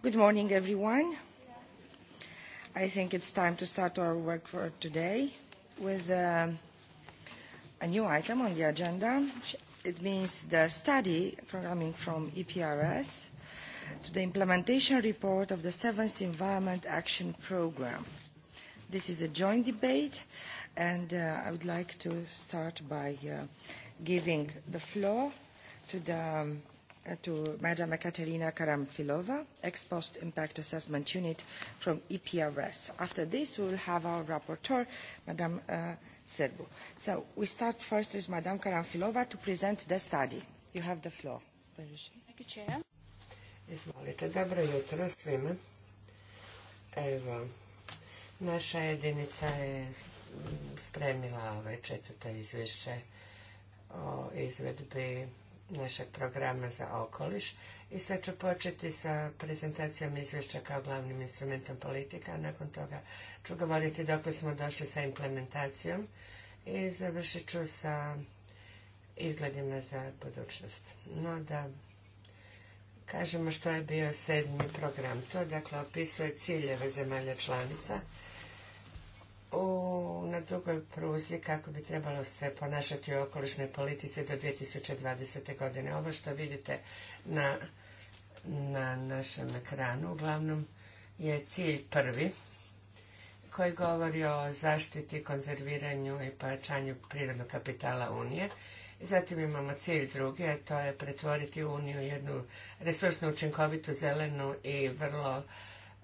Good morning, everyone. I think it's time to start our work for today with uh, a new item on the agenda. It means the study coming from EPRS to the implementation report of the seventh Environment Action Programme. This is a joint debate, and uh, I would like to start by uh, giving the floor to the um, to Madam Ekaterina Karamfilova, ex post impact assessment unit from EPRS. After this, we will have our rapporteur, Madam uh, Serbu. So we start first with Madam Karamfilova to present the study. You have the floor. Izvolite, dobro jutro svima. Evo, naša jedinica je spremila ove četvrte izvješće o izvedbi našeg programa za okoliš i sad ću početi sa prezentacijom izvješća kao glavnim instrumentom politika, a nakon toga ću govoriti dok smo došli sa implementacijom i završit ću sa izgledima za budućnost. No da kažemo što je bio sedmi program. To dakle opisuje ciljeve zemalja članica u, na drugoj pruzi kako bi trebalo se ponašati u okolišnoj politici do 2020. godine. Ovo što vidite na, našem ekranu uglavnom je cilj prvi koji govori o zaštiti, konzerviranju i pojačanju prirodnog kapitala Unije. zatim imamo cilj drugi, a to je pretvoriti Uniju u jednu resursno učinkovitu, zelenu i vrlo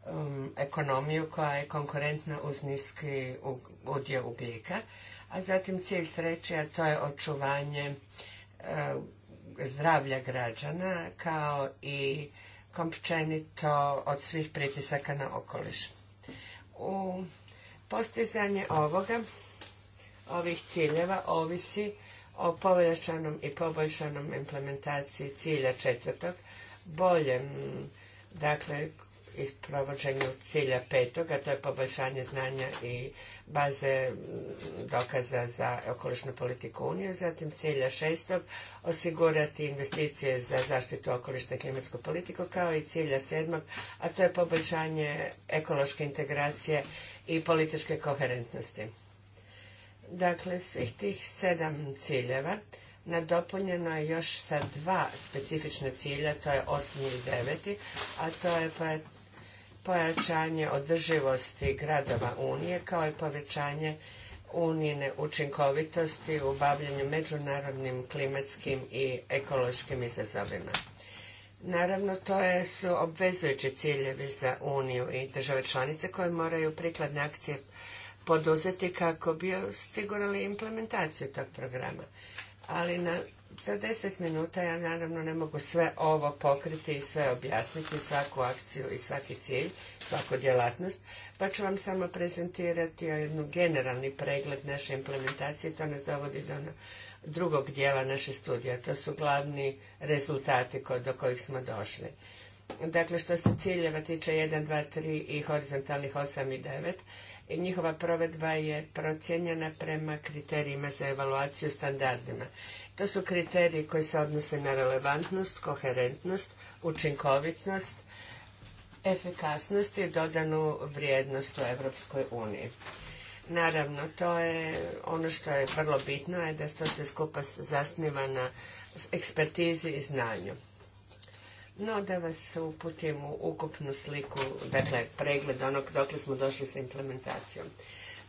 Um, ekonomiju koja je konkurentna uz niski udio ugljika, a zatim cilj treći, a to je očuvanje uh, zdravlja građana kao i kompčenito od svih pritisaka na okoliš. U postizanje ovoga, ovih ciljeva, ovisi o povećanom i poboljšanom implementaciji cilja četvrtog, boljem, dakle, i provođenju cilja petog, a to je poboljšanje znanja i baze dokaza za okolišnu politiku Unije. Zatim cilja šestog, osigurati investicije za zaštitu okolišne i klimatsku politiku, kao i cilja sedmog, a to je poboljšanje ekološke integracije i političke koherentnosti. Dakle, svih tih sedam ciljeva nadopunjeno je još sa dva specifična cilja, to je osmi i deveti, a to je pojačanje održivosti gradova Unije kao i povećanje unijine učinkovitosti u bavljenju međunarodnim klimatskim i ekološkim izazovima. Naravno, to je, su obvezujući ciljevi za Uniju i države članice koje moraju prikladne akcije poduzeti kako bi osigurali implementaciju tog programa. Ali na za deset minuta ja naravno ne mogu sve ovo pokriti i sve objasniti, svaku akciju i svaki cilj, svaku djelatnost, pa ću vam samo prezentirati jednu generalni pregled naše implementacije. To nas dovodi do ono drugog dijela naše studije. To su glavni rezultati do kojih smo došli. Dakle, što se ciljeva tiče 1, 2, 3 i horizontalnih 8 i 9, njihova provedba je procijenjena prema kriterijima za evaluaciju standardima. To su kriteriji koji se odnose na relevantnost, koherentnost, učinkovitnost, efikasnost i dodanu vrijednost u Europskoj uniji. Naravno, to je ono što je vrlo bitno, je da to se skupa zasniva na ekspertizi i znanju. No, da vas uputim u ukupnu sliku, dakle, pregled onog dokle smo došli sa implementacijom.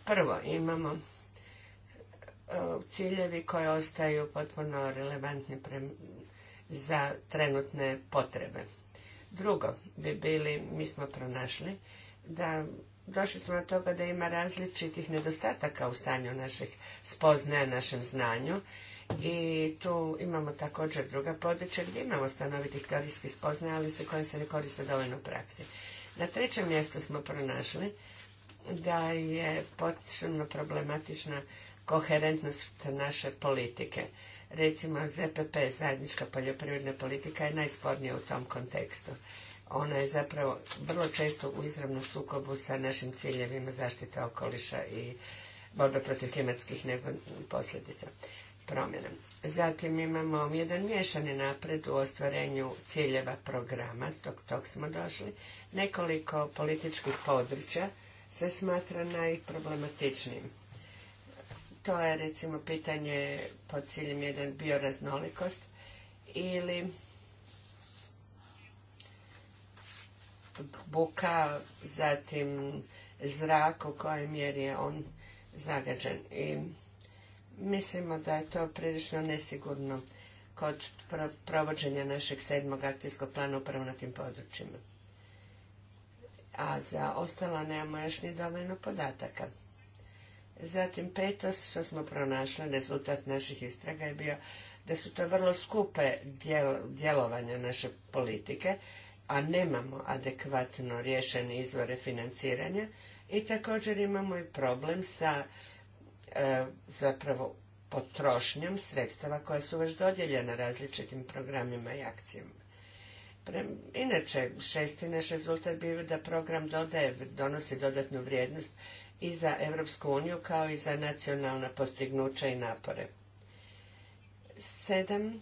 Prvo, imamo E, ciljevi koji ostaju potpuno relevantni za trenutne potrebe. Drugo bi bili, mi smo pronašli da došli smo do toga da ima različitih nedostataka u stanju naših spoznaja, našem znanju i tu imamo također druga područja gdje imamo stanovitih teorijskih spoznaja, ali se koje se ne koriste dovoljno u praksi. Na trećem mjestu smo pronašli da je potpuno problematična koherentnost naše politike. Recimo, ZPP, zajednička poljoprivredna politika, je najspornija u tom kontekstu. Ona je zapravo vrlo često u izravnom sukobu sa našim ciljevima zaštite okoliša i borbe protiv klimatskih posljedica promjena. Zatim imamo jedan miješani napred u ostvarenju ciljeva programa, dok tog smo došli. Nekoliko političkih područja se smatra najproblematičnijim to je recimo pitanje pod ciljem jedan bioraznolikost ili buka, zatim zrak u kojoj mjeri je on zagađen. I mislimo da je to prilično nesigurno kod provođenja našeg sedmog akcijskog plana upravo na tim područjima. A za ostalo nemamo još ni dovoljno podataka. Zatim petost što smo pronašli, rezultat naših istraga je bio da su to vrlo skupe djelovanja naše politike, a nemamo adekvatno rješene izvore financiranja i također imamo i problem sa e, zapravo potrošnjom sredstava koja su već dodijeljena različitim programima i akcijama. inače, šesti naš rezultat bio da program donosi dodatnu vrijednost i za Europsku uniju kao i za nacionalna postignuća i napore. Sedam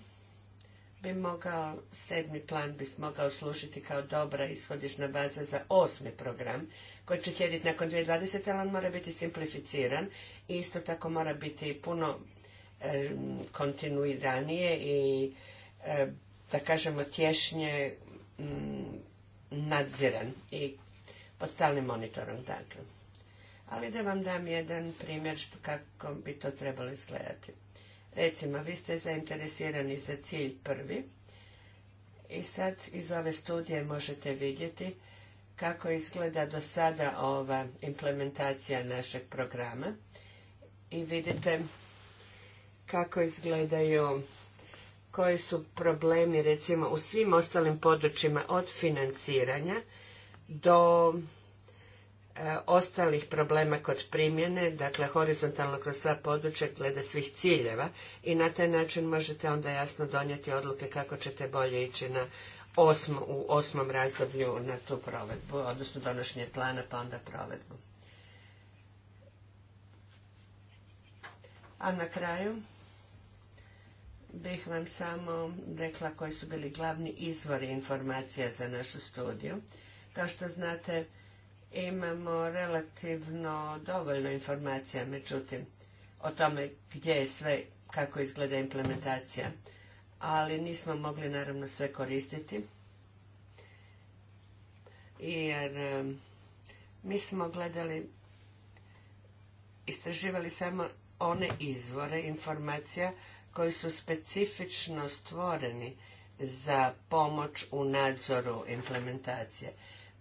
bi mogao, sedmi plan bi mogao služiti kao dobra ishodišna baza za osmi program koji će slijediti nakon 2020. ali on mora biti simplificiran i isto tako mora biti puno kontinuiranije i da kažemo tješnje nadziran i pod stalnim monitorom. Dakle ali da vam dam jedan primjer kako bi to trebalo izgledati. Recimo, vi ste zainteresirani za cilj prvi i sad iz ove studije možete vidjeti kako izgleda do sada ova implementacija našeg programa i vidite kako izgledaju koji su problemi recimo u svim ostalim područjima od financiranja do E, ostalih problema kod primjene, dakle horizontalno kroz sva područja glede svih ciljeva i na taj način možete onda jasno donijeti odluke kako ćete bolje ići na u osmom razdoblju na tu provedbu, odnosno donošenje plana pa onda provedbu. A na kraju bih vam samo rekla koji su bili glavni izvori informacija za našu studiju. Kao što znate, imamo relativno dovoljno informacija, međutim, o tome gdje je sve, kako izgleda implementacija. Ali nismo mogli naravno sve koristiti, jer mi smo gledali, istraživali samo one izvore informacija koji su specifično stvoreni za pomoć u nadzoru implementacije.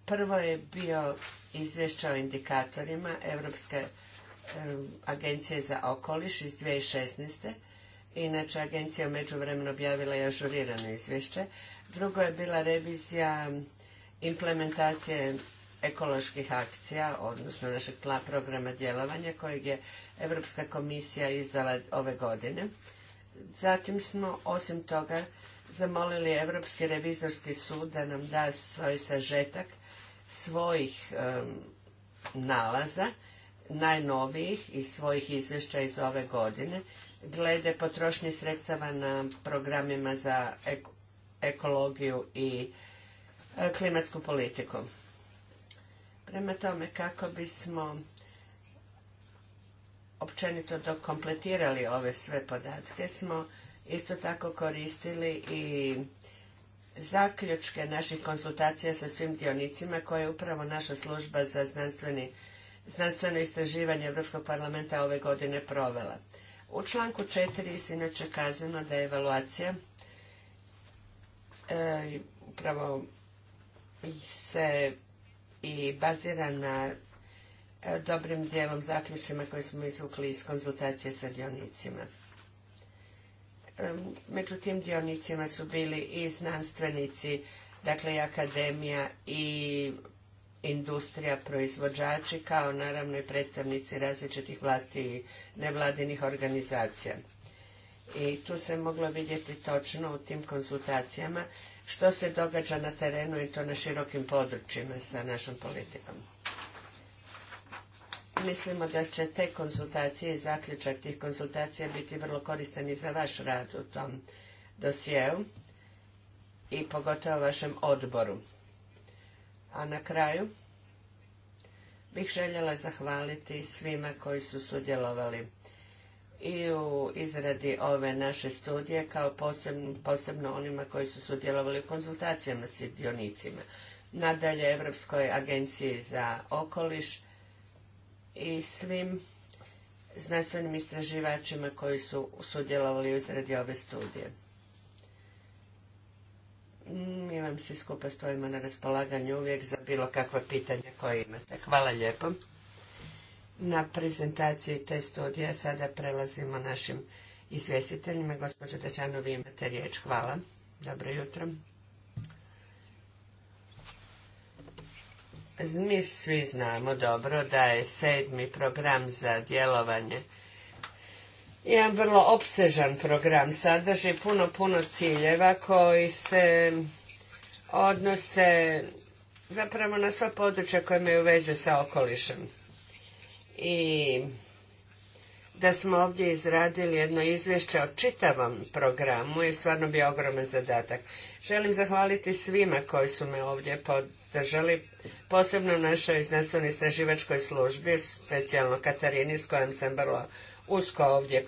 Prvo je bio izvješće o indikatorima Europske agencije za okoliš iz 2016. Inače, agencija je međuvremeno objavila i ažurirano izvješće. Drugo je bila revizija implementacije ekoloških akcija, odnosno našeg programa djelovanja kojeg je Europska komisija izdala ove godine. Zatim smo, osim toga, zamolili Europski revizorski sud da nam da svoj sažetak svojih nalaza, najnovijih iz svojih izvješća iz ove godine, glede potrošnje sredstava na programima za ekologiju i e, klimatsku politiku. Prema tome, kako bismo općenito dokompletirali kompletirali ove sve podatke, smo isto tako koristili i zaključke naših konsultacija sa svim dionicima koje je upravo naša služba za znanstveno istraživanje Europskog parlamenta ove godine provela. U članku 4 se inače kazano da je evaluacija e, upravo se i bazira na e, dobrim dijelom zaključcima koje smo izvukli iz konzultacije sa dionicima među tim dionicima su bili i znanstvenici, dakle i akademija i industrija, proizvođači, kao naravno i predstavnici različitih vlasti i nevladinih organizacija. I tu se moglo vidjeti točno u tim konsultacijama što se događa na terenu i to na širokim područjima sa našom politikom. Mislimo da će te konsultacije i zaključak tih konsultacija biti vrlo koristan i za vaš rad u tom dosjeu i pogotovo vašem odboru. A na kraju bih željela zahvaliti svima koji su sudjelovali i u izradi ove naše studije kao posebno, posebno onima koji su sudjelovali u konzultacijama s dionicima. Nadalje Europskoj agenciji za okoliš i svim znanstvenim istraživačima koji su sudjelovali u izradi ove studije. Mi mm, vam svi skupa stojimo na raspolaganju uvijek za bilo kakva pitanja koje imate. Hvala lijepo. Na prezentaciji te studije sada prelazimo našim izvjestiteljima. Gospođa Dečanovi imate riječ. Hvala. Dobro jutro. Mi svi znamo dobro da je sedmi program za djelovanje jedan vrlo obsežan program, sadrži puno, puno ciljeva koji se odnose zapravo na sva područja koje imaju veze sa okolišem. I da smo ovdje izradili jedno izvješće o čitavom programu je stvarno bio ogroman zadatak. Želim zahvaliti svima koji su me ovdje podržali, posebno našoj znanstveno istraživačkoj službi, specijalno Katarini s kojom sam vrlo usko ovdje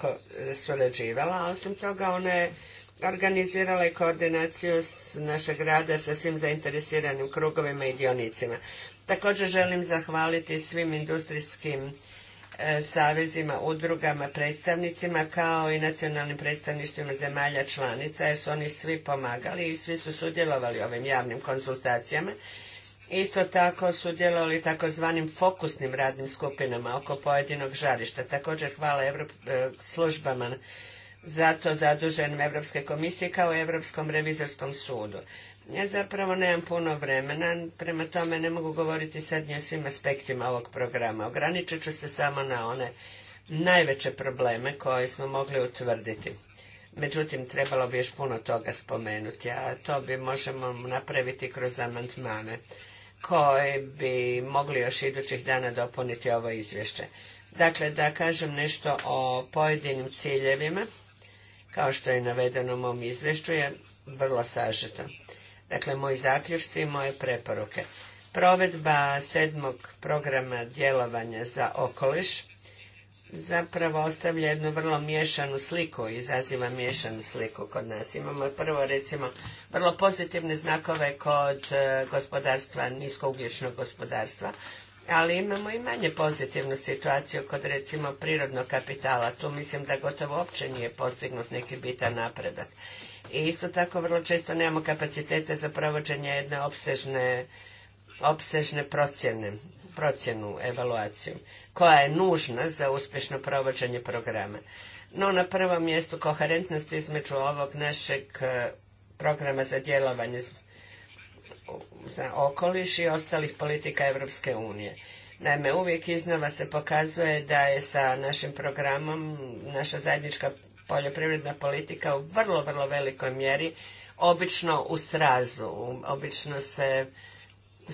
surađivala, osim toga ona je organizirala i koordinaciju našeg rada sa svim zainteresiranim krugovima i dionicima. Također želim zahvaliti svim industrijskim savezima, udrugama, predstavnicima kao i nacionalnim predstavništvima zemalja članica jer su oni svi pomagali i svi su sudjelovali ovim javnim konzultacijama. Isto tako sudjelovali takozvanim fokusnim radnim skupinama oko pojedinog žarišta. Također hvala e, službama za to zaduženim Europske komisije kao i Europskom revizorskom sudu. Ja zapravo nemam puno vremena, prema tome ne mogu govoriti sad ni o svim aspektima ovog programa. Ograničit ću se samo na one najveće probleme koje smo mogli utvrditi. Međutim, trebalo bi još puno toga spomenuti, a to bi možemo napraviti kroz amandmane koji bi mogli još idućih dana dopuniti ovo izvješće. Dakle, da kažem nešto o pojedinim ciljevima, kao što je navedeno u mom izvješću, je vrlo sažeto. Dakle, moji zaključci i moje preporuke. Provedba sedmog programa djelovanja za okoliš zapravo ostavlja jednu vrlo miješanu sliku, izaziva miješanu sliku kod nas. Imamo prvo recimo vrlo pozitivne znakove kod e, gospodarstva, niskougljičnog gospodarstva, ali imamo i manje pozitivnu situaciju kod recimo prirodnog kapitala. Tu mislim da gotovo uopće nije postignut neki bitan napredak. I isto tako vrlo često nemamo kapacitete za provođenje jedne opsežne opsežne procjene, procjenu, evaluaciju, koja je nužna za uspješno provođenje programa. No na prvom mjestu koherentnost između ovog našeg e, programa za djelovanje za okoliš i ostalih politika Europske unije. Naime, uvijek iznova se pokazuje da je sa našim programom naša zajednička poljoprivredna politika u vrlo, vrlo velikoj mjeri obično u srazu, obično se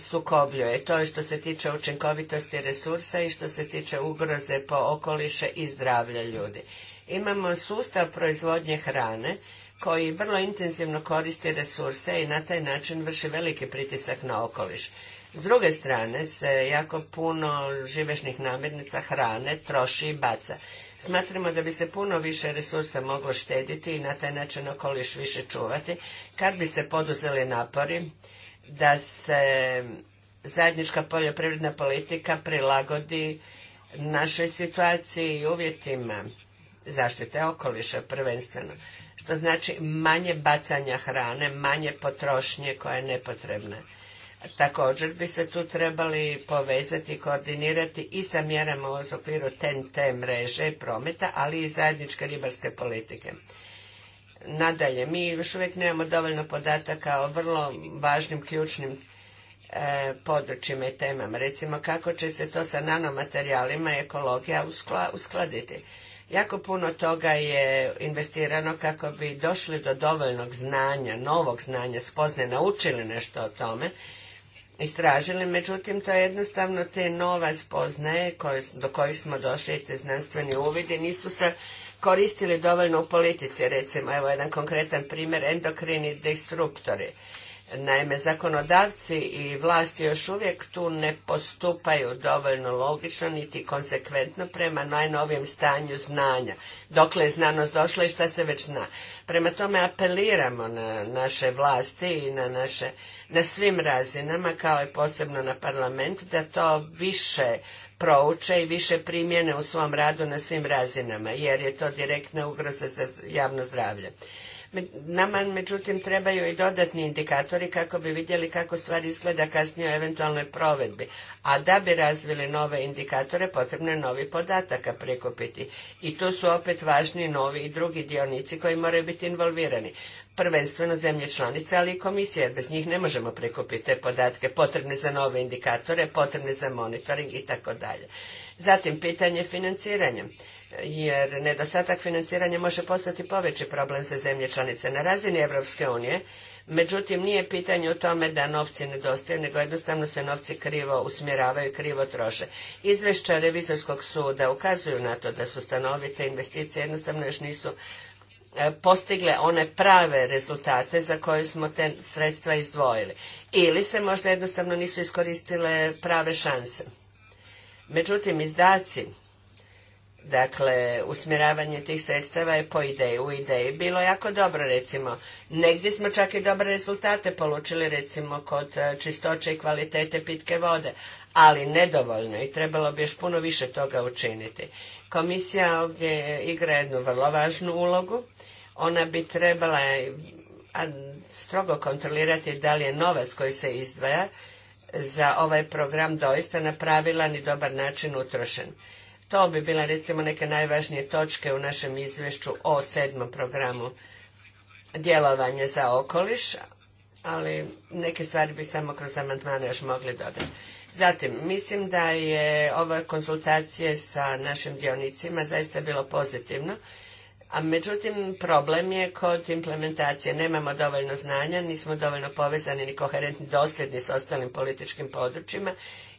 sukobljuje. To je što se tiče učinkovitosti resursa i što se tiče ugroze po okoliše i zdravlja ljudi. Imamo sustav proizvodnje hrane koji vrlo intenzivno koristi resurse i na taj način vrši veliki pritisak na okoliš. S druge strane se jako puno živešnih namirnica, hrane troši i baca. Smatramo da bi se puno više resursa moglo štediti i na taj način okoliš više čuvati, kad bi se poduzeli napori da se zajednička poljoprivredna politika prilagodi našoj situaciji i uvjetima zaštite okoliša prvenstveno. Što znači manje bacanja hrane, manje potrošnje koja je nepotrebna. Također bi se tu trebali povezati i koordinirati i sa mjerama u okviru TNT mreže i prometa, ali i zajedničke ribarske politike. Nadalje, mi još uvijek nemamo dovoljno podataka o vrlo važnim ključnim e, područjima i temama. Recimo kako će se to sa nanomaterijalima i ekologija uskladiti. Jako puno toga je investirano kako bi došli do dovoljnog znanja, novog znanja, spozne, naučili nešto o tome istražili, međutim to je jednostavno te nova spoznaje do kojih smo došli i te znanstveni uvidi nisu se koristili dovoljno u politici, recimo evo jedan konkretan primjer, endokrini disruptori. Naime, zakonodavci i vlasti još uvijek tu ne postupaju dovoljno logično niti konsekventno prema najnovijem stanju znanja, dokle je znanost došla i šta se već zna. Prema tome apeliramo na naše vlasti i na naše, na svim razinama, kao i posebno na parlament, da to više prouče i više primjene u svom radu na svim razinama, jer je to direktna ugroza za javno zdravlje. Nama međutim trebaju i dodatni indikatori kako bi vidjeli kako stvar izgleda kasnije u eventualnoj provedbi. A da bi razvili nove indikatore potrebno je novi podataka prikupiti. I tu su opet važni novi i drugi dionici koji moraju biti involvirani. Prvenstveno zemlje članice, ali i komisije, jer bez njih ne možemo prikupiti te podatke potrebne za nove indikatore, potrebne za monitoring i tako dalje. Zatim pitanje financiranja jer nedostatak financiranja može postati poveći problem za zemlje članice na razini Europske unije. Međutim, nije pitanje u tome da novci nedostaju, nego jednostavno se novci krivo usmjeravaju, krivo troše. Izvešća revizorskog suda ukazuju na to da su stanovite investicije jednostavno još nisu e, postigle one prave rezultate za koje smo te sredstva izdvojili. Ili se možda jednostavno nisu iskoristile prave šanse. Međutim, izdaci Dakle, usmjeravanje tih sredstava je po ideji, u ideji bilo jako dobro recimo. Negdje smo čak i dobre rezultate polučili recimo kod e, čistoće i kvalitete pitke vode, ali nedovoljno i trebalo bi još puno više toga učiniti. Komisija ovdje igra jednu vrlo važnu ulogu. Ona bi trebala strogo kontrolirati da li je novac koji se izdvaja za ovaj program doista na pravilan i dobar način utrošen. To bi bila recimo neke najvažnije točke u našem izvješću o sedmom programu djelovanja za okoliš, ali neke stvari bi samo kroz amandmane još mogli dodati. Zatim, mislim da je ove konsultacije sa našim dionicima zaista bilo pozitivno, a međutim problem je kod implementacije. Nemamo dovoljno znanja, nismo dovoljno povezani ni koherentni dosljedni s ostalim političkim područjima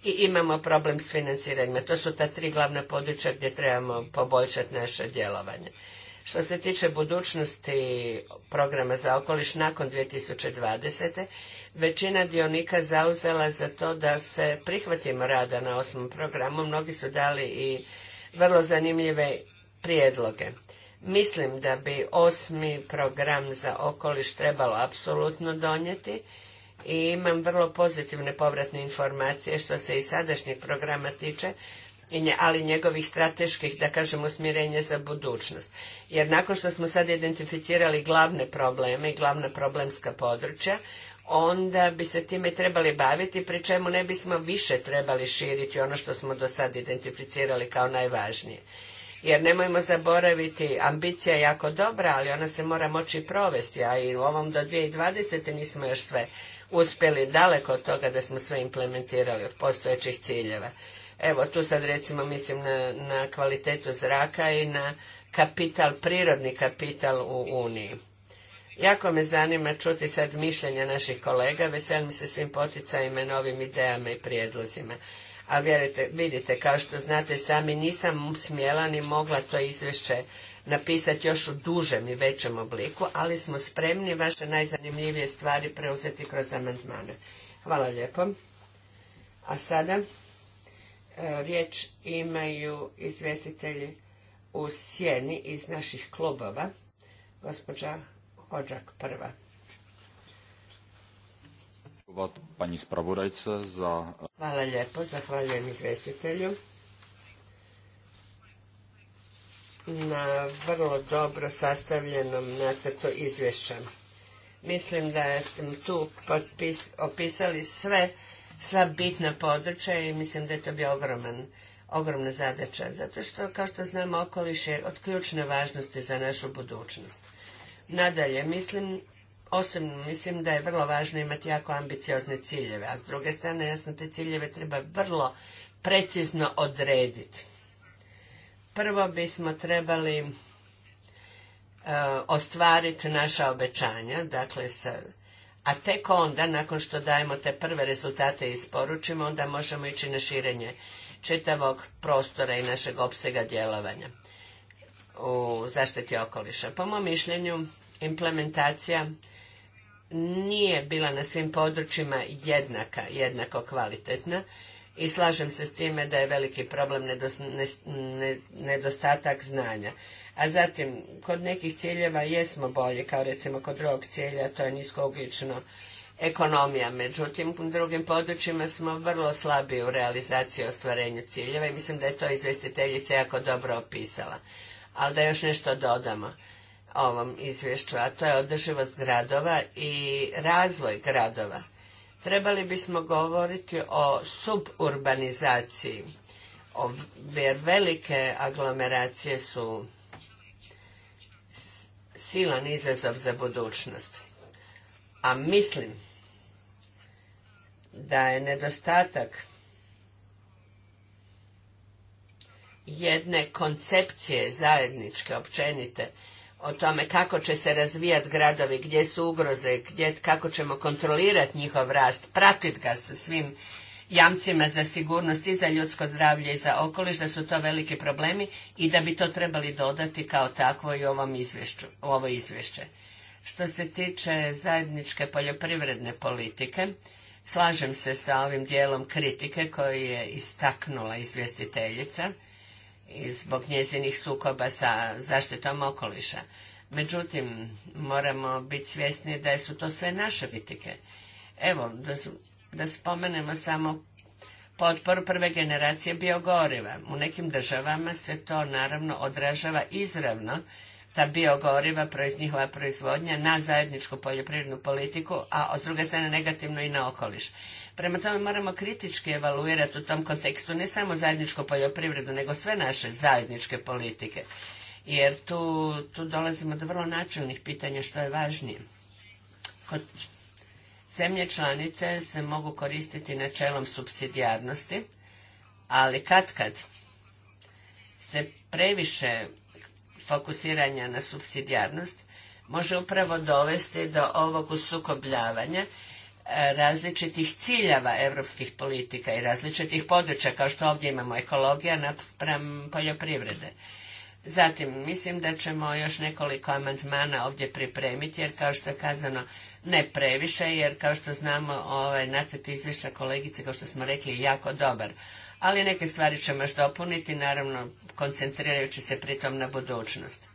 i imamo problem s financiranjima. To su ta tri glavna područja gdje trebamo poboljšati naše djelovanje. Što se tiče budućnosti programa za okoliš nakon 2020. većina dionika zauzela za to da se prihvatimo rada na osmom programu. Mnogi su dali i vrlo zanimljive prijedloge. Mislim da bi osmi program za okoliš trebalo apsolutno donijeti i imam vrlo pozitivne povratne informacije što se i sadašnjeg programa tiče, ali njegovih strateških, da kažem, usmjerenja za budućnost. Jer nakon što smo sad identificirali glavne probleme i glavna problemska područja, onda bi se time trebali baviti, pri čemu ne bismo više trebali širiti ono što smo do sad identificirali kao najvažnije. Jer nemojmo zaboraviti, ambicija je jako dobra, ali ona se mora moći provesti, a i u ovom do 2020. nismo još sve uspjeli daleko od toga da smo sve implementirali od postojećih ciljeva. Evo, tu sad recimo mislim na, na kvalitetu zraka i na kapital, prirodni kapital u Uniji. Jako me zanima čuti sad mišljenja naših kolega, veselim se svim poticajima, novim idejama i prijedlozima. Ali vjerujte, vidite, kao što znate sami, nisam smjela ni mogla to izvješće napisati još u dužem i većem obliku, ali smo spremni vaše najzanimljivije stvari preuzeti kroz amandmane. Hvala lijepo. A sada e, riječ imaju izvjestitelji u sjeni iz naših klubova. Gospođa Hođak prva. Hvala lijepo, zahvaljujem izvjestitelju na vrlo dobro sastavljenom nacrtu izvješća. Mislim da smo tu opisali sve, sva bitna područja i mislim da je to bio ogroman, ogromna zadaća, zato što, kao što znamo, okoliš je od ključne važnosti za našu budućnost. Nadalje, mislim, osim mislim da je vrlo važno imati jako ambiciozne ciljeve, a s druge strane, jasno, te ciljeve treba vrlo precizno odrediti prvo bismo trebali e, ostvariti naša obećanja, dakle a tek onda, nakon što dajemo te prve rezultate i isporučimo, onda možemo ići na širenje čitavog prostora i našeg opsega djelovanja u zaštiti okoliša. Po mom mišljenju, implementacija nije bila na svim područjima jednaka, jednako kvalitetna i slažem se s time da je veliki problem nedostatak znanja. A zatim, kod nekih ciljeva jesmo bolje, kao recimo kod drugog cilja, to je niskougljično ekonomija. Međutim, u drugim područjima smo vrlo slabi u realizaciji i ostvarenju ciljeva i mislim da je to izvjestiteljica jako dobro opisala. Ali da još nešto dodamo ovom izvješću, a to je održivost gradova i razvoj gradova trebali bismo govoriti o suburbanizaciji, jer velike aglomeracije su silan izazov za budućnost. A mislim da je nedostatak jedne koncepcije zajedničke, općenite, o tome kako će se razvijati gradovi, gdje su ugroze, gdje, kako ćemo kontrolirati njihov rast, pratiti ga sa svim jamcima za sigurnost i za ljudsko zdravlje i za okoliš, da su to veliki problemi i da bi to trebali dodati kao takvo i ovom izvješću, ovo izvješće. Što se tiče zajedničke poljoprivredne politike, slažem se sa ovim dijelom kritike koji je istaknula izvjestiteljica – i zbog njezinih sukoba sa zaštitom okoliša. Međutim, moramo biti svjesni da su to sve naše bitike. Evo, da, da spomenemo samo potporu prve generacije biogoriva. U nekim državama se to naravno odražava izravno ta biogoriva njihova proizvodnja na zajedničku poljoprivrednu politiku, a s druge strane negativno i na okoliš. Prema tome moramo kritički evaluirati u tom kontekstu ne samo zajedničku poljoprivredu, nego sve naše zajedničke politike. Jer tu, tu dolazimo do vrlo načelnih pitanja što je važnije. Kod zemlje članice se mogu koristiti načelom subsidijarnosti, ali kad kad se previše fokusiranja na subsidijarnost može upravo dovesti do ovog usukobljavanja e, različitih ciljeva europskih politika i različitih područja kao što ovdje imamo ekologija naspram poljoprivrede. Zatim, mislim da ćemo još nekoliko amandmana ovdje pripremiti, jer kao što je kazano, ne previše, jer kao što znamo, ovaj nacrt izvješća kolegice, kao što smo rekli, je jako dobar ali neke stvari ćemo još dopuniti, naravno koncentrirajući se pritom na budućnost.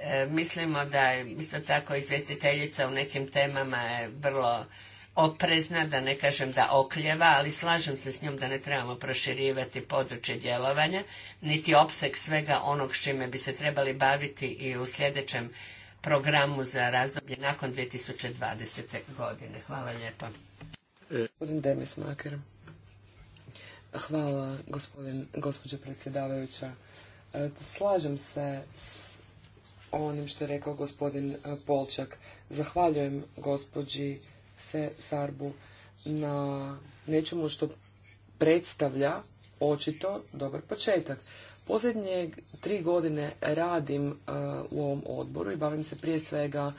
E, mislimo da je isto tako izvjestiteljica u nekim temama je vrlo oprezna, da ne kažem da okljeva, ali slažem se s njom da ne trebamo proširivati područje djelovanja, niti opseg svega onog s čime bi se trebali baviti i u sljedećem programu za razdoblje nakon 2020. godine. Hvala lijepa. E. Gospodin Hvala, gospodin, gospođo predsjedavajuća. E, slažem se s onim što je rekao gospodin e, Polčak. Zahvaljujem gospođi se Sarbu na nečemu što predstavlja očito dobar početak. Posljednje tri godine radim e, u ovom odboru i bavim se prije svega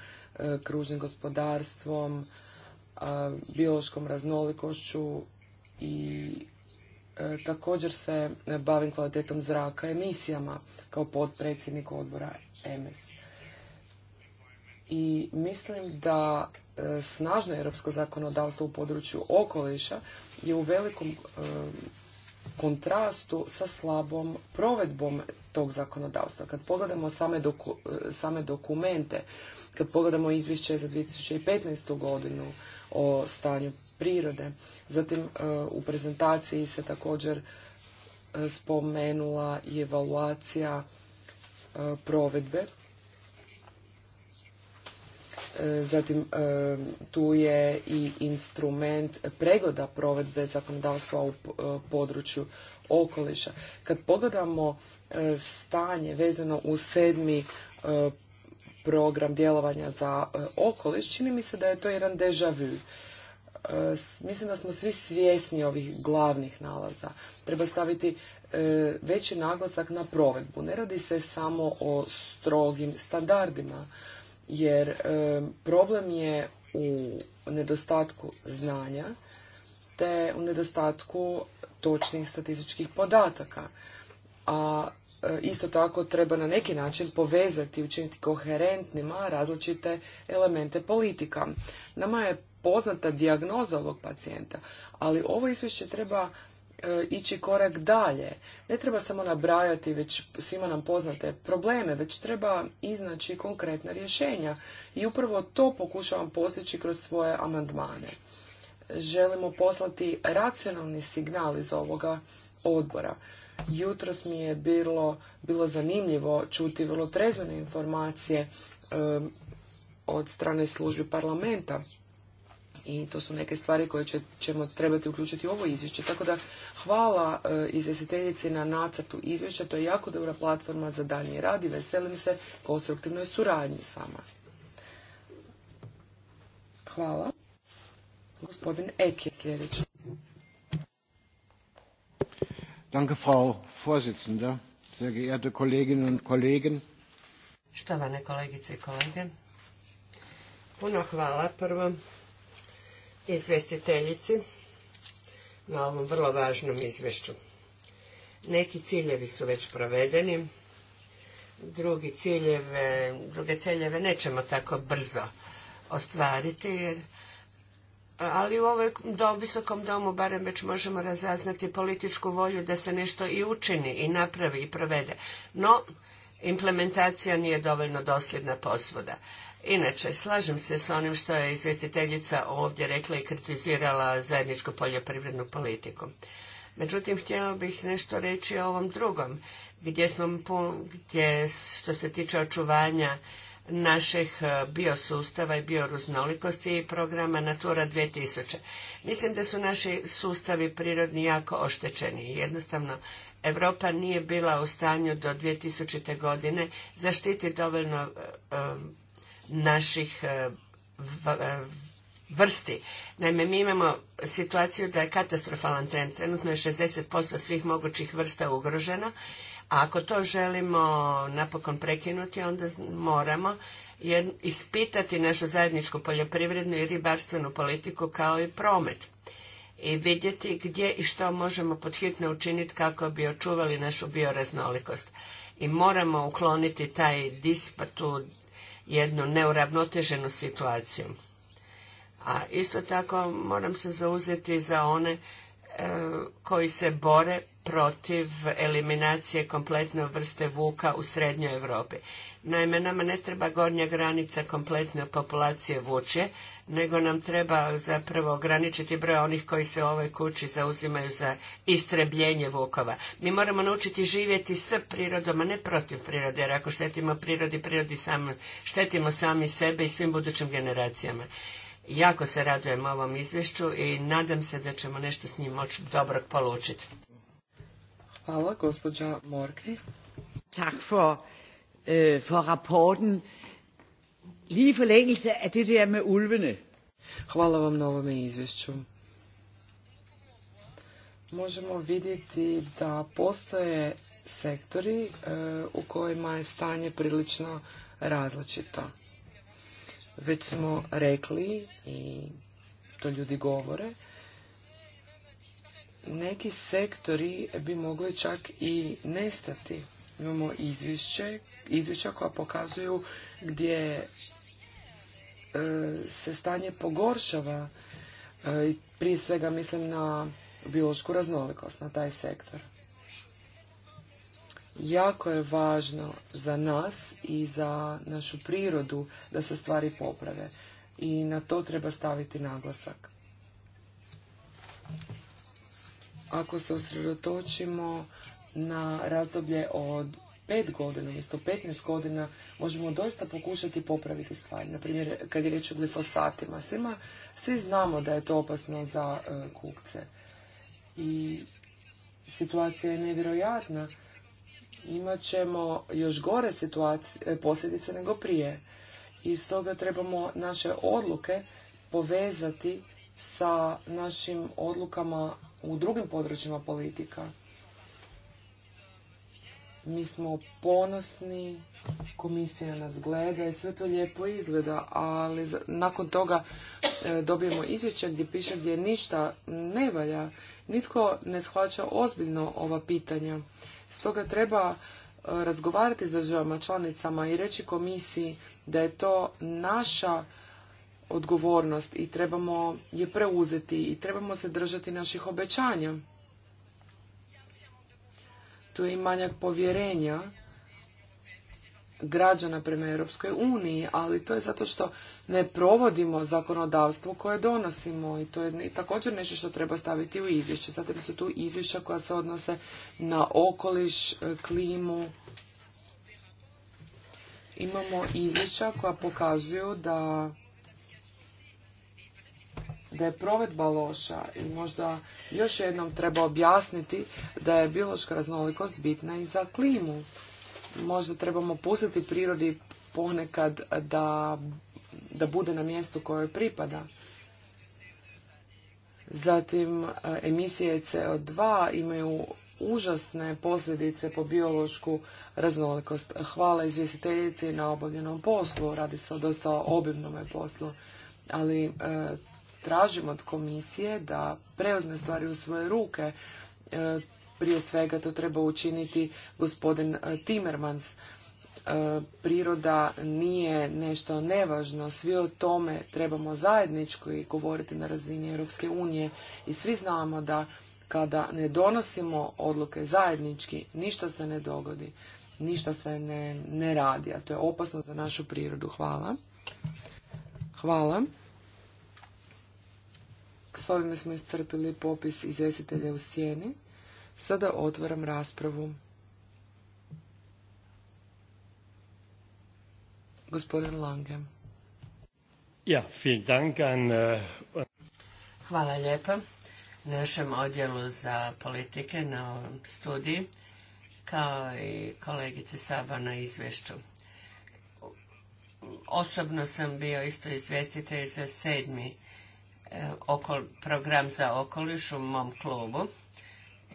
kružnim gospodarstvom, biološkom raznolikošću i E, također se e, bavim kvalitetom zraka emisijama kao potpredsjednik odbora MS. I mislim da e, snažno europsko zakonodavstvo u području okoliša je u velikom kontrastu sa slabom provedbom tog zakonodavstva. Kad pogledamo same, same dokumente, kad pogledamo izvješće za 2015. godinu, o stanju prirode. Zatim e, u prezentaciji se također e, spomenula i evaluacija e, provedbe. Zatim tu je i instrument pregleda provedbe zakonodavstva u području okoliša. Kad pogledamo stanje vezano u sedmi program djelovanja za e, okoliš, čini mi se da je to jedan deja vu. E, mislim da smo svi svjesni ovih glavnih nalaza. Treba staviti e, veći naglasak na provedbu. Ne radi se samo o strogim standardima, jer problem je u nedostatku znanja te u nedostatku točnih statističkih podataka a e, isto tako treba na neki način povezati, učiniti koherentnima različite elemente politika. Nama je poznata dijagnoza ovog pacijenta, ali ovo izvješće treba e, ići korak dalje. Ne treba samo nabrajati već svima nam poznate probleme, već treba iznaći konkretna rješenja. I upravo to pokušavam postići kroz svoje amandmane. Želimo poslati racionalni signal iz ovoga odbora. Jutros mi je bilo, bilo zanimljivo čuti vrlo trezvene informacije od strane službi parlamenta i to su neke stvari koje će, ćemo trebati uključiti u ovo izvješće. Tako da hvala e, izvjestiteljici na nacrtu izvješća, to je jako dobra platforma za daljnji rad i veselim se konstruktivnoj suradnji s vama. Hvala. Gospodin sljedeći. Frau Vorsitzende, sehr Štovane kolegice i kolege, puno hvala prvo izvjestiteljici na ovom vrlo važnom izvješću. Neki ciljevi su već provedeni, drugi druge ciljeve nećemo tako brzo ostvariti jer ali u ovom visokom domu barem već možemo razaznati političku volju da se nešto i učini i napravi i provede. No, implementacija nije dovoljno dosljedna posvuda. Inače, slažem se s onim što je izvjestiteljica ovdje rekla i kritizirala zajedničku poljoprivrednu politiku. Međutim, htjela bih nešto reći o ovom drugom, gdje smo, gdje, što se tiče očuvanja naših e, biosustava i bioraznolikosti i programa Natura 2000. Mislim da su naši sustavi prirodni jako oštećeni. Jednostavno, Europa nije bila u stanju do 2000. godine zaštiti dovoljno e, e, naših vrsti. Naime, mi imamo situaciju da je katastrofalan trend. Trenutno je 60% svih mogućih vrsta ugroženo, a ako to želimo napokon prekinuti, onda moramo ispitati našu zajedničku poljoprivrednu i ribarstvenu politiku kao i promet i vidjeti gdje i što možemo podhitno učiniti kako bi očuvali našu bioraznolikost. I moramo ukloniti taj dispatu jednu neuravnoteženu situaciju a isto tako moram se zauzeti za one e, koji se bore protiv eliminacije kompletne vrste vuka u srednjoj Europi. Naime, nama ne treba gornja granica kompletne populacije vuče, nego nam treba zapravo ograničiti broj onih koji se u ovoj kući zauzimaju za istrebljenje vukova. Mi moramo naučiti živjeti s prirodom, a ne protiv prirode, jer ako štetimo prirodi, prirodi sam, štetimo sami sebe i svim budućim generacijama. Jako se radujem ovom izvješću i nadam se da ćemo nešto s njim moći dobro polučiti. Hvala, gospođa Morki. Tak for, uh, for rapporten. Lige det der med ulvene. Hvala vam na ovome izvješću. Možemo vidjeti da postoje sektori e, u kojima je stanje prilično različito. Već smo rekli i to ljudi govore, neki sektori bi mogli čak i nestati. Imamo izvješće, izvješća koja pokazuju gdje e, se stanje pogoršava. E, prije svega mislim na biološku raznolikost, na taj sektor. Jako je važno za nas i za našu prirodu da se stvari poprave i na to treba staviti naglasak. Ako se osredotočimo na razdoblje od pet godina, umjesto 15 godina, možemo doista pokušati popraviti stvari. Naprimjer, kad je riječ o glifosatima, svima, svi znamo da je to opasno za e, kukce. I situacija je nevjerojatna imat ćemo još gore situacije, posljedice nego prije. I stoga trebamo naše odluke povezati sa našim odlukama u drugim područjima politika. Mi smo ponosni, komisija nas gleda i sve to lijepo izgleda, ali nakon toga e, dobijemo izvješće gdje piše gdje ništa ne valja. Nitko ne shvaća ozbiljno ova pitanja. Stoga treba e, razgovarati s državama članicama i reći komisiji da je to naša odgovornost i trebamo je preuzeti i trebamo se držati naših obećanja. Tu je i manjak povjerenja građana prema Europskoj uniji, ali to je zato što ne provodimo zakonodavstvo koje donosimo i to je također nešto što treba staviti u izvješće. Zatim su tu izvješća koja se odnose na okoliš, e, klimu. Imamo izvješća koja pokazuju da da je provedba loša i možda još jednom treba objasniti da je biološka raznolikost bitna i za klimu. Možda trebamo pustiti prirodi ponekad da da bude na mjestu kojoj pripada. Zatim, e, emisije CO2 imaju užasne posljedice po biološku raznolikost. Hvala izvjestiteljici na obavljenom poslu, radi se o dosta obimnom poslu, ali e, tražimo od komisije da preuzme stvari u svoje ruke. E, prije svega to treba učiniti gospodin Timmermans E, priroda nije nešto nevažno, svi o tome trebamo zajedničko i govoriti na razini Europske unije i svi znamo da kada ne donosimo odluke zajednički, ništa se ne dogodi, ništa se ne, ne radi, a to je opasno za našu prirodu. Hvala. Hvala. S ovime smo iscrpili popis izvjestitelja u sjeni. Sada otvaram raspravu. Gospodin Lange. Ja, vielen Dank an... Äh, hvala lijepa našem odjelu za politike na ovom studiji, kao i kolegice Saba na izvješću. Osobno sam bio isto izvestitelj za sedmi e, program za okoliš u mom klubu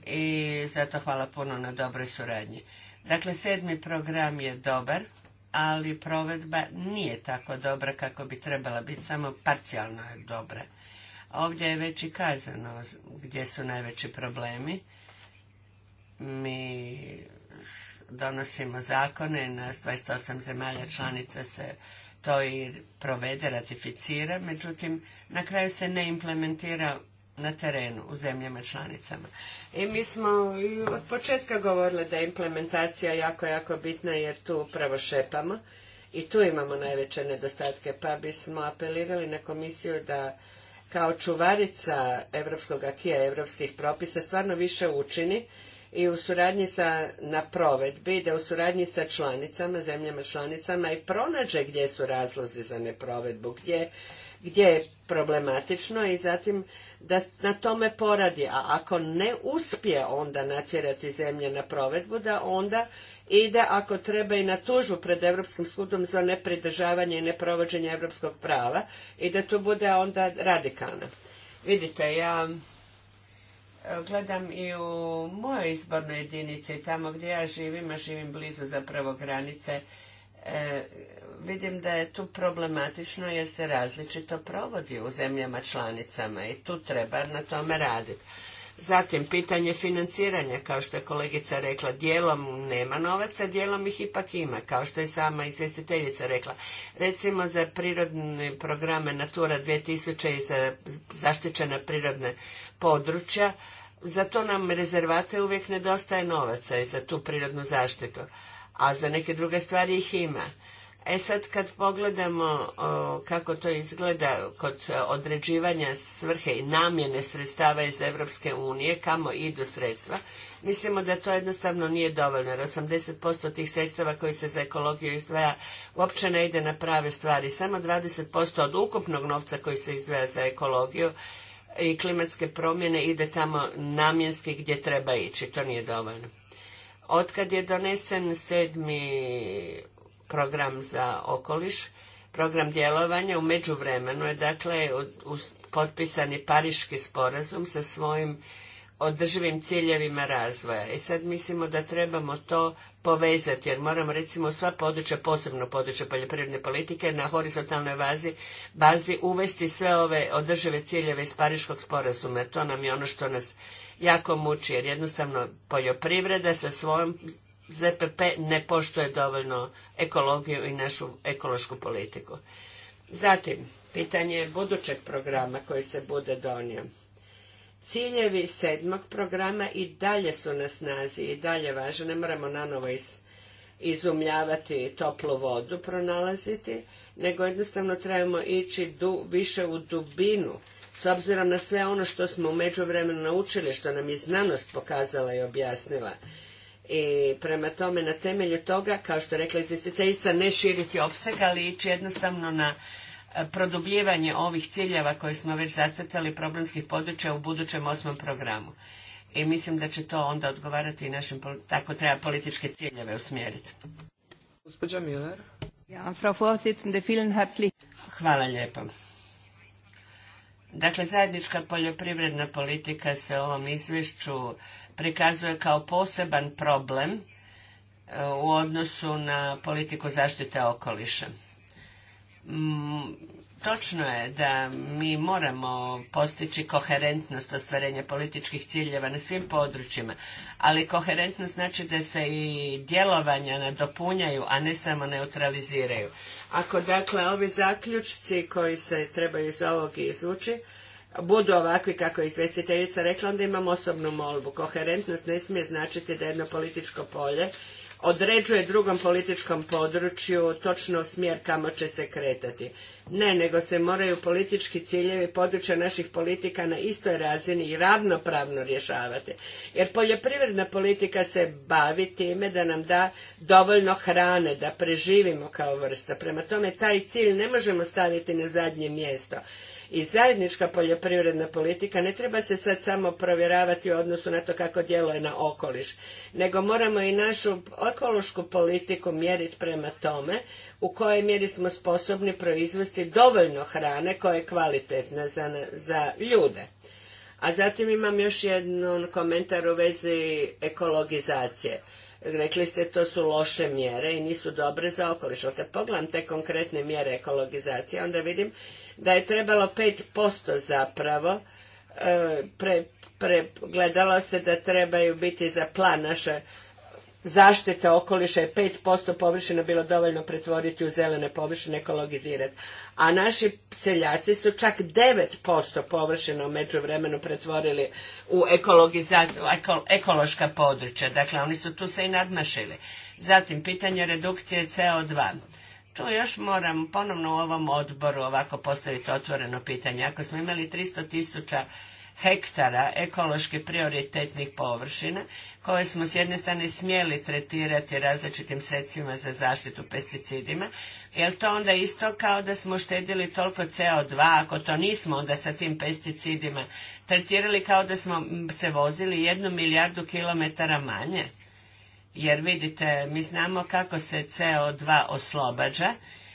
i zato hvala puno na dobroj suradnji. Dakle, sedmi program je dobar, ali provedba nije tako dobra kako bi trebala biti, samo parcijalno je dobra. Ovdje je već i kazano gdje su najveći problemi. Mi donosimo zakone, nas 28 zemalja članica se to i provede, ratificira, međutim na kraju se ne implementira na terenu u zemljama članicama. I mi smo od početka govorili da je implementacija jako, jako bitna jer tu upravo šepamo i tu imamo najveće nedostatke pa bismo apelirali na komisiju da kao čuvarica Evropskog akija europskih propisa stvarno više učini i u suradnji sa, na provedbi, da u suradnji sa članicama, zemljama članicama i pronađe gdje su razlozi za neprovedbu, gdje gdje je problematično i zatim da na tome poradi. A ako ne uspije onda natjerati zemlje na provedbu, da onda ide ako treba i na tužbu pred Europskim sudom za nepridržavanje i neprovođenje europskog prava i da to bude onda radikalno. Vidite, ja e, gledam i u mojoj izbornoj jedinici, tamo gdje ja živim, a živim blizu zapravo granice E, vidim da je tu problematično jer se različito provodi u zemljama članicama i tu treba na tome raditi. Zatim, pitanje financiranja, kao što je kolegica rekla, dijelom nema novaca, dijelom ih ipak ima, kao što je sama izvjestiteljica rekla. Recimo za prirodne programe Natura 2000 i za zaštićena prirodne područja, za to nam rezervate uvijek nedostaje novaca i za tu prirodnu zaštitu a za neke druge stvari ih ima. E sad kad pogledamo kako to izgleda kod e, određivanja svrhe i namjene sredstava iz Europske unije, kamo idu sredstva, mislimo da to jednostavno nije dovoljno jer 80% tih sredstava koji se za ekologiju izdvaja uopće ne ide na prave stvari. Samo 20% od ukupnog novca koji se izdvaja za ekologiju i klimatske promjene ide tamo namjenski gdje treba ići. To nije dovoljno kad je donesen sedmi program za okoliš, program djelovanja, u međuvremenu je dakle potpisan i Pariški sporazum sa svojim održivim ciljevima razvoja. I sad mislimo da trebamo to povezati, jer moramo recimo sva područja, posebno područja poljoprivredne politike, na horizontalnoj bazi, bazi uvesti sve ove održive ciljeve iz Pariškog sporazuma, jer to nam je ono što nas jako muči jer jednostavno poljoprivreda sa svojom ZPP ne poštuje dovoljno ekologiju i našu ekološku politiku. Zatim, pitanje budućeg programa koji se bude donio. Ciljevi sedmog programa i dalje su na snazi i dalje važe, ne moramo na novo izumljavati toplu vodu, pronalaziti, nego jednostavno trebamo ići du, više u dubinu s obzirom na sve ono što smo u međuvremenu naučili, što nam je znanost pokazala i objasnila. I prema tome na temelju toga, kao što je rekla izvjestiteljica, ne širiti opseg, ali ići jednostavno na e, produbljivanje ovih ciljeva koje smo već zacrtali problemskih područja u budućem osmom programu. I mislim da će to onda odgovarati i našim, tako treba političke ciljeve usmjeriti. Hvala lijepo. Dakle, zajednička poljoprivredna politika se u ovom izvješću prikazuje kao poseban problem e, u odnosu na politiku zaštite okoliša. Mm, Točno je da mi moramo postići koherentnost ostvarenja političkih ciljeva na svim područjima, ali koherentnost znači da se i djelovanja nadopunjaju, a ne samo neutraliziraju. Ako dakle ovi zaključci koji se trebaju iz ovog izvući, budu ovakvi kako je izvestiteljica rekla, onda imam osobnu molbu. Koherentnost ne smije značiti da jedno političko polje određuje drugom političkom području točno smjer kamo će se kretati. Ne, nego se moraju politički ciljevi područja naših politika na istoj razini i ravnopravno rješavati. Jer poljoprivredna politika se bavi time da nam da dovoljno hrane, da preživimo kao vrsta. Prema tome taj cilj ne možemo staviti na zadnje mjesto i zajednička poljoprivredna politika ne treba se sad samo provjeravati u odnosu na to kako djeluje na okoliš, nego moramo i našu ekološku politiku mjeriti prema tome u kojoj mjeri smo sposobni proizvesti dovoljno hrane koja je kvalitetna za, ljude. A zatim imam još jedan komentar u vezi ekologizacije. Rekli ste to su loše mjere i nisu dobre za okoliš. Ali kad pogledam te konkretne mjere ekologizacije, onda vidim da je trebalo 5% zapravo, e, pregledalo se da trebaju biti za plan naše zaštite okoliša je 5% površina bilo dovoljno pretvoriti u zelene površine, ekologizirati. A naši seljaci su čak 9% površina u međuvremenu pretvorili u ekološka područja. Dakle, oni su tu se i nadmašili. Zatim, pitanje redukcije CO2. Tu još moram ponovno u ovom odboru ovako postaviti otvoreno pitanje. Ako smo imali 300 tisuća hektara ekološki prioritetnih površina koje smo s jedne strane smjeli tretirati različitim sredstvima za zaštitu pesticidima, li to onda isto kao da smo štedili toliko CO2, ako to nismo onda sa tim pesticidima tretirali kao da smo se vozili jednu milijardu kilometara manje jer vidite, mi znamo kako se CO2 oslobađa,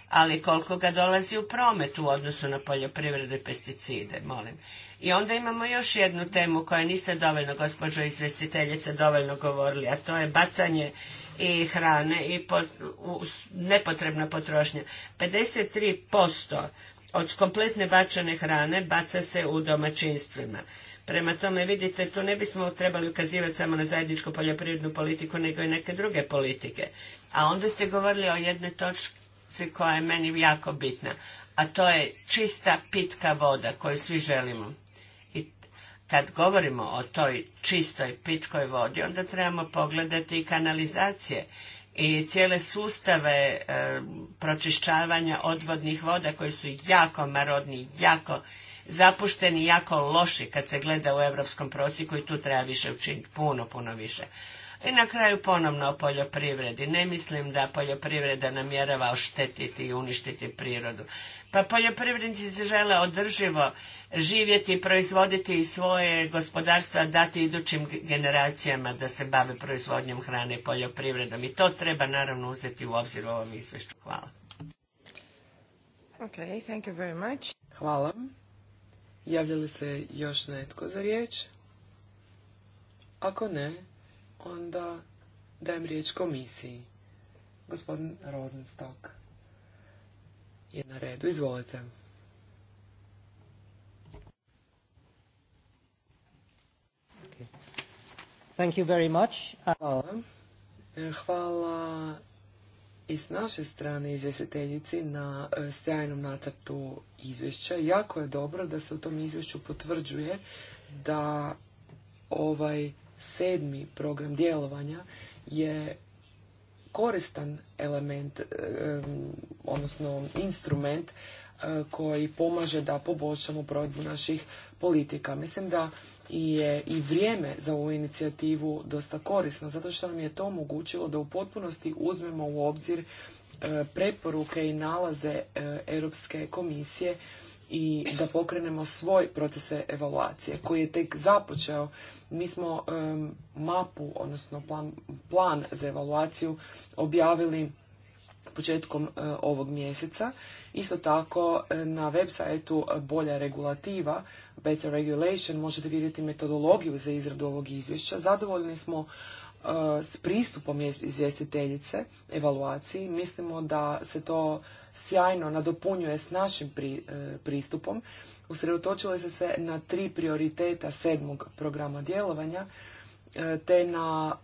ali koliko ga dolazi u promet u odnosu na poljoprivredne pesticide, molim. I onda imamo još jednu temu koja niste dovoljno, gospođo izvestiteljice, dovoljno govorili, a to je bacanje i hrane i pot, u, nepotrebna potrošnja. 53% od kompletne bačene hrane baca se u domaćinstvima. Prema tome, vidite, tu ne bismo trebali ukazivati samo na zajedničku poljoprivrednu politiku, nego i neke druge politike. A onda ste govorili o jednoj točci koja je meni jako bitna, a to je čista pitka voda koju svi želimo. I kad govorimo o toj čistoj pitkoj vodi, onda trebamo pogledati i kanalizacije i cijele sustave e, pročišćavanja odvodnih voda koji su jako marodni, jako zapušteni, jako loši kad se gleda u europskom prosjeku i tu treba više učiniti, puno, puno više. I na kraju ponovno o poljoprivredi. Ne mislim da poljoprivreda namjerava oštetiti i uništiti prirodu. Pa poljoprivrednici se žele održivo živjeti, proizvoditi svoje gospodarstva, dati idućim generacijama da se bave proizvodnjom hrane i poljoprivredom. I to treba naravno uzeti u obzir u ovom izvješću. Hvala. Okay, Hvala. Javlja li se još netko za riječ? Ako ne, onda dajem riječ komisiji. Gospodin Rosenstock je na redu. Izvolite. Hvala. Hvala i s naše strane izvjestiteljici na e, sjajnom nacrtu izvješća. Jako je dobro da se u tom izvješću potvrđuje da ovaj sedmi program djelovanja je koristan element, e, e, odnosno instrument koji pomaže da poboljšamo provedbu naših politika. Mislim da je i vrijeme za ovu inicijativu dosta korisno, zato što nam je to omogućilo da u potpunosti uzmemo u obzir e, preporuke i nalaze e, Europske komisije i da pokrenemo svoj procese evaluacije koji je tek započeo. Mi smo e, mapu, odnosno plan, za evaluaciju objavili početkom ovog mjeseca. Isto tako na web sajtu Bolja regulativa Better Regulation, možete vidjeti metodologiju za izradu ovog izvješća. Zadovoljni smo e, s pristupom izvjestiteljice evaluaciji. Mislimo da se to sjajno nadopunjuje s našim e, pristupom. Usredotočile se se na tri prioriteta sedmog programa djelovanja e, te na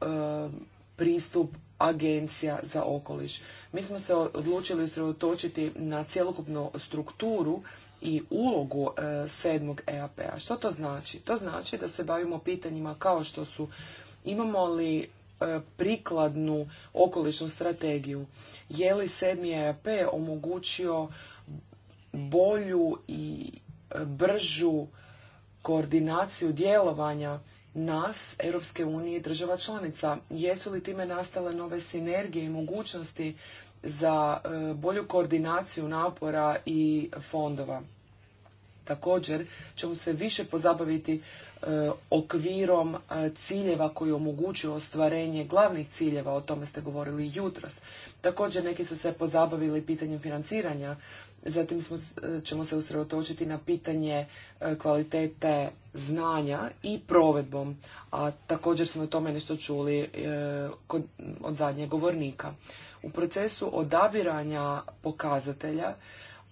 pristup agencija za okoliš. Mi smo se odlučili usredotočiti na cjelokupnu strukturu i ulogu e, sedmog EAP-a. Što to znači? To znači da se bavimo pitanjima kao što su imamo li e, prikladnu okolišnu strategiju, je li sedmi EAP omogućio bolju i bržu koordinaciju djelovanja nas, Europske unije i država članica. Jesu li time nastale nove sinergije i mogućnosti za e, bolju koordinaciju napora i fondova? Također ćemo se više pozabaviti e, okvirom e, ciljeva koji omogućuju ostvarenje glavnih ciljeva, o tome ste govorili jutros. Također neki su se pozabavili pitanjem financiranja Zatim smo, e, ćemo se usredotočiti na pitanje e, kvalitete znanja i provedbom, a također smo o tome nešto čuli e, od zadnjeg govornika. U procesu odabiranja pokazatelja,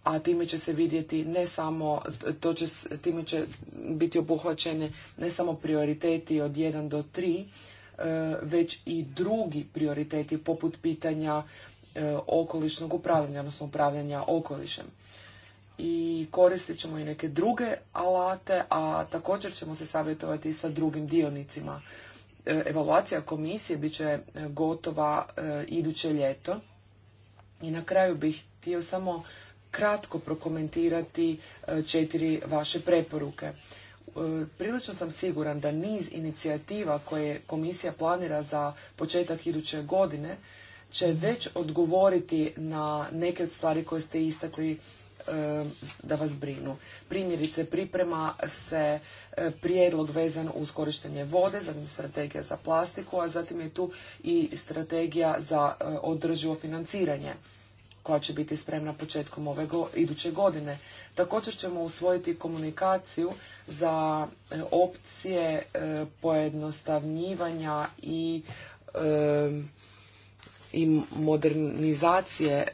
a time će se vidjeti ne samo, to će, time će biti obuhvaćene ne samo prioriteti od 1 do 3, već i drugi prioriteti poput pitanja E, okolišnog upravljanja, odnosno upravljanja okolišem. I koristit ćemo i neke druge alate, a također ćemo se savjetovati sa drugim dionicima. E, evaluacija komisije bit će e, gotova iduće ljeto. I na kraju bih htio samo kratko prokomentirati četiri vaše preporuke. Prilično sam siguran da niz inicijativa koje komisija planira za početak iduće godine će već odgovoriti na neke od stvari koje ste istakli e, da vas brinu. Primjerice, priprema se e, prijedlog vezan uz korištenje vode, zatim strategija za plastiku, a zatim je tu i strategija za e, održivo financiranje koja će biti spremna početkom ove iduće godine. Također ćemo usvojiti komunikaciju za opcije pojednostavnjivanja i i modernizacije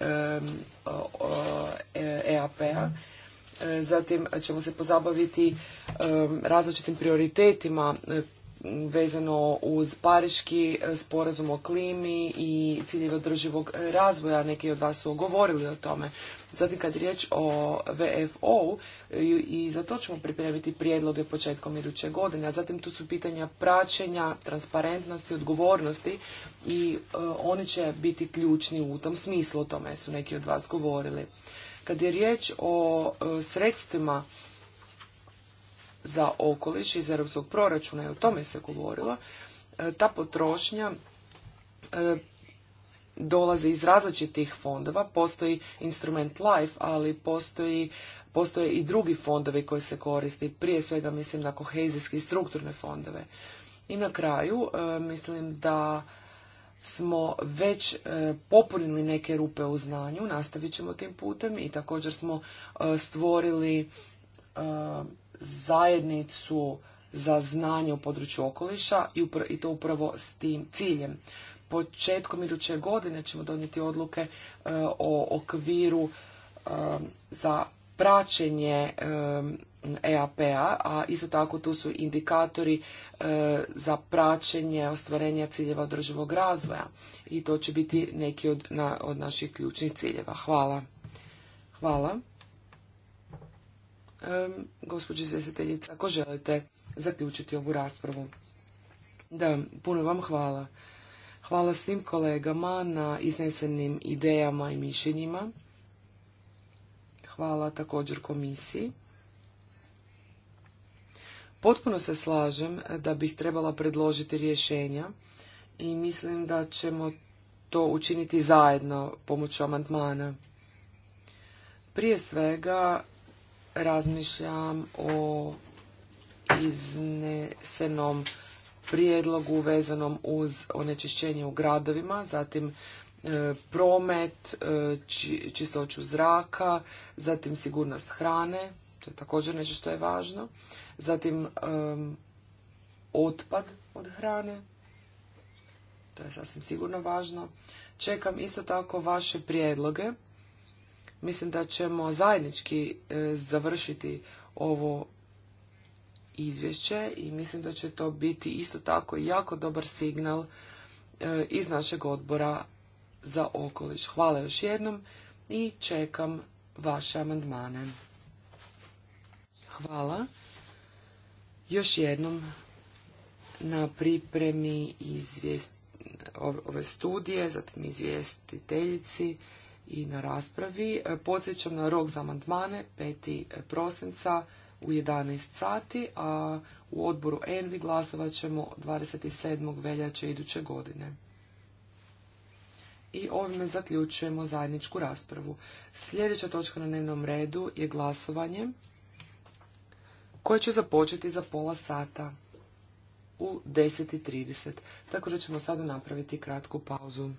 EAP-a. E, e e, zatim ćemo se pozabaviti različitim prioritetima vezano uz Pariški e, sporazum o klimi i ciljeve održivog razvoja. Neki od vas su govorili o tome. Zatim kad je riječ o vfo e, i za to ćemo pripremiti prijedloge početkom iduće godine. A zatim tu su pitanja praćenja, transparentnosti, odgovornosti i e, oni će biti ključni u tom smislu. O tome su neki od vas govorili. Kad je riječ o sredstvima za okoliš iz europskog proračuna i o tome se govorilo, e, ta potrošnja e, dolazi iz različitih fondova. Postoji instrument LIFE, ali postoji, postoje i drugi fondovi koji se koristi. Prije svega mislim na kohezijski strukturne fondove. I na kraju e, mislim da smo već popunili neke rupe u znanju, nastavit ćemo tim putem i također smo stvorili zajednicu za znanje u području okoliša i to upravo s tim ciljem. Početkom iduće godine ćemo donijeti odluke e, o okviru e, za praćenje EAP-a, e a isto tako tu su indikatori za praćenje ostvarenja ciljeva održivog razvoja i to će biti neki od, od naših ključnih ciljeva. Hvala. Hvala gospođo izvjestiteljice, ako želite zaključiti ovu raspravu. Da, puno vam hvala. Hvala svim kolegama na iznesenim idejama i mišljenjima. Hvala također komisiji. Potpuno se slažem da bih trebala predložiti rješenja i mislim da ćemo to učiniti zajedno pomoću amandmana. Prije svega razmišljam o iznesenom prijedlogu vezanom uz onečišćenje u gradovima, zatim e, promet, e, čistoću zraka, zatim sigurnost hrane, to je također nešto što je važno, zatim otpad od hrane, to je sasvim sigurno važno. Čekam isto tako vaše prijedloge Mislim da ćemo zajednički e, završiti ovo izvješće i mislim da će to biti isto tako jako dobar signal e, iz našeg odbora za okoliš. Hvala još jednom i čekam vaše amandmane. Hvala još jednom na pripremi ove studije, zatim izvjestiteljici i na raspravi. E, podsjećam na rok za amandmane 5. E, prosinca u 11 sati, a u odboru Envi glasovat ćemo 27. veljače iduće godine. I ovime zaključujemo zajedničku raspravu. Sljedeća točka na dnevnom redu je glasovanje koje će započeti za pola sata u 10.30. Tako da ćemo sada napraviti kratku pauzu.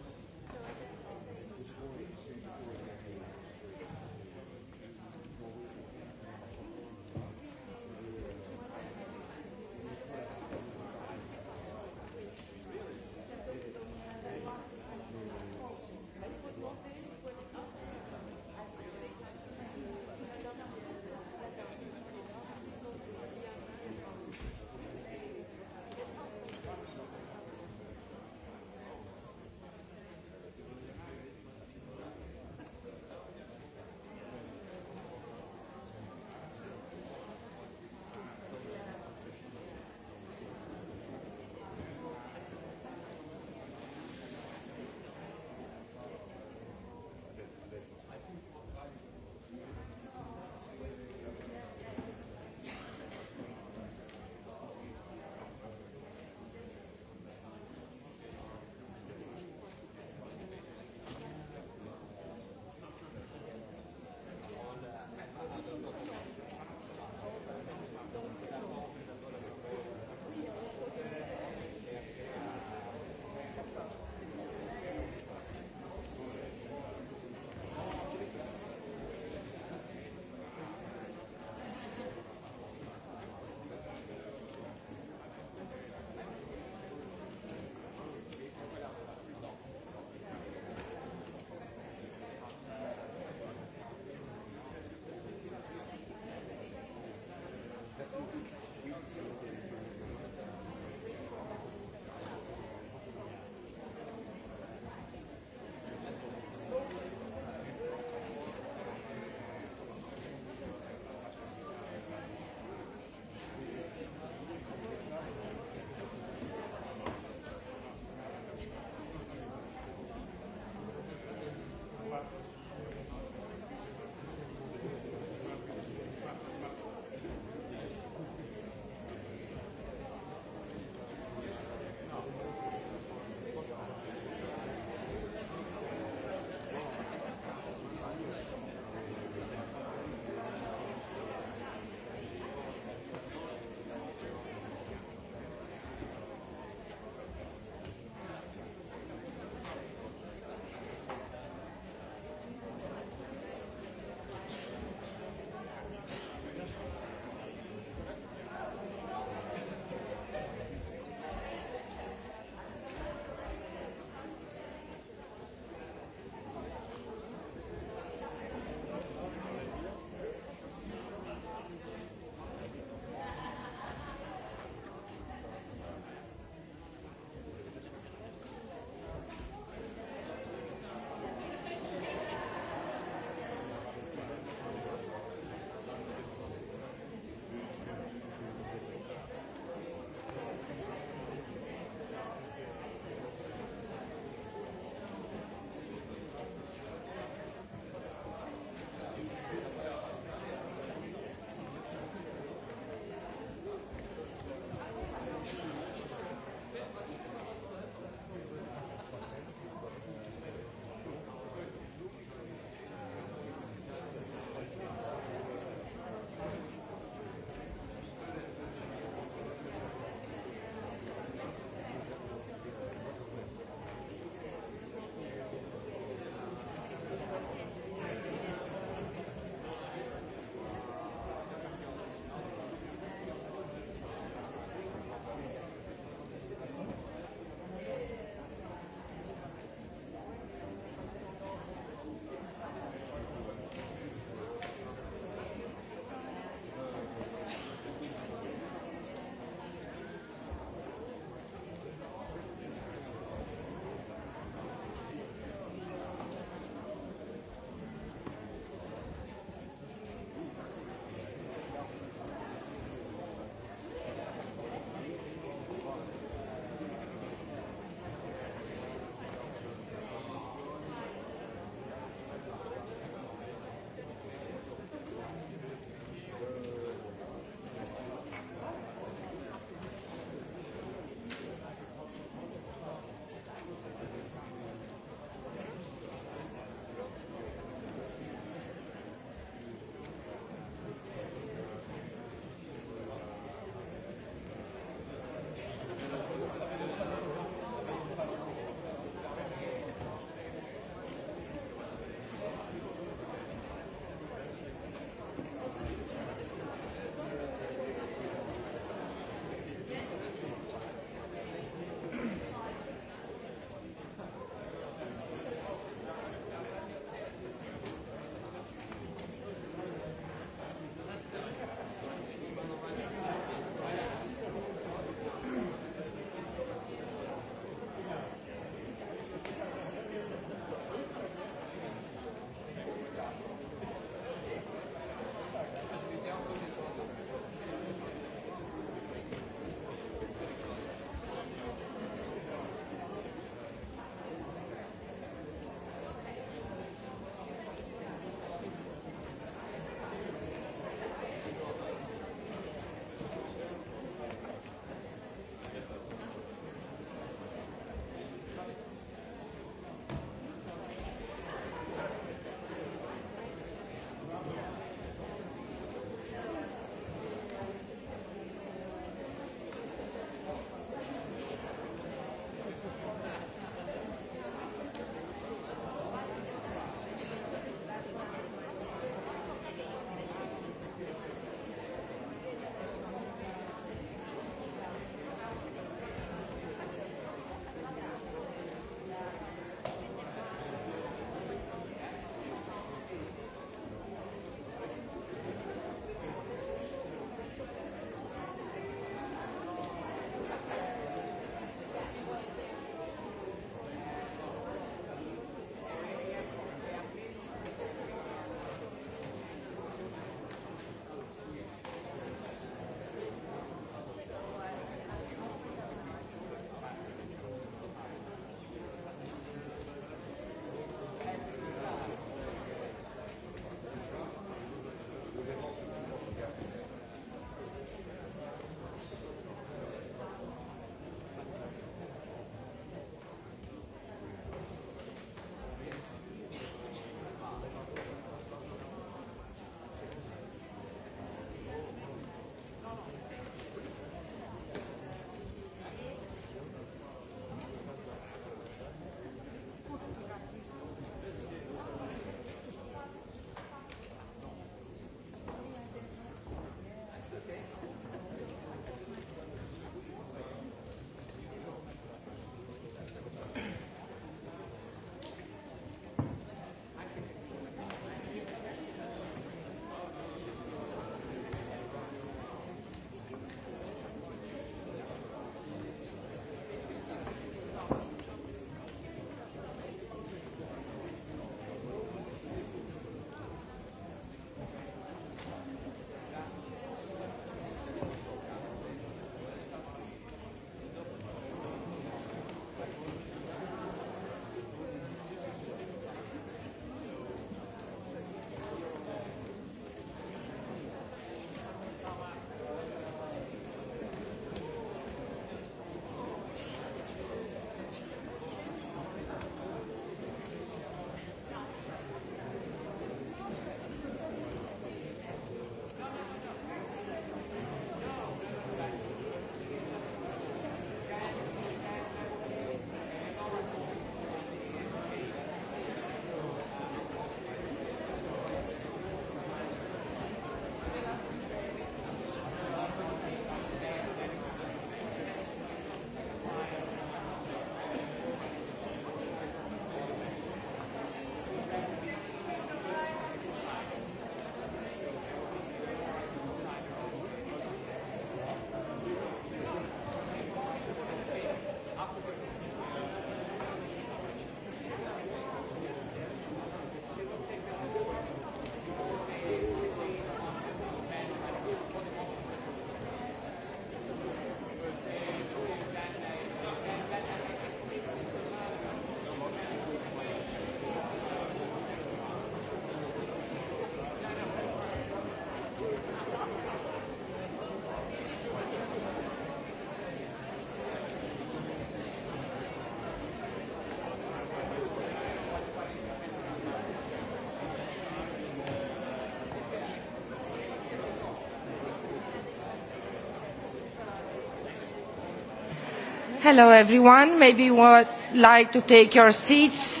Hello everyone, maybe you would like to take your seats.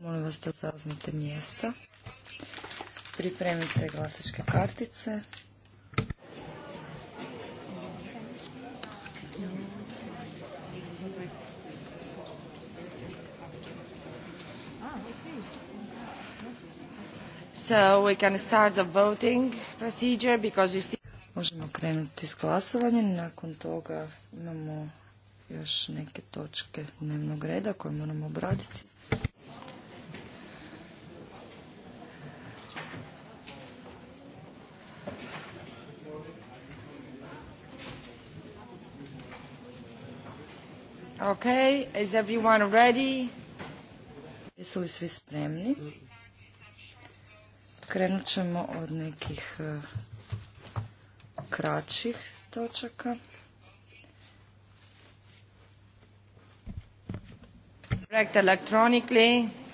Molim vas da zauzmete mjesta. Pripremite glasačke kartice. So we can start the voting procedure because you see... Možemo krenuti s glasovanjem, nakon toga još neke točke dnevnog reda koje moramo obraditi. Ok, is everyone ready? Jesu li svi spremni? Krenut ćemo od nekih eh, kraćih točaka.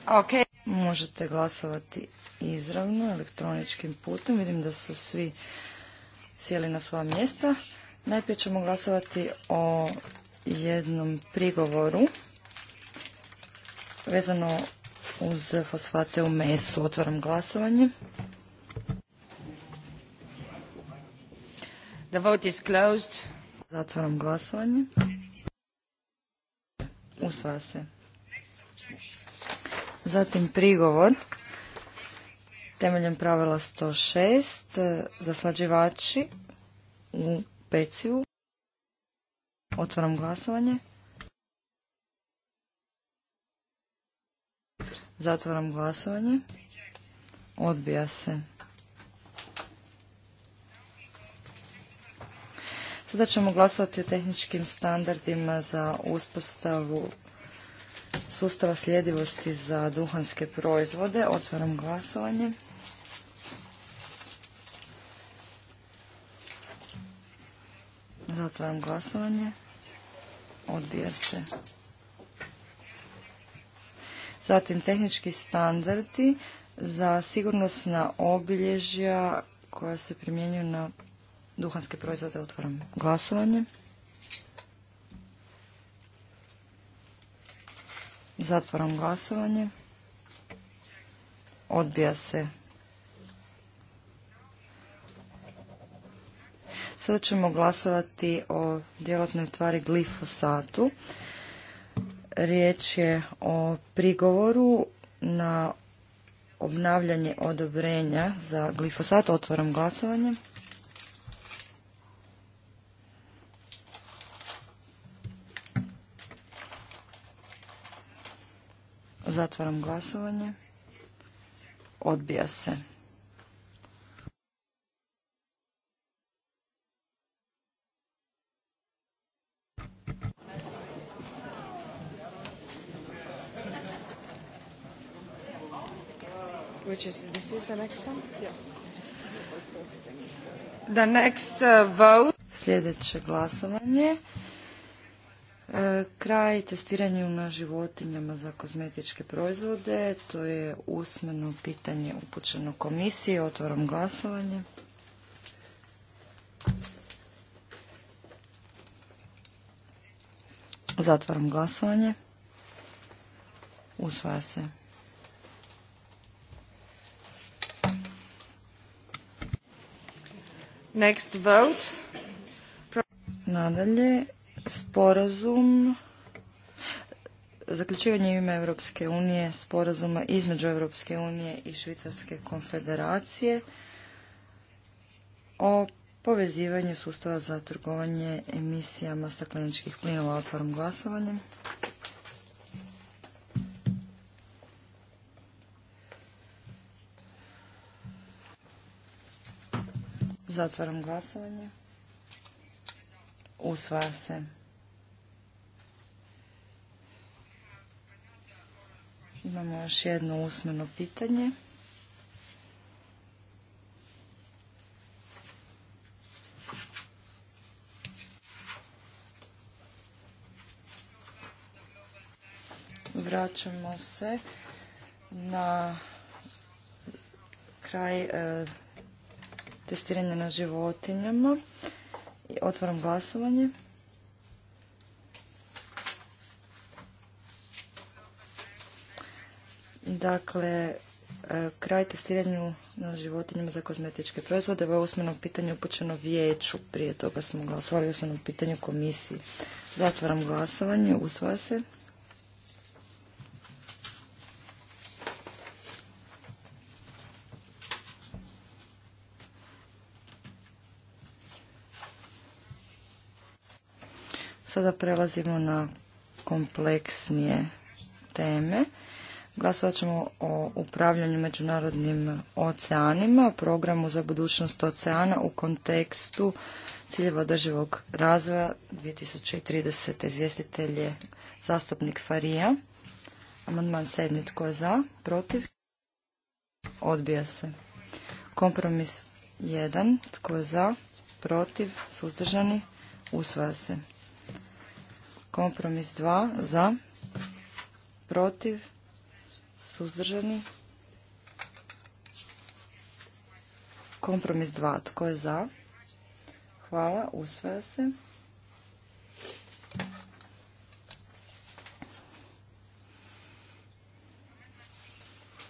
Okay. Možete glasovati izravno elektroničkim putem. Vidim da su svi sjeli na svoja mjesta. Najprije ćemo glasovati o jednom prigovoru vezano uz fosfate u mesu. Otvaram glasovanje. The vote is closed. Zatvaram glasovanje. Usvaja se. Zatim prigovor temeljem pravila 106 e, zaslađivači u pecivu. Otvaram glasovanje. Zatvaram glasovanje. Odbija se. Sada ćemo glasovati o tehničkim standardima za uspostavu sustava sljedivosti za duhanske proizvode. Otvaram glasovanje. Zatvaram glasovanje. Odbija se. Zatim tehnički standardi za sigurnosna obilježja koja se primjenjuju na duhanske proizvode. Otvaram glasovanje. Zatvaram glasovanje. Odbija se. Sada ćemo glasovati o djelatnoj tvari glifosatu. Riječ je o prigovoru na obnavljanje odobrenja za glifosat. Otvaram glasovanje. Zatvaram glasovanje. Odbija se. Which next Sljedeće glasovanje. E, kraj testiranju na životinjama za kozmetičke proizvode, to je usmeno pitanje upućeno komisiji, otvorom glasovanje. Zatvaram glasovanje. Usvaja se. Next vote. Nadalje, sporazum zaključivanje ime Europske unije sporazuma između Europske unije i Švicarske konfederacije o povezivanju sustava za trgovanje emisijama stakleničkih plinova otvorom glasovanje. Zatvaram glasovanje. Usvaja se. Imamo još jedno usmeno pitanje. Vraćamo se na kraj eh, testiranja na životinjama. Otvaram glasovanje. Dakle, e, kraj testiranju na životinjama za kozmetičke proizvode. Ovo je usmeno pitanje upućeno vijeću. Prije toga smo glasovali usmenom pitanju komisiji. Zatvaram glasovanje. Usvaja se. Sada prelazimo na kompleksnije teme. Glasovat ćemo o upravljanju međunarodnim oceanima, programu za budućnost oceana u kontekstu ciljeva održivog razvoja 2030. Izvjestitelj je zastupnik Farija. Amandman sedmi tko je za, protiv? Odbija se. Kompromis jedan Tko je za, protiv, suzdržani? Usvaja se. Kompromis 2 za, protiv, suzdržani. Kompromis 2. Tko je za? Hvala, usvaja se.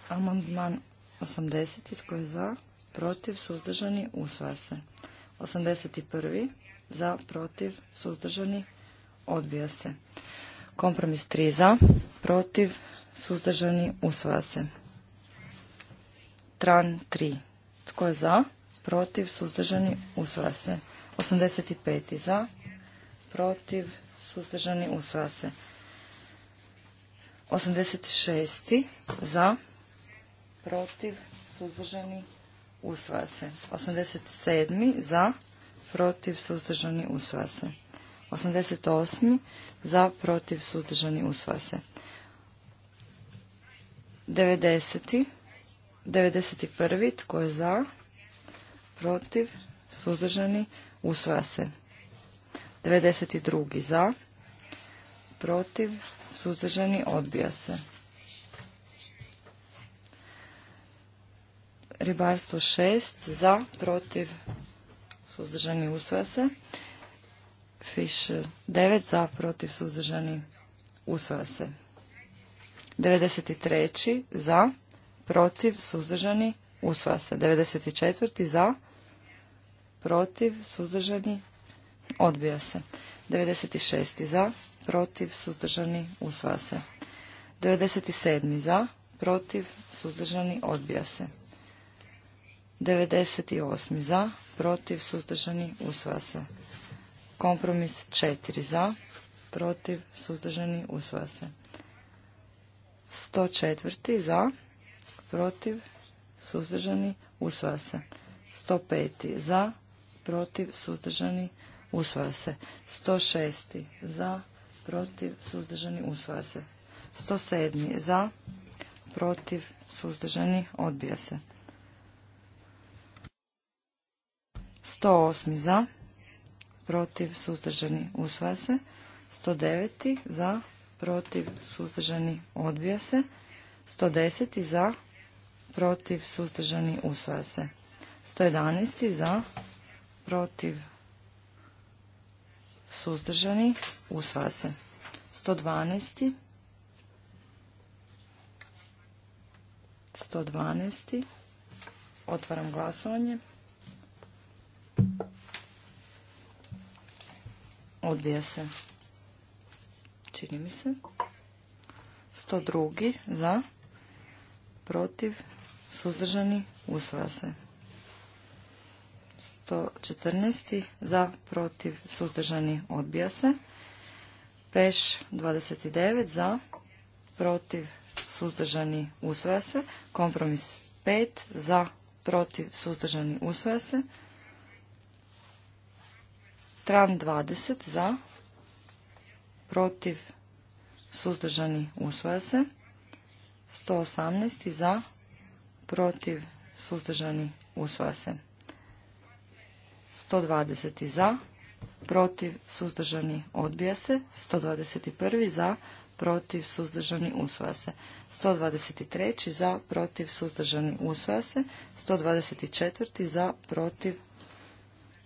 Amandman 80. Tko je za? Protiv, suzdržani, usvaja se. 81. Za, protiv, suzdržani, Odbija se. Kompromis tri za, protiv, suzdržani, usvaja se. Tran 3. Tko je za? Protiv, suzdržani, usvaja se. 85. za, protiv, suzdržani, usvaja se. 86. za, protiv, suzdržani, usvaja se. 87. za, protiv, suzdržani, usvaja se. 88. Za, protiv, suzdržani, usvoja se. 90. 91. Tko je za? Protiv, suzdržani, usvaja se. 92. Za, protiv, suzdržani, odbija se. Ribarstvo 6. Za, protiv, suzdržani, usvaja se. Fiš 9 za, protiv suzdržani usvaja se. 93. za, protiv suzdržani usvaja se. 94. za, protiv suzdržani odbija se. 96. za, protiv suzdržani usvaja se. 97. za, protiv suzdržani odbija se. 98. za, protiv suzdržani usvaja se. Kompromis 4 za, protiv, suzdržani, usvaja se. 104 za, protiv, suzdržani, usvaja se. 105 za, protiv, suzdržani, usvaja se. 106 za, protiv, suzdržani, usvaja se. 107 za, protiv, suzdržani, odbija se. 108 za, protiv, suzdržani, usvaja se. 109. za, protiv, suzdržani, odbija se. 110. za, protiv, suzdržani, usvaja se. 111. za, protiv, suzdržani, usvaja se. 112. 112. Otvaram glasovanje. Odbija se. Čini mi se. 102. Za. Protiv. Suzdržani. Usvaja se. 114. Za. Protiv. Suzdržani. Odbija se. Peš 29. Za. Protiv. Suzdržani. Usvaja se. Kompromis 5. Za. Protiv. Suzdržani. Usvaja se. Stran 20 za, protiv, suzdržani, usvoja se. 118 za, protiv, suzdržani, usvoja se. 120 za, protiv, suzdržani, odbija se. 121 za, protiv, suzdržani, usvoja se. 123 za, protiv, suzdržani, usvoja se. 124 za, protiv,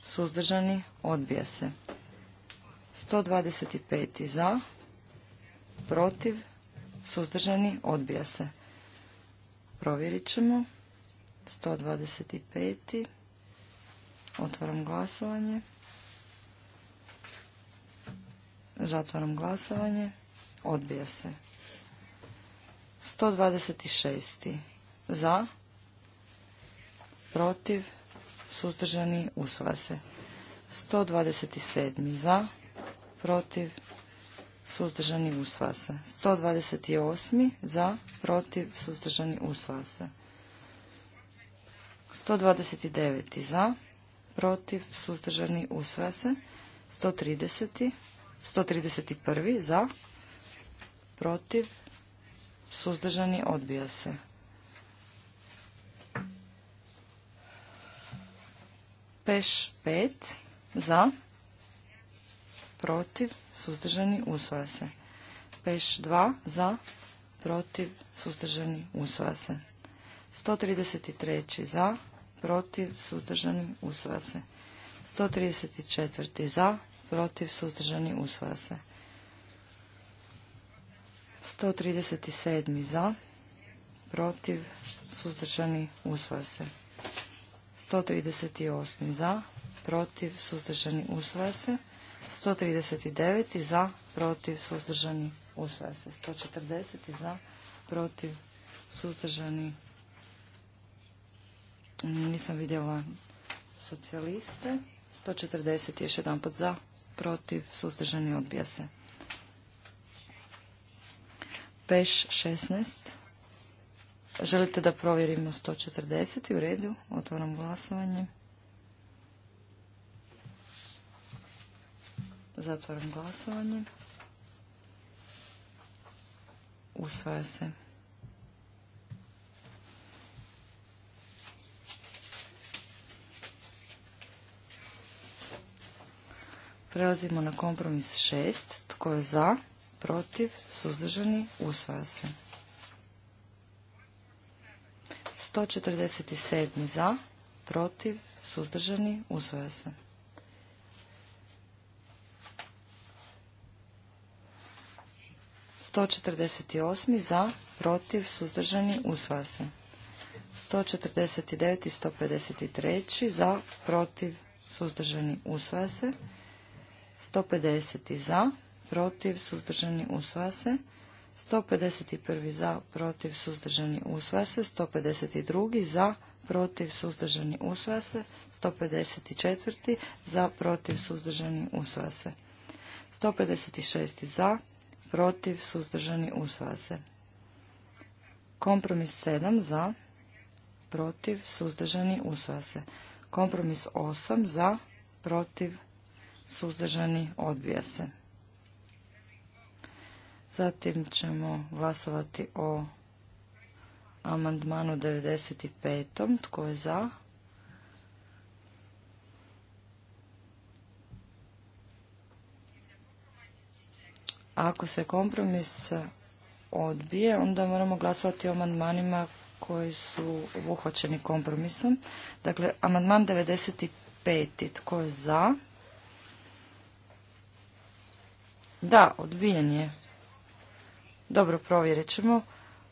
suzdržani, odbija se. 125. za, protiv, suzdržani, odbija se. Provjerit ćemo. 125. Otvaram glasovanje. Zatvaram glasovanje. Odbija se. 126. Za. Protiv suzdržani, usvase. se. 127. za, protiv, suzdržani, usva se. 128. za, protiv, suzdržani, usvase. se. 129. za, protiv, suzdržani, usva se. 130. 131. za, protiv, suzdržani, odbija se. Peš 5 za, protiv, suzdržani, usvoja se. Peš 2 za, protiv, suzdržani, usvoja se. 133 za, protiv, suzdržani, usvoja se. 134 za, protiv, suzdržani, usvoja se. 137 za, protiv, suzdržani, usvoja se. 138. za, protiv, suzdržani, usvaja se. 139. za, protiv, suzdržani, usvaja se. 140. za, protiv, suzdržani, nisam vidjela socijaliste. 140. još jedan pot za, protiv, suzdržani, odbija se. Peš 16 Želite da provjerimo 140. u redu? Otvaram glasovanje. Zatvaram glasovanje. Usvaja se. Prelazimo na kompromis 6. Tko je za, protiv, suzdržani, usvaja se. 147 za, protiv, suzdržani, usvoja se. Sto četrdeset osam za, protiv, suzdržani, usvaja se. Sto četrdeset devet i sto pedeset tri za, protiv, suzdržani, usvaja se. Sto pedeset za, protiv, suzdržani, usvaja se. 151. za, protiv, suzdržani, usvaja se. 152. za, protiv, suzdržani, usvaja se. 154. za, protiv, suzdržani, usvaja se. 156. za, protiv, suzdržani, usvaja se. Kompromis 7 za, protiv, suzdržani, usvaja se. Kompromis 8 za, protiv, suzdržani, odbija se. Zatim ćemo glasovati o amandmanu 95. Tko je za? Ako se kompromis odbije, onda moramo glasovati o amandmanima koji su obuhvaćeni kompromisom. Dakle, amandman 95. Tko je za? Da, odbijen je. Dobro, provjerit ćemo.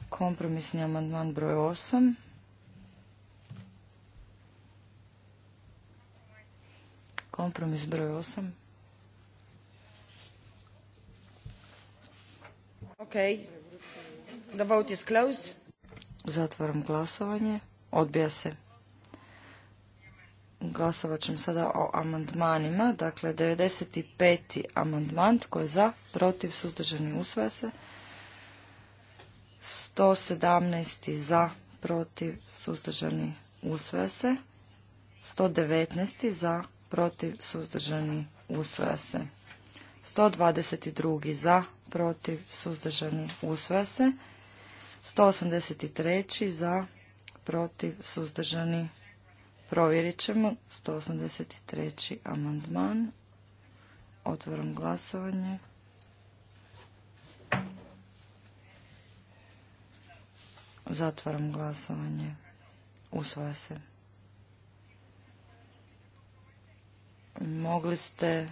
Kompromisni amandman broj 8. Kompromis broj 8. ok The vote is closed. Zatvaram glasovanje. Odbija se. Glasovat ćemo sada o amandmanima. Dakle, 95. amandman. Tko je za? Protiv? Suzdržani? Usvaja se. 117. za, protiv, suzdržani, usvoja se. 119. za, protiv, suzdržani, usvoja se. 122. za, protiv, suzdržani, usvoja se. 183. za, protiv, suzdržani, provjerit ćemo. 183. amandman. Otvoram glasovanje. Zatvaram glasovanje. Usvaja se. Mogli ste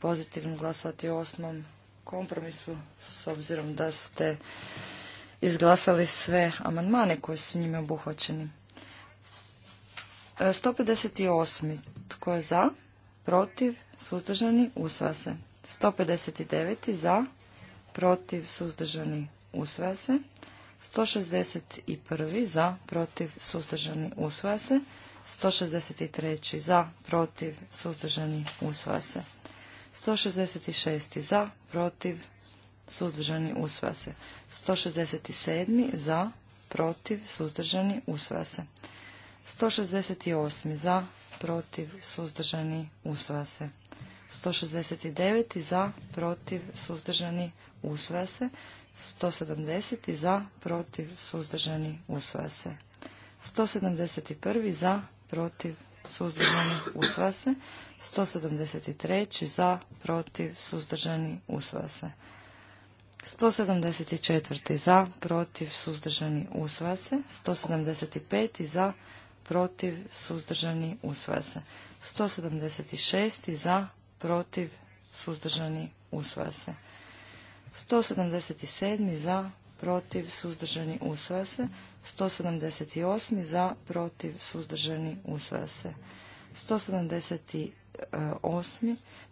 pozitivno glasovati o osmom kompromisu s obzirom da ste izglasali sve amandmane koji su njime obuhvaćeni. 158. E, Tko je za? Protiv? Suzdržani? Usvaja se. 159. Za? Protiv? Suzdržani? Usvaja se. 161. za, protiv, suzdržani, usvaja se. 163. za, protiv, suzdržani, usvaja se. 166. za, protiv, suzdržani, usvaja se. 167. za, protiv, suzdržani, usvaja se. 168. za, protiv, suzdržani, usvaja se. 169. za, protiv, suzdržani, usvaja se. 170. za, protiv, suzdržani, usvaja se. 171. za, protiv, suzdržani, usvaja se. 173. za, protiv, suzdržani, usvaja se. 174. za, protiv, suzdržani, usvaja se. 175. za, protiv, suzdržani, usvaja se. 176. za, protiv, suzdržani, usvaja se. 177. za, protiv, suzdržani, usvaja se. 178. za, protiv, suzdržani, usvaja se. 178.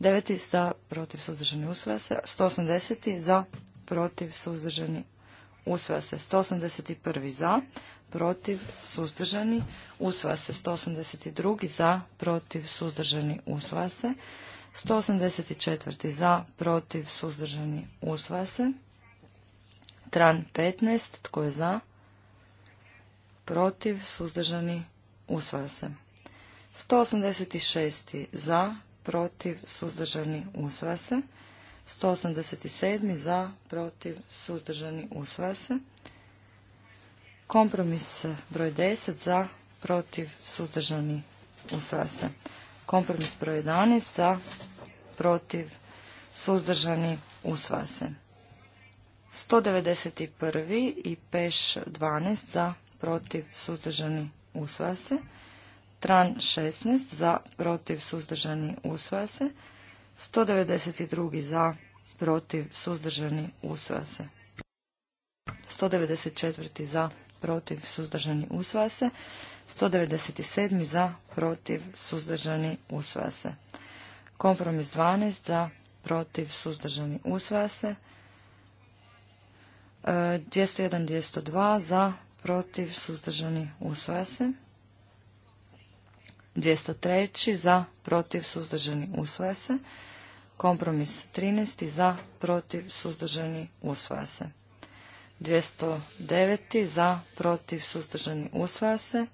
9. za, protiv, suzdržani, usvaja se. 180. za, protiv, suzdržani, usvaja se. 181. za, protiv, suzdržani, usvaja se. 182. za, protiv, suzdržani, usvaja se. 184. za, protiv, suzdržani, usvaja se. Tran 15. Tko je za? Protiv, suzdržani, usvaja se. 186. za, protiv, suzdržani, usvaja se. 187. za, protiv, suzdržani, usvaja se. Kompromis broj 10 za, protiv, suzdržani, usvaja se. Kompromis broj 11 za, protiv, suzdržani, usvaja se. 191. i peš 12 za, protiv, suzdržani, usvaja se. Tran 16 za, protiv, suzdržani, usvaja se. 192. za, protiv, suzdržani, usvaja se. 194. za, protiv, suzdržani, usvaja se. 197 za, protiv, suzdržani, usvaja se. Kompromis 12 za, protiv, suzdržani, usvaja se. 201, e, 202 za, protiv, suzdržani, usvaja se. 203 za, protiv, suzdržani, usvaja se. Kompromis 13 za, protiv, suzdržani, usvaja se. 209 za, protiv, suzdržani, usvaja se.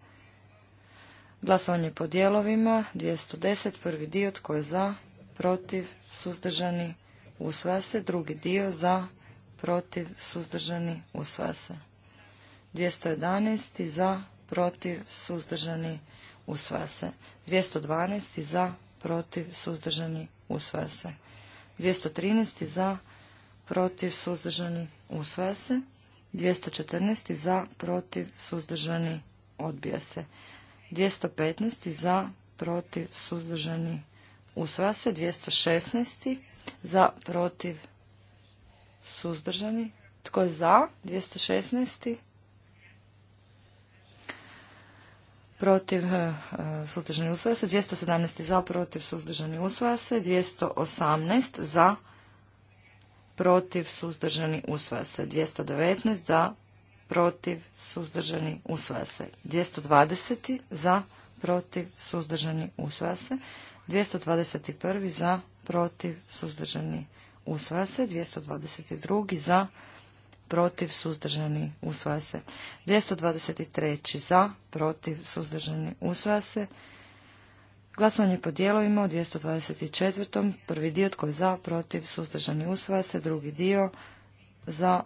Glasovanje po dijelovima, 210, prvi dio, tko je za, protiv, suzdržani, usvaja se. Drugi dio, za, protiv, suzdržani, usvaja se. 211, za, protiv, suzdržani, usvaja se. 212, za, protiv, suzdržani, usvaja se. 213, za, protiv, suzdržani, usvaja se. 214, za, protiv, suzdržani, odbija se. 215. za, protiv, suzdržani, usvaja se. 216. za, protiv, suzdržani. Tko je za? 216. Protiv eh, eh, suzdržani usvaja se. 217. za, protiv suzdržani usvaja se. 218. za, protiv suzdržani usvaja se. 219. za, protiv, suzdržani, usvaja se. 220. za, protiv, suzdržani, usvaja se. 221. za, protiv, suzdržani, usvaja se. 222. za, protiv, suzdržani, usvaja se. 223. za, protiv, suzdržani, usvaja se. Glasovanje po dijelovima u 224. Prvi dio tko je za, protiv, suzdržani, usvaja se. Drugi dio za,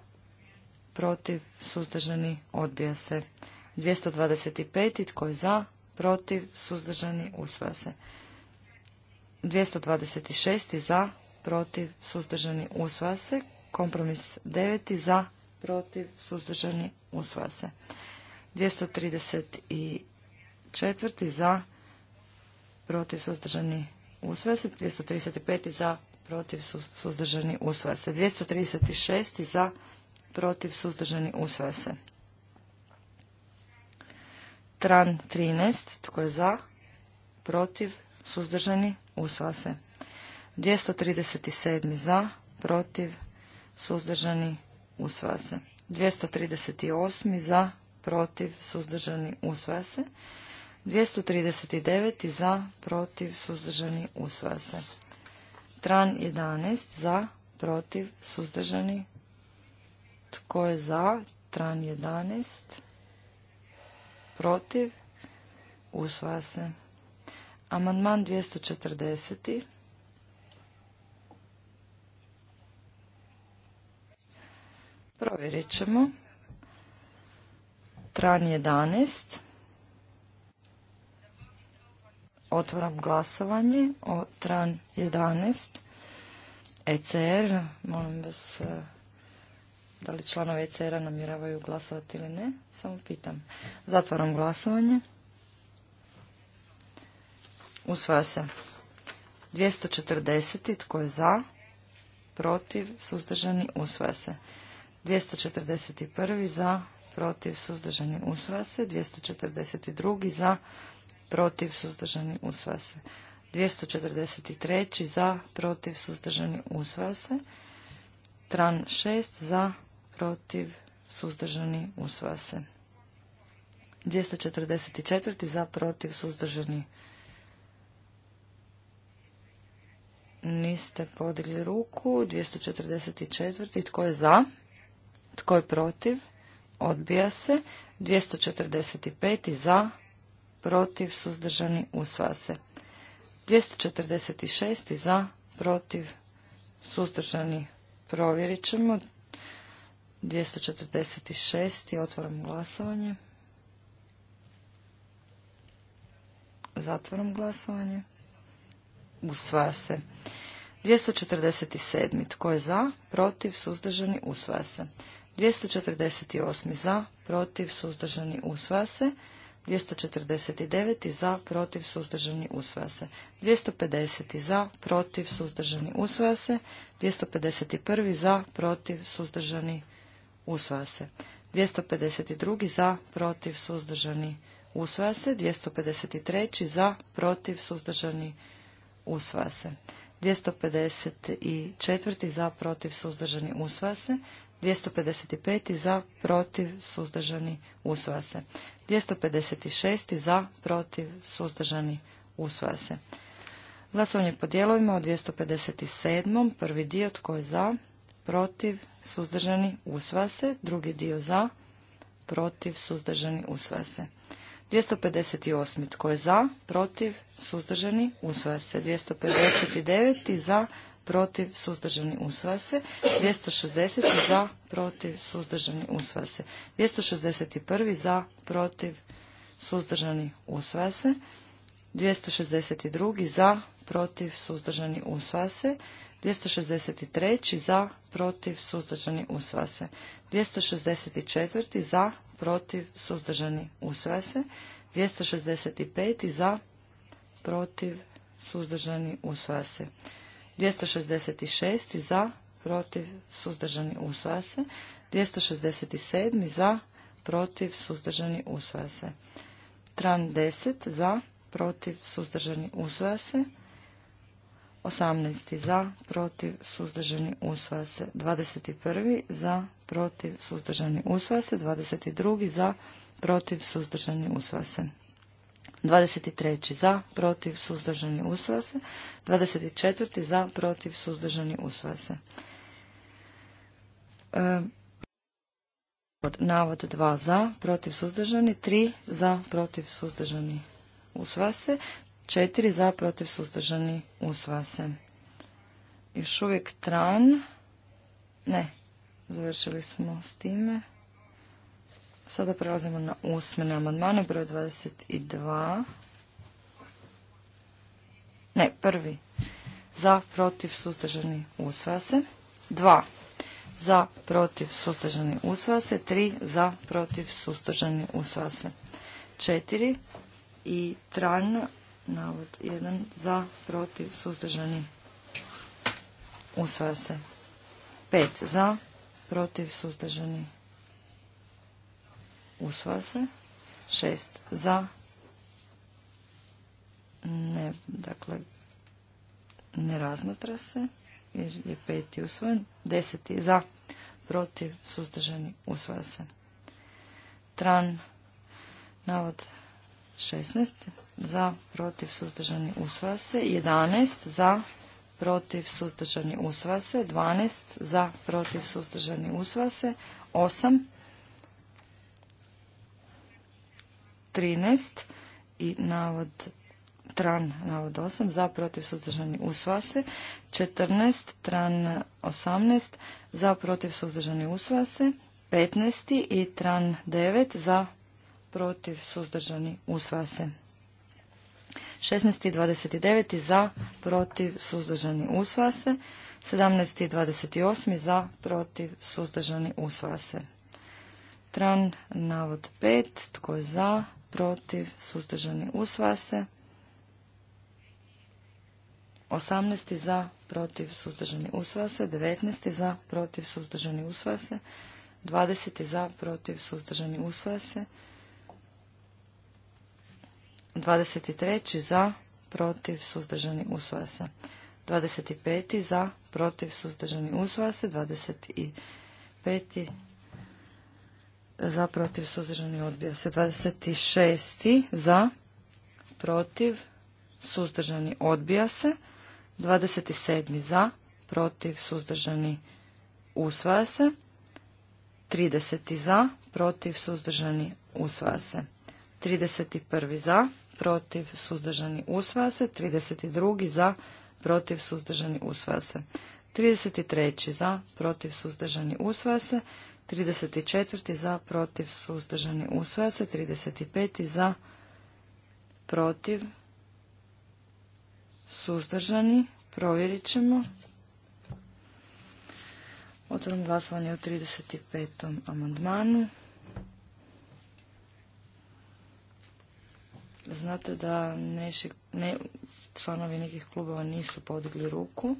protiv, suzdržani, odbija se. 225. Tko je za, protiv, suzdržani, usvaja se. 226. Za, protiv, suzdržani, usvaja se. Kompromis 9. Za, protiv, suzdržani, usvaja se. 234. Za, protiv, suzdržani, usvaja se. 235. Za, protiv, suzdržani, usvaja se. 236. Za, protiv, suzdržani, usvaja se. Tran 13, tko je za, protiv, suzdržani, usvaja se. 237 za, protiv, suzdržani, usvaja se. 238 za, protiv, suzdržani, usvaja se. 239 za, protiv, suzdržani, usvaja se. Tran 11 za, protiv, suzdržani, tko je za? Tran 11. Protiv? Usvaja se. Amandman 240. Provjerit ćemo. Tran 11. otvoram glasovanje o Tran 11. ECR, er, molim vas da li članovi ECR-a namjeravaju glasovati ili ne. Samo pitam. Zatvaram glasovanje. Usvaja se. 240. Tko je za? Protiv? Suzdržani? Usvaja se. 241. Za? Protiv? Suzdržani? Usvaja se. 242. Za? Protiv? Suzdržani? Usvaja se. 243. Za? Protiv? Suzdržani? Usvaja se. Tran 6. Za? protiv, suzdržani, usvaja se. 244. za, protiv, suzdržani. Niste podigli ruku. 244. Tko je za? Tko je protiv? Odbija se. 245. za, protiv, suzdržani, usvaja se. 246. za, protiv, suzdržani, provjerit ćemo. 246. Otvaram glasovanje. Zatvaram glasovanje. Usvaja se. 247. Tko je za? Protiv? Suzdržani? Usvaja se. 248. Za? Protiv? Suzdržani? Usvaja se. 249 za, protiv, suzdržani, usvaja se. 250 za, protiv, suzdržani, usvaja se. 251 za, protiv, suzdržani, usvaja se. 252. za, protiv, suzdržani, usvaja se. 253. za, protiv, suzdržani, usvaja se. 254. za, protiv, suzdržani, usvaja se. 255. za, protiv, suzdržani, usvaja se. 256. za, protiv, suzdržani, usvaja se. Glasovanje po dijelovima o 257. Prvi dio tko je za, protiv, suzdržani, usva se. Drugi dio za, protiv, suzdržani, usva se. 258. Tko je za, protiv, suzdržani, usvaja se. 259. za, protiv, suzdržani, usva se. 260. za, protiv, suzdržani, usva se. 261. za, protiv, suzdržani, usvaja se. 262. za, protiv, suzdržani, usva se. 263. za, protiv, suzdržani, usvaja se. 264. za, protiv, suzdržani, usvaja se. 265. za, protiv, suzdržani, usvaja se. 266. za, protiv, suzdržani, usvaja se. 267. za, protiv, suzdržani, usvaja se. Tran 10 za, protiv, suzdržani, usvaja se. 18. za, protiv, suzdržani, usvaja se. 21. za, protiv, suzdržani, usvaja se. 22. za, protiv, suzdržani, usvaja se. 23. za, protiv, suzdržani, usvaja se. 24. za, protiv, suzdržani, usvaja se. E, navod 2 za, protiv, suzdržani, tri za, protiv, suzdržani, usvaja se. Četiri za, protiv, suzdržani, usvase. se. Još uvijek tran. Ne, završili smo s time. Sada prelazimo na usmene amandmane, broj 22. Ne, prvi. Za, protiv, suzdržani, usvase. Dva. Za, protiv, suzdržani, usvaja se. tri Za, protiv, suzdržani, usvase. se. I tran navod 1 za, protiv, suzdržani, usvaja se. 5 za, protiv, suzdržani, usvaja se. 6 za, ne, dakle, ne razmatra se jer je peti usvojen. Deseti za, protiv, suzdržani, usvaja se. Tran, navod 16 za, protiv, suzdržani, usvaja se. 11 za, protiv, suzdržani, usvaja se. 12 za, protiv, suzdržani, usvaja se. 8 13 i navod tran navod 8 za protiv suzdržani usva se 14 tran 18 za protiv suzdržani usva se 15 i tran 9 za protiv, suzdržani, usvaja se. 16 i 29 za, protiv, suzdržani, usvaja se. 17 i 28 za, protiv, suzdržani, usvaja se. Tran, navod 5, tko je za, protiv, suzdržani, usvaja se. 18 za, protiv, suzdržani, usvaja se. 19 za, protiv, suzdržani, usvaja se. 20 za, protiv, suzdržani, usvaja se. 23. za, protiv, suzdržani, usvaja se. 25. za, protiv, suzdržani, usvaja se. 25. za, protiv, suzdržani, odbija se. 26. za, protiv, suzdržani, odbija se. 27. za, protiv, suzdržani, usvaja se. 30. za, protiv, suzdržani, usvaja se. 31. za, protiv, suzdržani, usvaja se. 32. za, protiv, suzdržani, usvaja se. 33. za, protiv, suzdržani, usvaja se. 34. za, protiv, suzdržani, usvaja se. 35. za, protiv, suzdržani, provjerit ćemo. Otvorim glasovanje o 35. amandmanu. Znate da neši, ne, članovi nekih klubova nisu podigli ruku.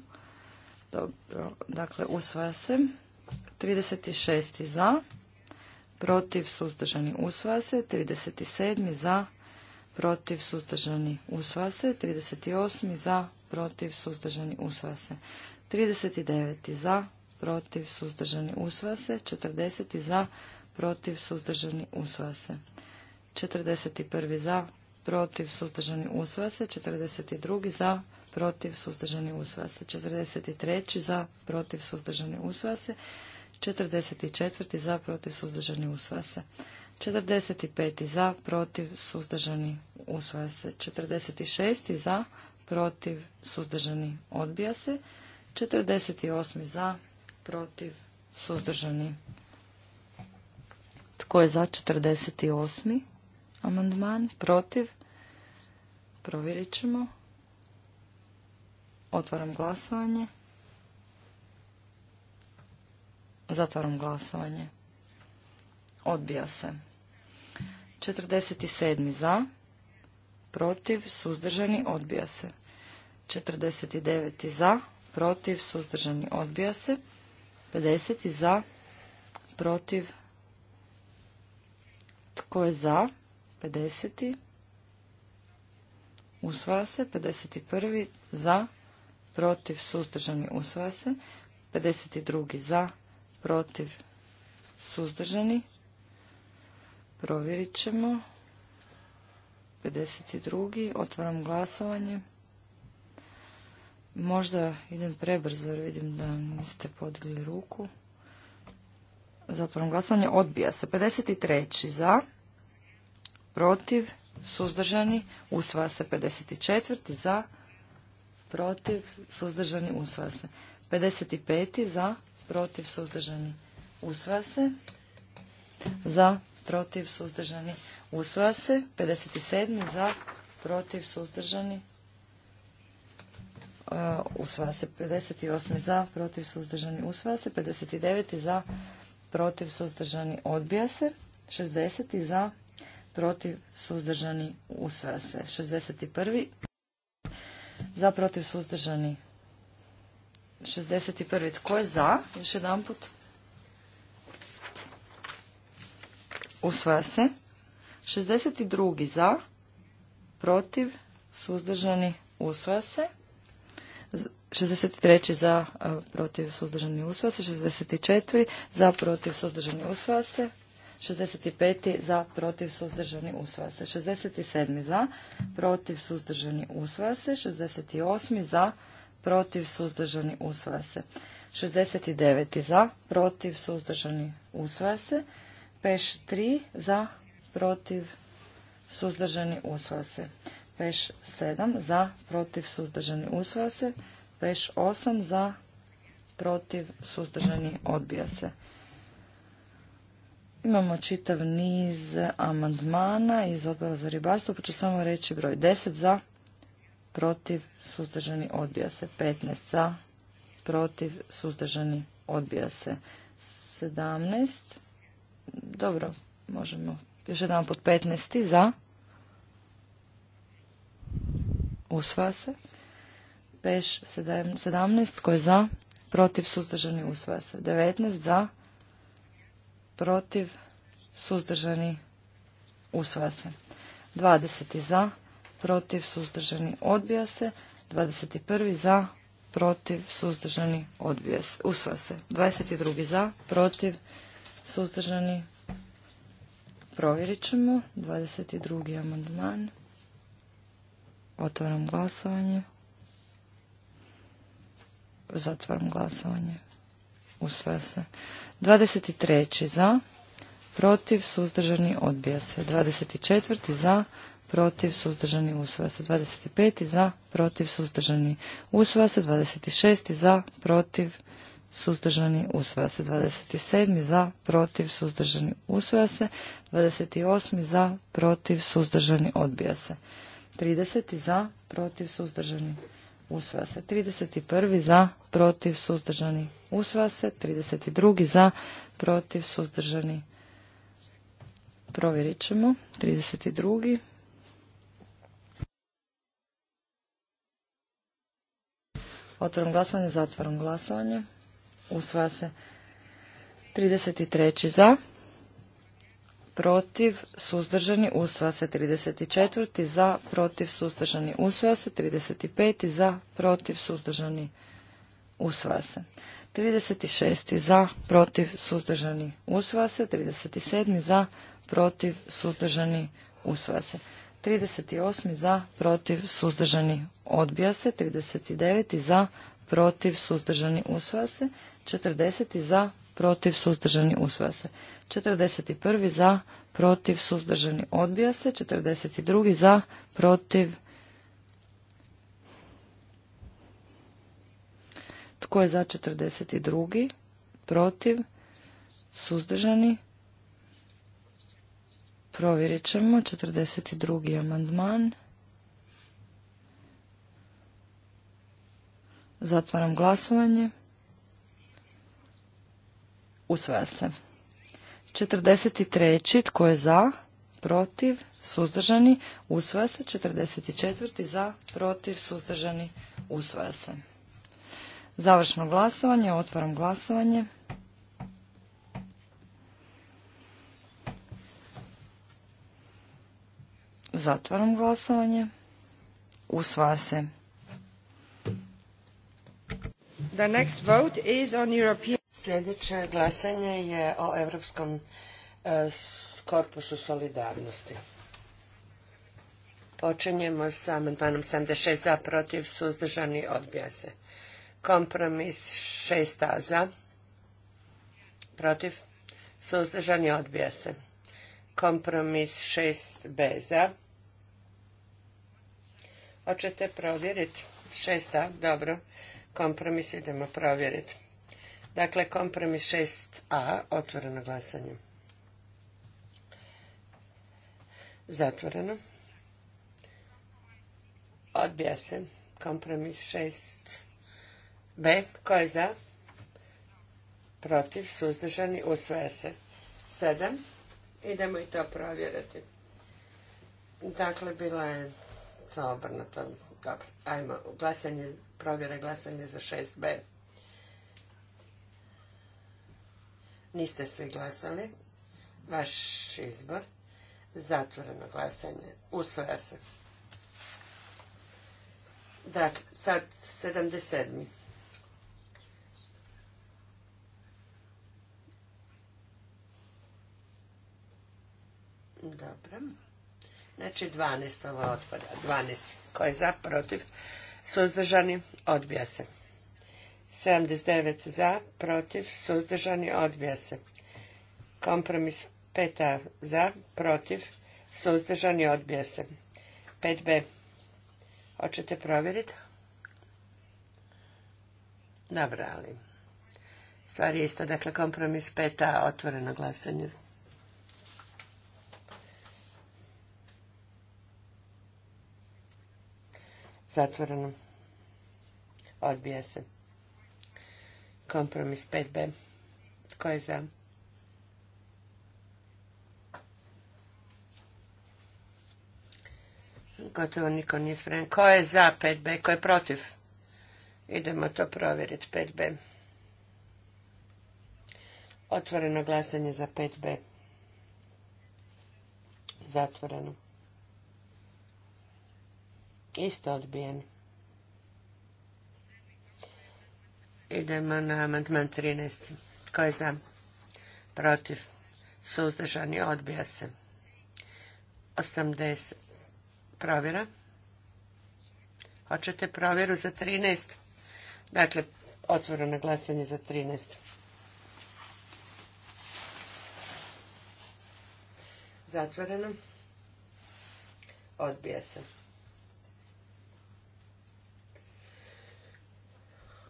Dobro, dakle, usvaja se. 36. za, protiv, suzdržani, usvaja se. 37. za, protiv, suzdržani, usvaja se. 38. za, protiv, suzdržani, usvaja se. 39. za, protiv, suzdržani, usvaja se. 40. za, protiv, suzdržani, usvaja se. 41. za, protiv, suzdržani, usvaja se. 42. za, protiv, suzdržani, usvaja se. 43. za, protiv, suzdržani, usvaja se. 44. za, protiv, suzdržani, usvaja se. 45. za, protiv, suzdržani, usvaja se. 46. za, protiv, suzdržani, odbija se. 48. za, protiv, suzdržani. Tko je za 48. amandman? Protiv, Provjerit ćemo. Otvaram glasovanje. Zatvaram glasovanje. Odbija se. 47. za. Protiv. Suzdržani. Odbija se. 49. za. Protiv. Suzdržani. Odbija se. 50. za. Protiv. Tko je za? 50 usvaja se. 51. za, protiv, suzdržani, usvaja se. 52. za, protiv, suzdržani. Provjerit ćemo. 52. Otvaram glasovanje. Možda idem prebrzo jer vidim da niste podigli ruku. Zatvoram glasovanje. Odbija se. 53. za, protiv, suzdržani, usvaja se 54. za, protiv, suzdržani, usvaja se. 55. za, protiv, suzdržani, usvaja se. Za, protiv, suzdržani, usvaja se. 57. Uh, za, protiv, suzdržani, usvaja se. 58. za, protiv, suzdržani, usvaja se. 59. za, protiv, suzdržani, odbija se. 60. za, protiv, suzdržani, usvaja se. 61. Za, protiv, suzdržani, 61. Tko je za? Još jedan put. Usvaja se. 62. Za, protiv, suzdržani, usvaja se. 63 eh, za, protiv, suzdržani, usvaja se. 64 za, protiv, suzdržani, usvaja se. 65. za, protiv, suzdržani, usvaja se. 67. za, protiv, suzdržani, usvaja se. 68. za, protiv, suzdržani, usvaja se. 69. za, protiv, suzdržani, usvaja se. Peš 3 za, protiv, suzdržani, usvaja se. Peš 7 za, protiv, suzdržani, usvaja se. Peš 8 za, protiv, suzdržani, odbija se. Imamo čitav niz amandmana iz odbora za ribarstvo, pa ću samo reći broj 10 za, protiv, suzdržani, odbija se. 15 za, protiv, suzdržani, odbija se. 17, dobro, možemo još jedan pod 15 za, usvaja se. Peš 17, koji je za, protiv, suzdržani, usvaja se. 19 za, protiv, suzdržani, usvaja se. 20. za, protiv, suzdržani, odbija se. 21. za, protiv, suzdržani, odbija se, usvaja se. 22. za, protiv, suzdržani, provjerit ćemo. 22. amandman. Otvaram glasovanje. Zatvaram glasovanje usvaja se. 23. za, protiv, suzdržani, odbija se. 24. za, protiv, suzdržani, usvaja se. 25. za, protiv, suzdržani, usvaja se. 26. za, protiv, suzdržani, usvaja se. 27. za, protiv, suzdržani, usvaja se. 28. za, protiv, suzdržani, odbija se. 30. za, protiv, suzdržani, se usvaja se. 31. za, protiv, suzdržani, usvaja se. 32. za, protiv, suzdržani, provjerit ćemo. 32. Otvaram glasovanje, zatvaram glasovanje. Usvaja se. 33. za, protiv, suzdržani, usvaja se 34. za, protiv, suzdržani, usvaja se 35. za, protiv, suzdržani, usvaja se. 36. za, protiv, suzdržani, usvaja se. 37. za, protiv, suzdržani, usvaja se. 38. za, protiv, suzdržani, odbija se. 39. za, protiv, suzdržani, usvoja se. 40. za, protiv, suzdržani, usvaja se. 41. za, protiv, suzdržani, odbija se. 42. za, protiv. Tko je za 42. protiv, suzdržani, provjerit ćemo. 42. amandman. Zatvaram glasovanje. Usvaja se. 43. Tko je za? Protiv? Suzdržani? Usvaja se. 44. Za? Protiv? Suzdržani? Usvaja se. Završno glasovanje. Otvaram glasovanje. Zatvaram glasovanje. Usvaja se. The next vote is on European Sljedeće glasanje je o Europskom e, korpusu solidarnosti. Počinjemo sa amandmanom 76 za, protiv, suzdržani, odbija se. Kompromis 6a za, protiv, suzdržani, odbija se. Kompromis 6b za. Hoćete provjeriti? 6a, dobro. Kompromis idemo provjeriti. Dakle, kompromis 6a, otvoreno glasanje. Zatvoreno. Odbija se. Kompromis 6b. Ko je za? Protiv, suzdržani, Usvoja se. 7. Idemo i to provjerati. Dakle, bila je to obrnuto. Dobro, ajmo. Glasanje, provjera glasanje za 6b. Niste svi glasali. Vaš izbor. Zatvoreno glasanje. Usvoja se. Dakle, sad 77. Dobro. Znači 12 ovo otpada. 12. koji je za, protiv, suzdržani, odbija se. 79 za, protiv, suzdržani, odbija se. Kompromis 5a za, protiv, suzdržani, odbija se. 5b. Hoćete provjeriti? Nabrali. stvar je isto. Dakle, kompromis 5a, otvoreno glasanje. Zatvoreno. Odbija se. Kompromis 5b. Tko je za? Gotovo niko nije spreman. Ko je za 5b? Ko je protiv? Idemo to provjeriti. 5b. Otvoreno glasanje za 5b. Zatvoreno. Isto odbijeno. Idemo na amandman 13. Ko je za? Protiv. Suzdržani odbija se. 80. Provjera. Hoćete provjeru za 13? Dakle, otvoreno glasanje za 13. Zatvoreno. Odbija se.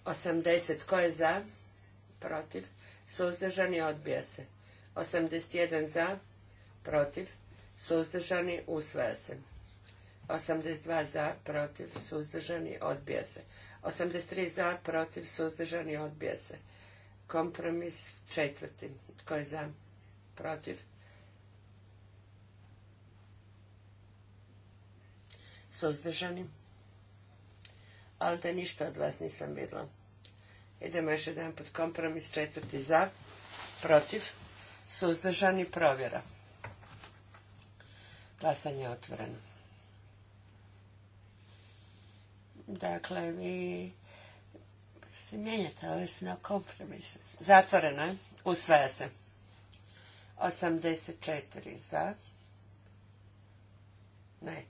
80 tko je za? Protiv. Suzdržani odbija se. 81 za? Protiv. Suzdržani usvaja se. 82 za? Protiv. Suzdržani odbija se. 83 za? Protiv. Suzdržani odbija se. Kompromis četvrti. Tko je za? Protiv. Suzdržani. Ali da ništa od vas nisam vidjela. Idemo još jedan put kompromis četvrti za, protiv, i provjera. Glasanje je otvoreno. Dakle, vi se mijenjate ovisno kompromis. Zatvoreno je. Usvaja se. 84 za. Ne.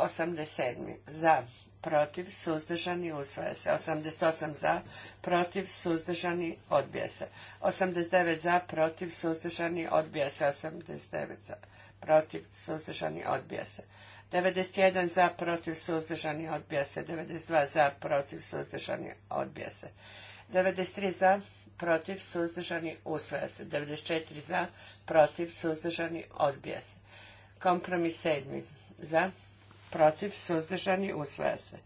87. Za, protiv, suzdržani, usvaja se. 88 za, protiv, suzdržani, odbija se. 89 za, protiv, suzdržani, odbija se. 89 za, protiv, suzdržani, odbija se. 91 za, protiv, suzdržani, odbija se. 92 za, protiv, suzdržani, odbija se. 93 za, protiv, suzdržani, usvaja se. 94 za, protiv, suzdržani, odbija se. Kompromis sedmi za, protiv, suzdržani, usvaja se.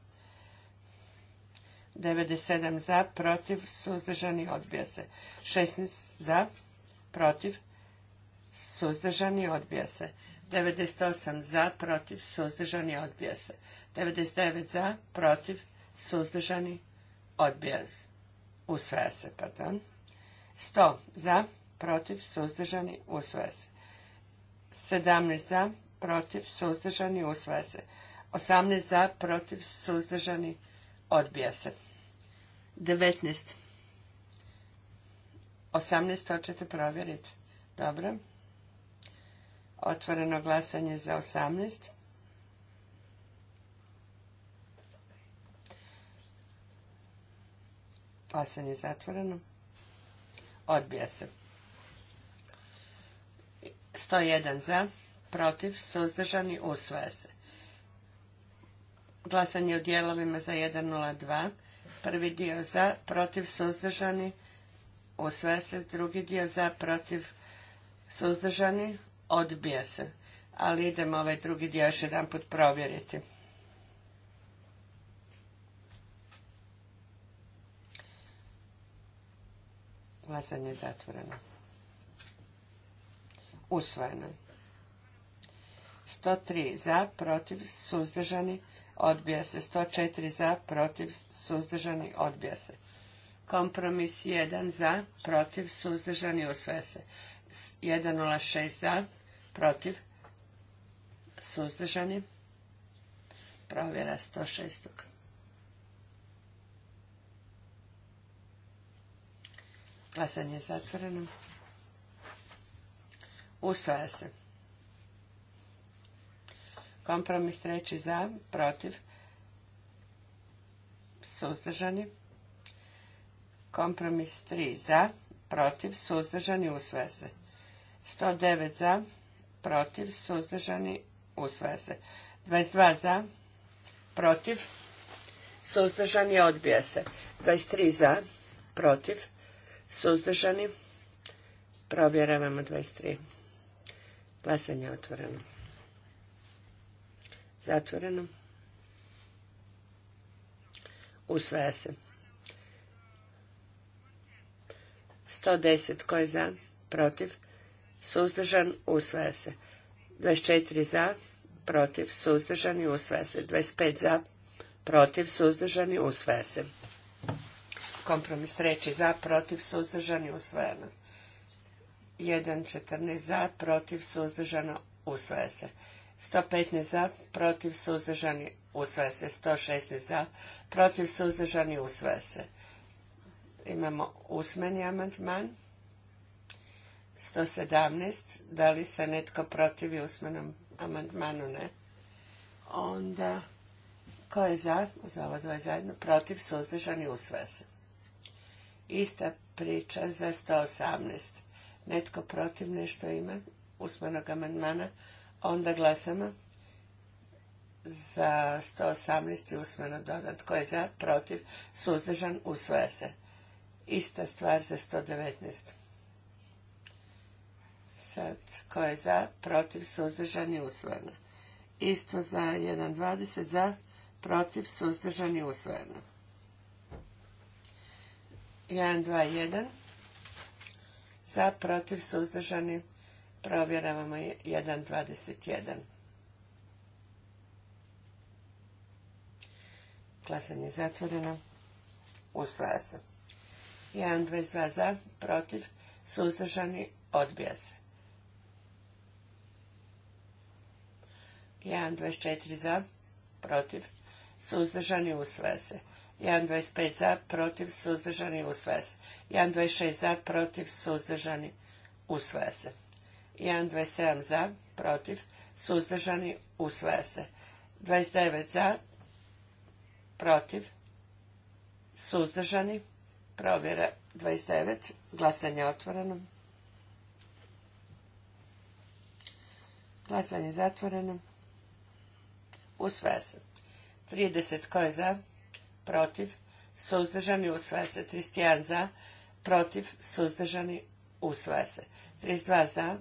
97 za, protiv, suzdržani, odbija se. 16 za, protiv, suzdržani, odbija se. 98 za, protiv, suzdržani, odbija se. 99 za, protiv, suzdržani, odbija se. Usvaja se, pardon. 100 za, protiv, suzdržani, usvaja se. 17 za, protiv, suzdržani, usvaja se. 18 za, protiv, suzdržani, odbija se. 19. 18 hoćete provjeriti. Dobro. Otvoreno glasanje za 18. Glasanje zatvoreno. Odbija se. 101 za, protiv, suzdržani, usvaja se. Glasanje o dijelovima za 1.02. Prvi dio za, protiv, suzdržani, usvaja se. Drugi dio za, protiv, suzdržani, odbija se. Ali idemo ovaj drugi dio još jedan put provjeriti. Glasanje je zatvoreno. Usvojeno je. 103 za, protiv, suzdržani, odbija se. 104 za, protiv, suzdržani, odbija se. Kompromis 1 za, protiv, suzdržani, usvaja se. 106 za, protiv, suzdržani, provjera 106. Glasanje je zatvoreno. Usvaja se. Kompromis treći za, protiv, suzdržani. Kompromis tri za, protiv, suzdržani, usve se. 109 za, protiv, suzdržani, usve se. 22 za, protiv, suzdržani, odbija se. 23 za, protiv, suzdržani, provjeravamo 23. Glasanje je otvoreno. Zatvoreno. Usvaja se. 110 tko je za, protiv, suzdržan, usvaja se. 24 za, protiv, suzdržan i usvaja se. 25 za, protiv, suzdržan i usvaja se. Kompromis treći za, protiv, suzdržan i usvajano. 1.14 za, protiv, suzdržano, usvaja se. 115 za, protiv, suzdržani, usvaja se. 116 za, protiv, suzdržani, usvaja se. Imamo usmeni amandman. 117. Da li se netko protivi usmenom amandmanu? Ne. Onda, ko je za? Za ovo dvoje zajedno. Protiv, suzdržani, usvaja se. Ista priča za 118. Netko protiv nešto ima usmenog amandmana? Onda glasamo za 118. usmeno dodat. Tko je za? Protiv? Suzdržan? usvoja se. Ista stvar za 119. Sad, tko je za? Protiv? Suzdržan? I usvojeno. Isto za 1.20. Za? Protiv? Suzdržan? I usvojeno. 1.21. Za? Protiv? Suzdržan? provjeravamo 1.21. Glasanje je zatvoreno. Usvaja se. 1.22 za, protiv, suzdržani, odbija se. 1.24 za, protiv, suzdržani, usvaja se. 1.25 za, protiv, suzdržani, usvaja se. 1.26 za, protiv, suzdržani, usvaja se. 27 za, protiv, suzdržani, usvaja se. 29 za, protiv, suzdržani, provjera 29, glasanje otvoreno. Glasanje zatvoreno. Usvaja se. 30 ko je za, protiv, suzdržani, usvaja se. 31 za, protiv, suzdržani, usvaja se. 32 za,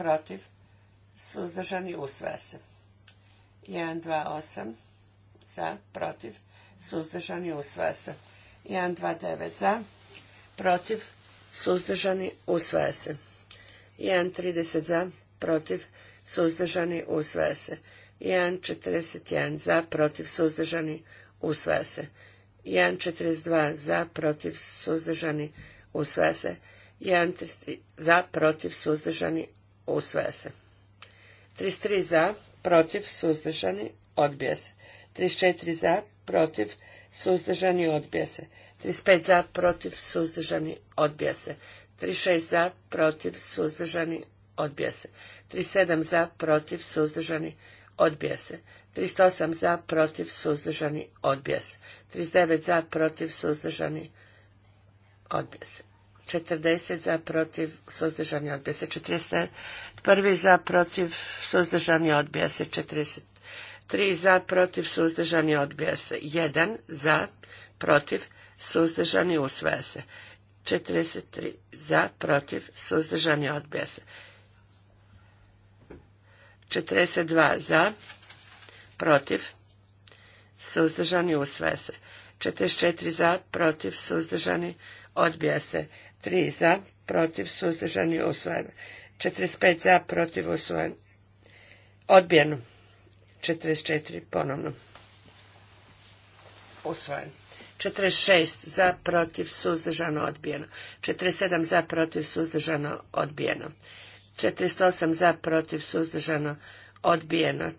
protiv, suzdržani, usvaja se. 1, 2, 8, za, protiv, suzdržani, usvaja se. 1, 2, 9, za, protiv, suzdržani, usvaja se. 1, 30, za, protiv, suzdržani, usvaja se. 1, 41, za, protiv, suzdržani, usvaja se. 1, 42, za, protiv, suzdržani, usvaja se. 1, 1.3 za, protiv, suzdržani, usvaja se. 33 za, protiv, suzdržani, odbija se. 34 za, protiv, suzdržani, odbija se. 35 za, protiv, suzdržani, odbija se. 36 za, protiv, suzdržani, odbija se. 37 za, protiv, suzdržani, odbija se. 38 za, protiv, suzdržani, odbija se. 39 za, protiv, suzdržani, odbija se. 40 za protiv suzdržani odbija se 41 za protiv suzdržani odbija se 43 za protiv suzdržani odbija se 1 za protiv suzdržani usvaja se 43 za protiv suzdržani odbija se 42 za protiv suzdržani usvaja se 44 za protiv suzdržani odbija se 3 za, protiv, suzdržani, usvojen. 45 za, protiv, usvojen. Odbijeno. 44 ponovno. Usvojen. 46 za, protiv, suzdržano, odbijeno. 47 za, protiv, suzdržano, odbijeno. 408 za, protiv, suzdržano, odbijeno.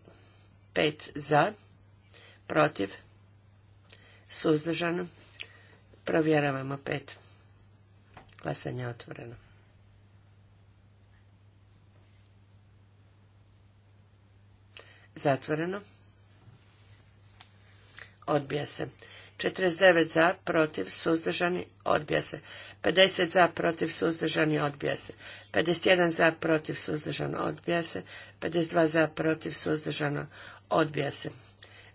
5 za, protiv, suzdržano. Provjeravamo 5. Glasanje otvoreno. Zatvoreno. Odbija se. 49 za, protiv, suzdržani, odbija se. 50 za, protiv, suzdržani, odbija se. 51 za, protiv, suzdržano, odbija se. 52 za, protiv, suzdržano, odbija se.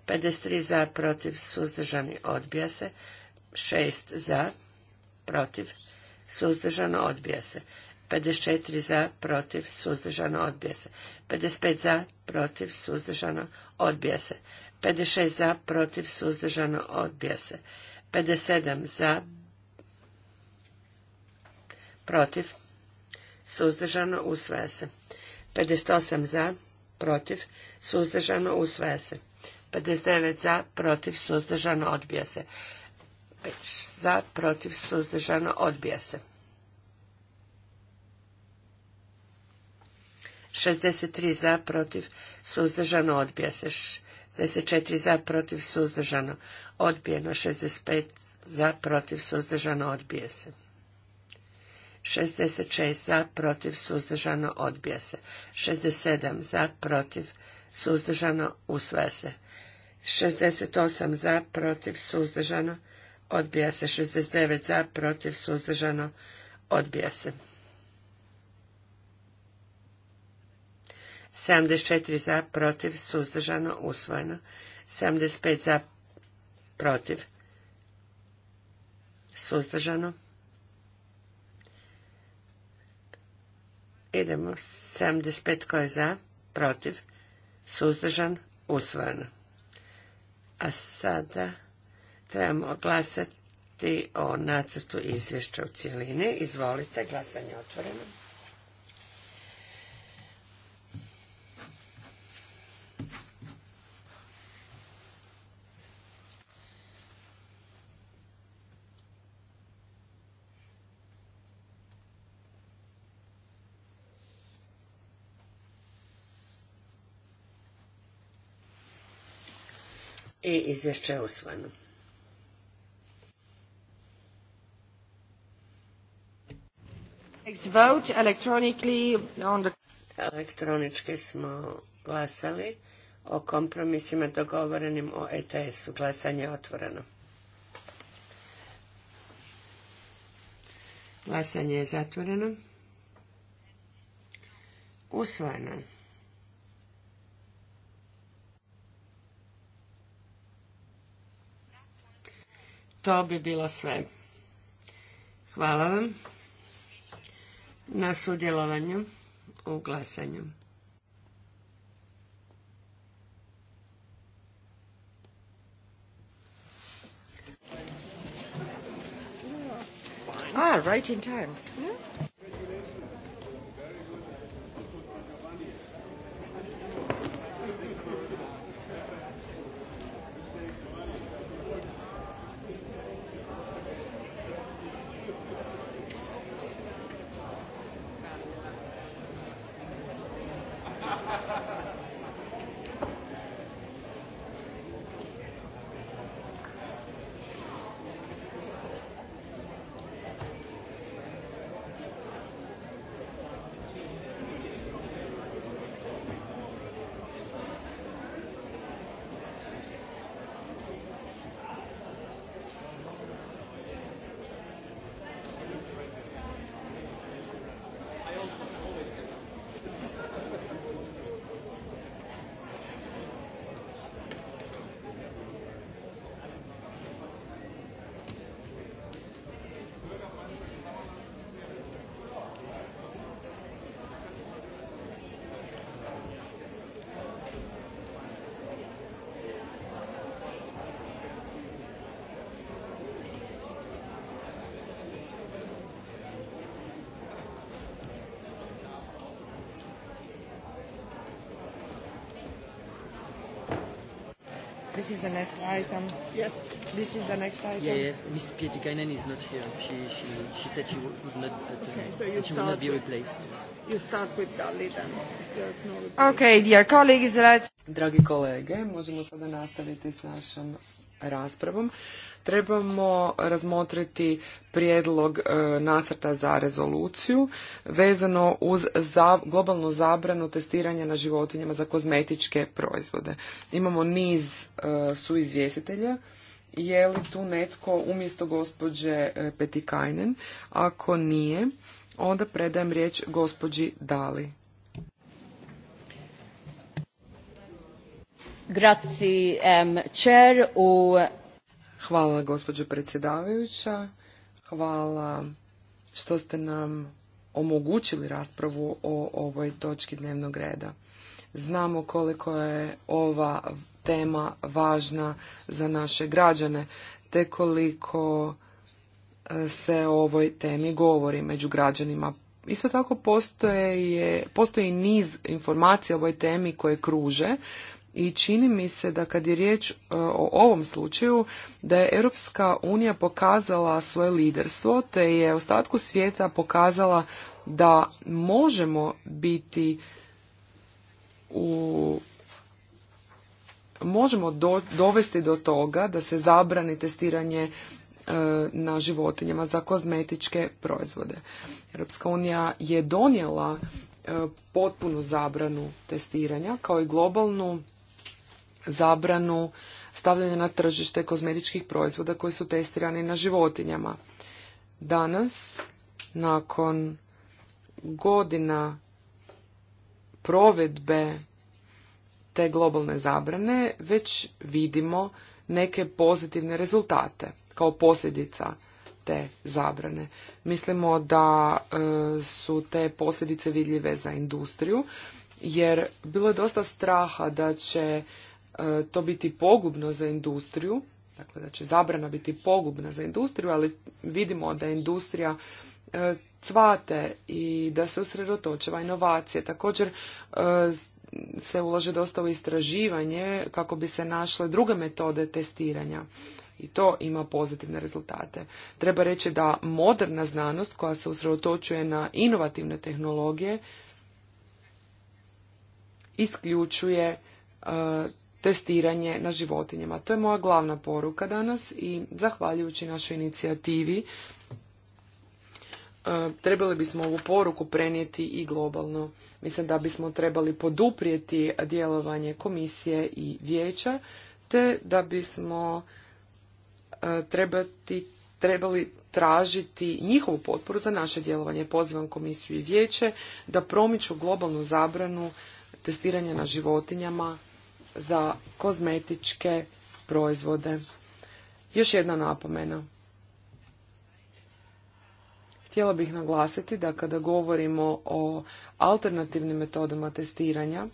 53 za, protiv, suzdržani, odbija se. 6 za, protiv, suzdržano, odbija se. 54 za, protiv, suzdržano, odbija se. 55 za, protiv, suzdržano, odbija se. 56 za, protiv, suzdržano, odbija se. 57 za, protiv, suzdržano, usvaja se. 58 za, protiv, suzdržano, usvaja se. 59 za, protiv, suzdržano, odbija se. 5 za, protiv, suzdržano, odbija se. 63 za, protiv, suzdržano, odbija se. 64 za, protiv, suzdržano, odbijeno. 65 za, protiv, suzdržano, odbija se. 66 za, protiv, suzdržano, odbija se. 67 za, protiv, suzdržano, usvaja se. 68 za, protiv, suzdržano, odbija se 69 za, protiv, suzdržano, odbija se. 74 za, protiv, suzdržano, usvojeno. 75 za, protiv, suzdržano. Idemo, 75 koje je za, protiv, suzdržan, usvojeno. A sada trebamo glasati o nacrtu izvješća u cjelini. Izvolite, glasanje otvoreno. i izvješće je usvojeno. vote electronically on the... Elektronički smo glasali o kompromisima dogovorenim o ETS-u. Glasanje je otvoreno. Glasanje je zatvoreno. Usvojeno. To bi bilo sve. Hvala vam na sudjelovanju u glasanju. Ah, right in time. Hmm? this is the next item. Yes. This is the next item. Yeah, yes, Miss Pietikainen is not here. She, she, she said she would not, but, uh, okay, so you she will not be replaced. Yes. You start with Dali then. No okay, dear colleagues, let's... Dragi kolege, možemo sada nastaviti s našom raspravom trebamo razmotriti prijedlog e, nacrta za rezoluciju vezano uz globalnu zabranu testiranja na životinjama za kozmetičke proizvode. Imamo niz e, suizvjestitelja. Je li tu netko umjesto gospođe e, Petikajnen? Ako nije, onda predajem riječ gospođi Dali. Ehm, Hvala gospođo predsjedavajuća. Hvala što ste nam omogućili raspravu o ovoj točki dnevnog reda. Znamo koliko je ova tema važna za naše građane, te koliko e, se o ovoj temi govori među građanima. Isto tako postoji niz informacija o ovoj temi koje kruže, i čini mi se da kad je riječ e, o ovom slučaju da je Europska unija pokazala svoje liderstvo te je ostatku svijeta pokazala da možemo biti u možemo dovesti do toga da se zabrani testiranje e, na životinjama za kozmetičke proizvode. Europska unija je donijela e, potpunu zabranu testiranja kao i globalnu zabranu stavljanja na tržište kozmetičkih proizvoda koji su testirani na životinjama. Danas, nakon godina provedbe te globalne zabrane, već vidimo neke pozitivne rezultate kao posljedica te zabrane. Mislimo da e, su te posljedice vidljive za industriju, jer bilo je dosta straha da će E, to biti pogubno za industriju, dakle da će zabrana biti pogubna za industriju, ali vidimo da industrija e, cvate i da se usredotočava inovacije. Također e, se ulaže dosta u istraživanje kako bi se našle druge metode testiranja i to ima pozitivne rezultate. Treba reći da moderna znanost koja se usredotočuje na inovativne tehnologije isključuje testiranje na životinjama. To je moja glavna poruka danas i zahvaljujući našoj inicijativi e, trebali bismo ovu poruku prenijeti i globalno. Mislim da bismo trebali poduprijeti djelovanje komisije i vijeća, te da bismo e, trebati, trebali tražiti njihovu potporu za naše djelovanje. Pozivam komisiju i vijeće da promiču globalnu zabranu testiranja na životinjama za kozmetičke proizvode. Još jedna napomena. Htjela bih naglasiti da kada govorimo o alternativnim metodama testiranja,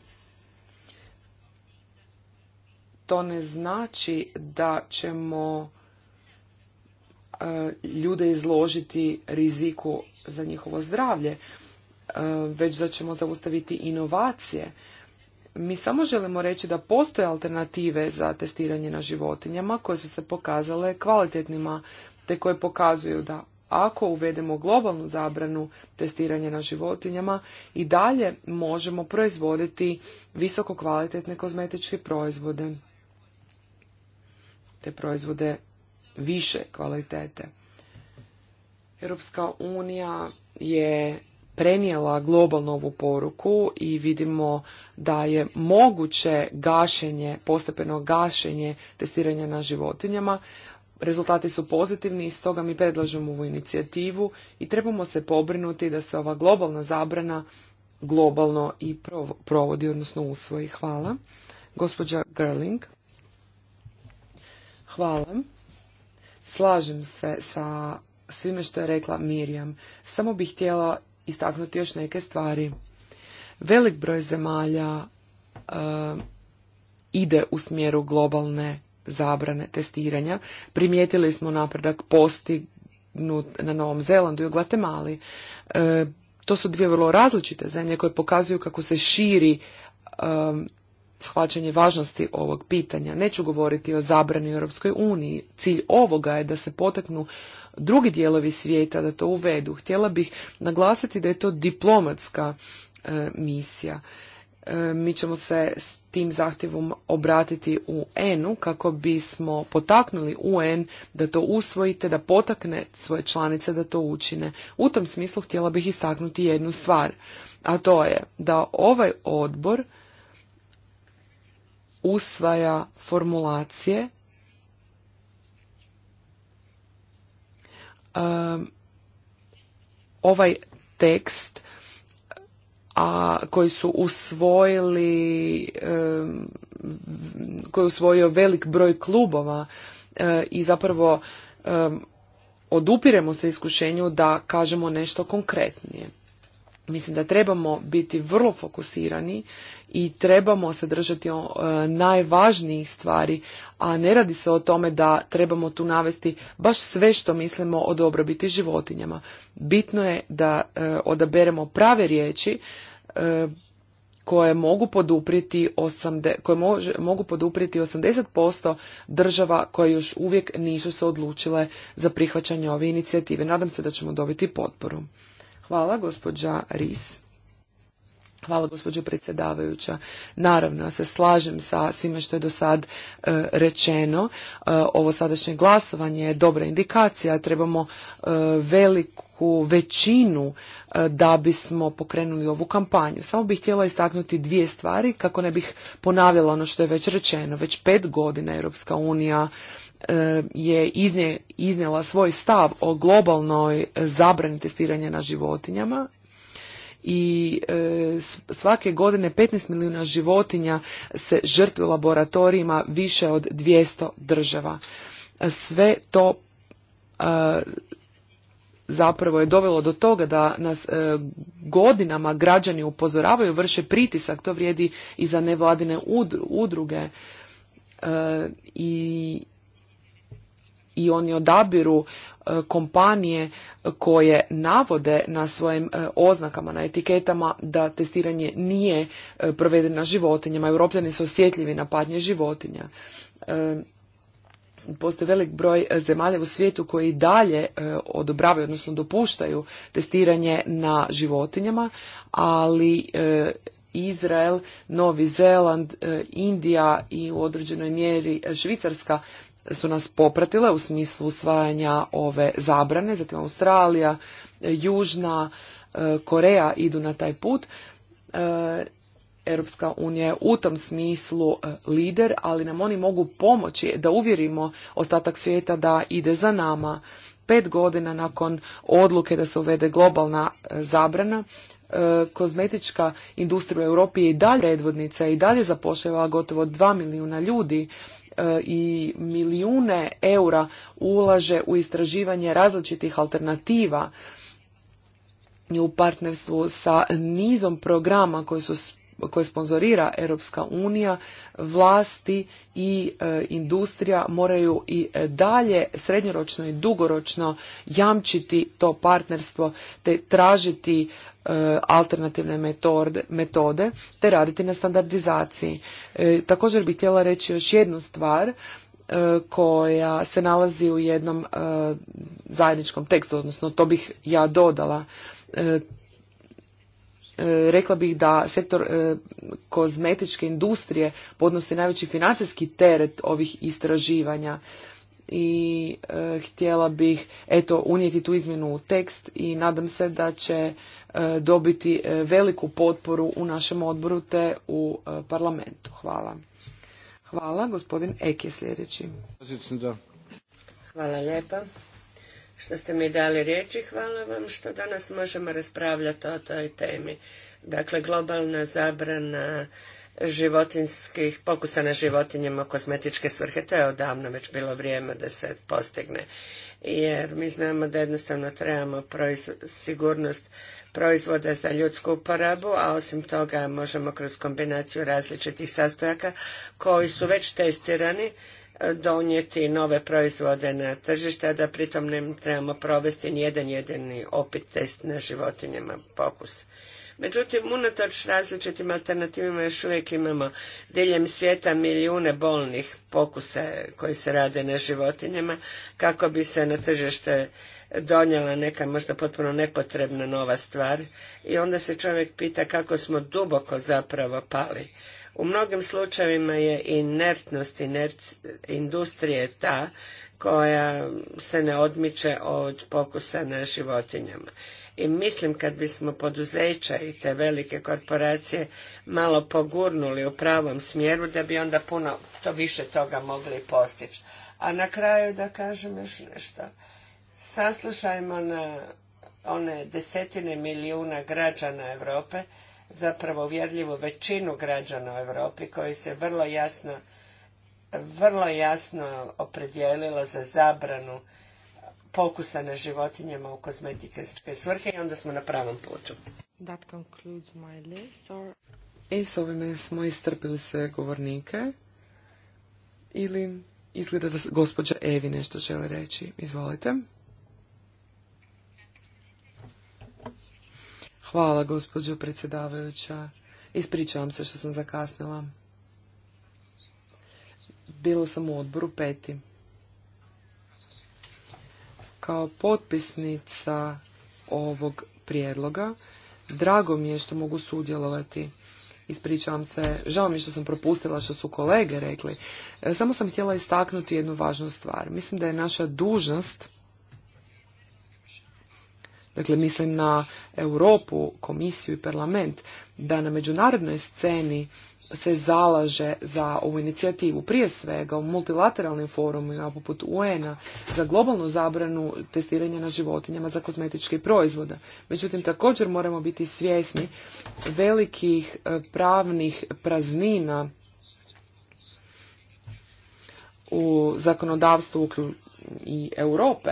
to ne znači da ćemo e, ljude izložiti riziku za njihovo zdravlje, e, već da ćemo zaustaviti inovacije mi samo želimo reći da postoje alternative za testiranje na životinjama koje su se pokazale kvalitetnima te koje pokazuju da ako uvedemo globalnu zabranu testiranja na životinjama i dalje možemo proizvoditi visoko kvalitetne kozmetičke proizvode te proizvode više kvalitete. Europska unija je prenijela globalno ovu poruku i vidimo da je moguće gašenje, postepeno gašenje testiranja na životinjama. Rezultati su pozitivni i stoga mi predlažemo ovu inicijativu i trebamo se pobrinuti da se ova globalna zabrana globalno i provodi, odnosno usvoji. Hvala. Gospođa Gerling. Hvala. Slažem se sa svime što je rekla Mirjam. Samo bih htjela istaknuti još neke stvari. Velik broj zemalja e, ide u smjeru globalne zabrane testiranja. Primijetili smo napredak postignut na Novom Zelandu i u e, to su dvije vrlo različite zemlje koje pokazuju kako se širi e, shvaćanje važnosti ovog pitanja. Neću govoriti o zabrani u Europskoj uniji. Cilj ovoga je da se potaknu drugi dijelovi svijeta da to uvedu. Htjela bih naglasiti da je to diplomatska e, misija. E, mi ćemo se s tim zahtjevom obratiti u UN-u kako bismo potaknuli UN da to usvojite, da potakne svoje članice da to učine. U tom smislu htjela bih istaknuti jednu stvar, a to je da ovaj odbor usvaja formulacije Um, ovaj tekst a koji su usvojili um, koji je usvojio velik broj klubova uh, i zapravo um, odupiremo se iskušenju da kažemo nešto konkretnije Mislim da trebamo biti vrlo fokusirani i trebamo se držati e, najvažnijih stvari, a ne radi se o tome da trebamo tu navesti baš sve što mislimo o dobrobiti životinjama. Bitno je da e, odaberemo prave riječi e, koje mogu poduprijeti koje mogu poduprijeti 80% država koje još uvijek nisu se odlučile za prihvaćanje ove inicijative. Nadam se da ćemo dobiti potporu. Hvala, gospođa Ris. Hvala, gospođo predsjedavajuća. Naravno, ja se slažem sa svime što je do sad e, rečeno. E, ovo sadašnje glasovanje je dobra indikacija. Trebamo e, veliku većinu da bismo pokrenuli ovu kampanju. Samo bih htjela istaknuti dvije stvari kako ne bih ponavljala ono što je već rečeno. Već pet godina Europska unija E, je iznje, iznijela svoj stav o globalnoj zabrani testiranja na životinjama i e, svake godine 15 milijuna životinja se žrtvi u laboratorijima više od 200 država. Sve to e, zapravo je dovelo do toga da nas godinama građani upozoravaju, vrše pritisak, to vrijedi i za nevladine udruge i i oni odabiru e, kompanije koje navode na svojim e, oznakama, na etiketama da testiranje nije e, provedeno na životinjama. Europljani su osjetljivi na patnje životinja. Postoji velik broj zemalja u svijetu koji dalje odobravaju, odnosno dopuštaju testiranje na životinjama, ali Izrael, Novi Zeland, Indija i u određenoj mjeri Švicarska su nas popratile u smislu usvajanja ove zabrane, zatim Australija, Južna e, Koreja idu na taj put. E, Europska unija je u tom smislu e, lider, ali nam oni mogu pomoći da uvjerimo ostatak svijeta da ide za nama. Pet godina nakon odluke da se uvede globalna zabrana, kozmetička industrija u Europi je i dalje predvodnica i dalje zapošljava gotovo dva milijuna ljudi E, i milijune eura ulaže u istraživanje različitih alternativa u partnerstvu sa nizom programa su koje sponzorira Europska unija, vlasti i e, industrija moraju i dalje srednjoročno i dugoročno jamčiti to partnerstvo te tražiti E, alternativne metode, te raditi na standardizaciji. E, također bih htjela reći još jednu stvar e, koja se nalazi u jednom zajedničkom tekstu, odnosno to bih ja dodala. Rekla bih da sektor kozmetičke industrije podnosi najveći financijski teret ovih istraživanja i htjela bih eto unijeti tu izmjenu u tekst i nadam se da će E, dobiti e, veliku potporu u našem odboru te u e, parlamentu. Hvala. Hvala. Gospodin Ek je sljedeći. Hvala lijepa što ste mi dali riječi. Hvala vam što danas možemo raspravljati o toj temi. Dakle, globalna zabrana životinskih pokusa na životinjama u kozmetičke svrhe. To je odavno već bilo vrijeme da se postigne. Jer mi znamo da jednostavno trebamo sigurnost proizvoda za ljudsku uporabu, a osim toga možemo kroz kombinaciju različitih sastojaka koji su već testirani e, donijeti nove proizvode na tržište, a da pritom ne trebamo provesti nijedan jedini opit test na životinjama pokus. Međutim, unatoč različitim alternativima još uvijek imamo diljem svijeta milijune bolnih pokusa koji se rade na životinjama kako bi se na tržište donijela neka možda potpuno nepotrebna nova stvar i onda se čovjek pita kako smo duboko zapravo pali. U mnogim slučajevima je inertnost industrije ta koja se ne odmiče od pokusa na životinjama. I mislim kad bismo poduzeća i te velike korporacije malo pogurnuli u pravom smjeru da bi onda puno to više toga mogli postići. A na kraju da kažem još nešto saslušajmo na one desetine milijuna građana Europe, zapravo uvjerljivu većinu građana u Europi koji se vrlo jasno, vrlo jasno opredijelila za zabranu pokusa na životinjama u kozmetičke svrhe i onda smo na pravom putu. I s ovime smo istrpili sve govornike. Ili izgleda da gospođa Evi nešto želi reći. Izvolite. Hvala, gospođo predsjedavajuća. Ispričavam se što sam zakasnila. Bila sam u odboru peti. Kao potpisnica ovog prijedloga, drago mi je što mogu sudjelovati. Ispričavam se, žao mi je što sam propustila što su kolege rekli. E, samo sam htjela istaknuti jednu važnu stvar. Mislim da je naša dužnost dakle mislim na Europu, komisiju i parlament, da na međunarodnoj sceni se zalaže za ovu inicijativu prije svega u multilateralnim forumima poput UN-a za globalnu zabranu testiranja na životinjama za kozmetičke proizvode. Međutim, također moramo biti svjesni velikih e, pravnih praznina u zakonodavstvu i Europe,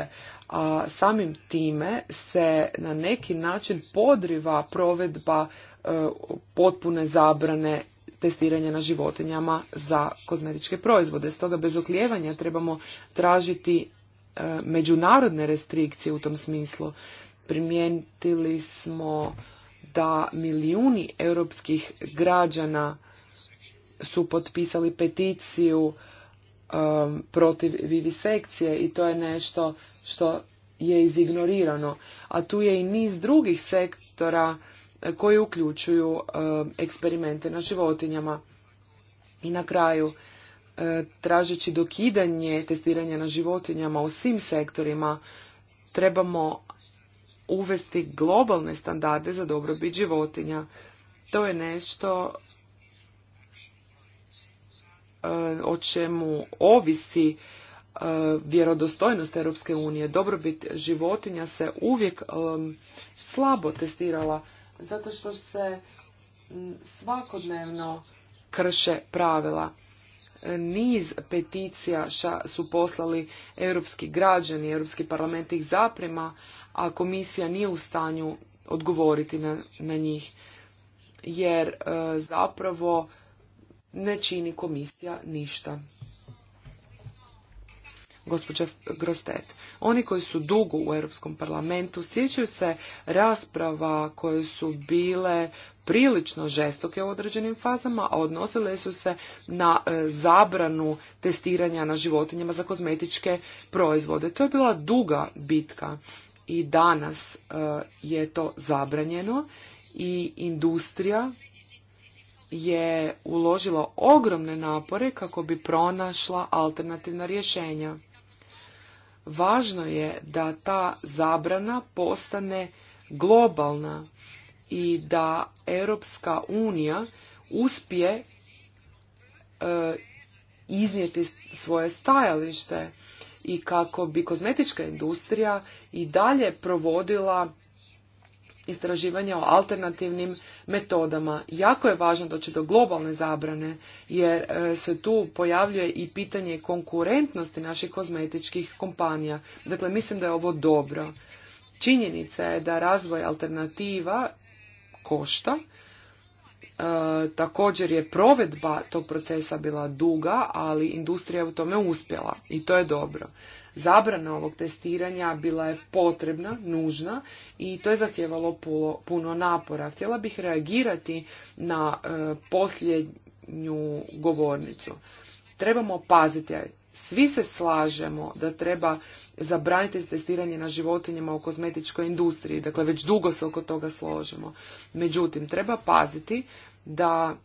a samim time se na neki način podriva provedba e, potpune zabrane testiranja na životinjama za kozmetičke proizvode. Stoga bez oklijevanja trebamo tražiti e, međunarodne restrikcije u tom smislu. Primijetili smo da milijuni europskih građana su potpisali peticiju e, protiv vivisekcije i to je nešto što je izignorirano, a tu je i niz drugih sektora e, koji uključuju e, eksperimente na životinjama. I na kraju, e, tražeći dokidanje testiranja na životinjama u svim sektorima, trebamo uvesti globalne standarde za dobrobit životinja. To je nešto o čemu ovisi E, vjerodostojnost Europske unije. Dobrobit životinja se uvijek e, slabo testirala zato što se svakodnevno krše pravila. E, niz peticija su poslali europski građani, europski parlament ih zaprema, a komisija nije u stanju odgovoriti na, njih. Jer zapravo ne čini komisija ništa gospođa Grostet. Oni koji su dugo u Europskom parlamentu sjećaju se rasprava koje su bile prilično žestoke u određenim fazama, a odnosile su se na e, zabranu testiranja na životinjama za kozmetičke proizvode. To je bila duga bitka i danas e, je to zabranjeno i industrija je uložila ogromne napore kako bi pronašla alternativna rješenja. Važno je da ta zabrana postane globalna i da Europska unija uspije e, iznijeti svoje stajalište i kako bi kozmetička industrija i dalje provodila istraživanja o alternativnim metodama. Jako je važno doći do globalne zabrane jer e, se tu pojavljuje i pitanje konkurentnosti naših kozmetičkih kompanija. Dakle, mislim da je ovo dobro. Činjenica je da razvoj alternativa košta E, također je provedba tog procesa bila duga, ali industrija je u tome uspjela i to je dobro. Zabrana ovog testiranja bila je potrebna, nužna i to je zahtjevalo puno napora. Htjela bih reagirati na e, posljednju govornicu. Trebamo paziti, svi se slažemo da treba zabraniti testiranje na životinjama u kozmetičkoj industriji. Dakle, već dugo se oko toga složimo. Međutim, treba paziti da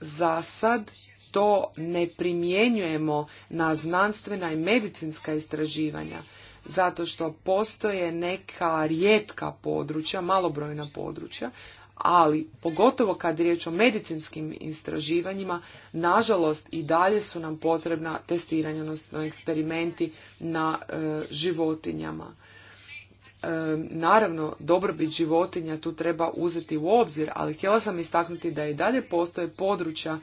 za sad to ne primjenjujemo na znanstvena i medicinska istraživanja zato što postoje neka rijetka područja, malobrojna područja, ali pogotovo kad je riječ o medicinskim istraživanjima, nažalost i dalje su nam potrebna testiranja, odnosno eksperimenti na e, životinjama naravno dobrobit životinja tu treba uzeti u obzir, ali htjela sam istaknuti da i dalje postoje područja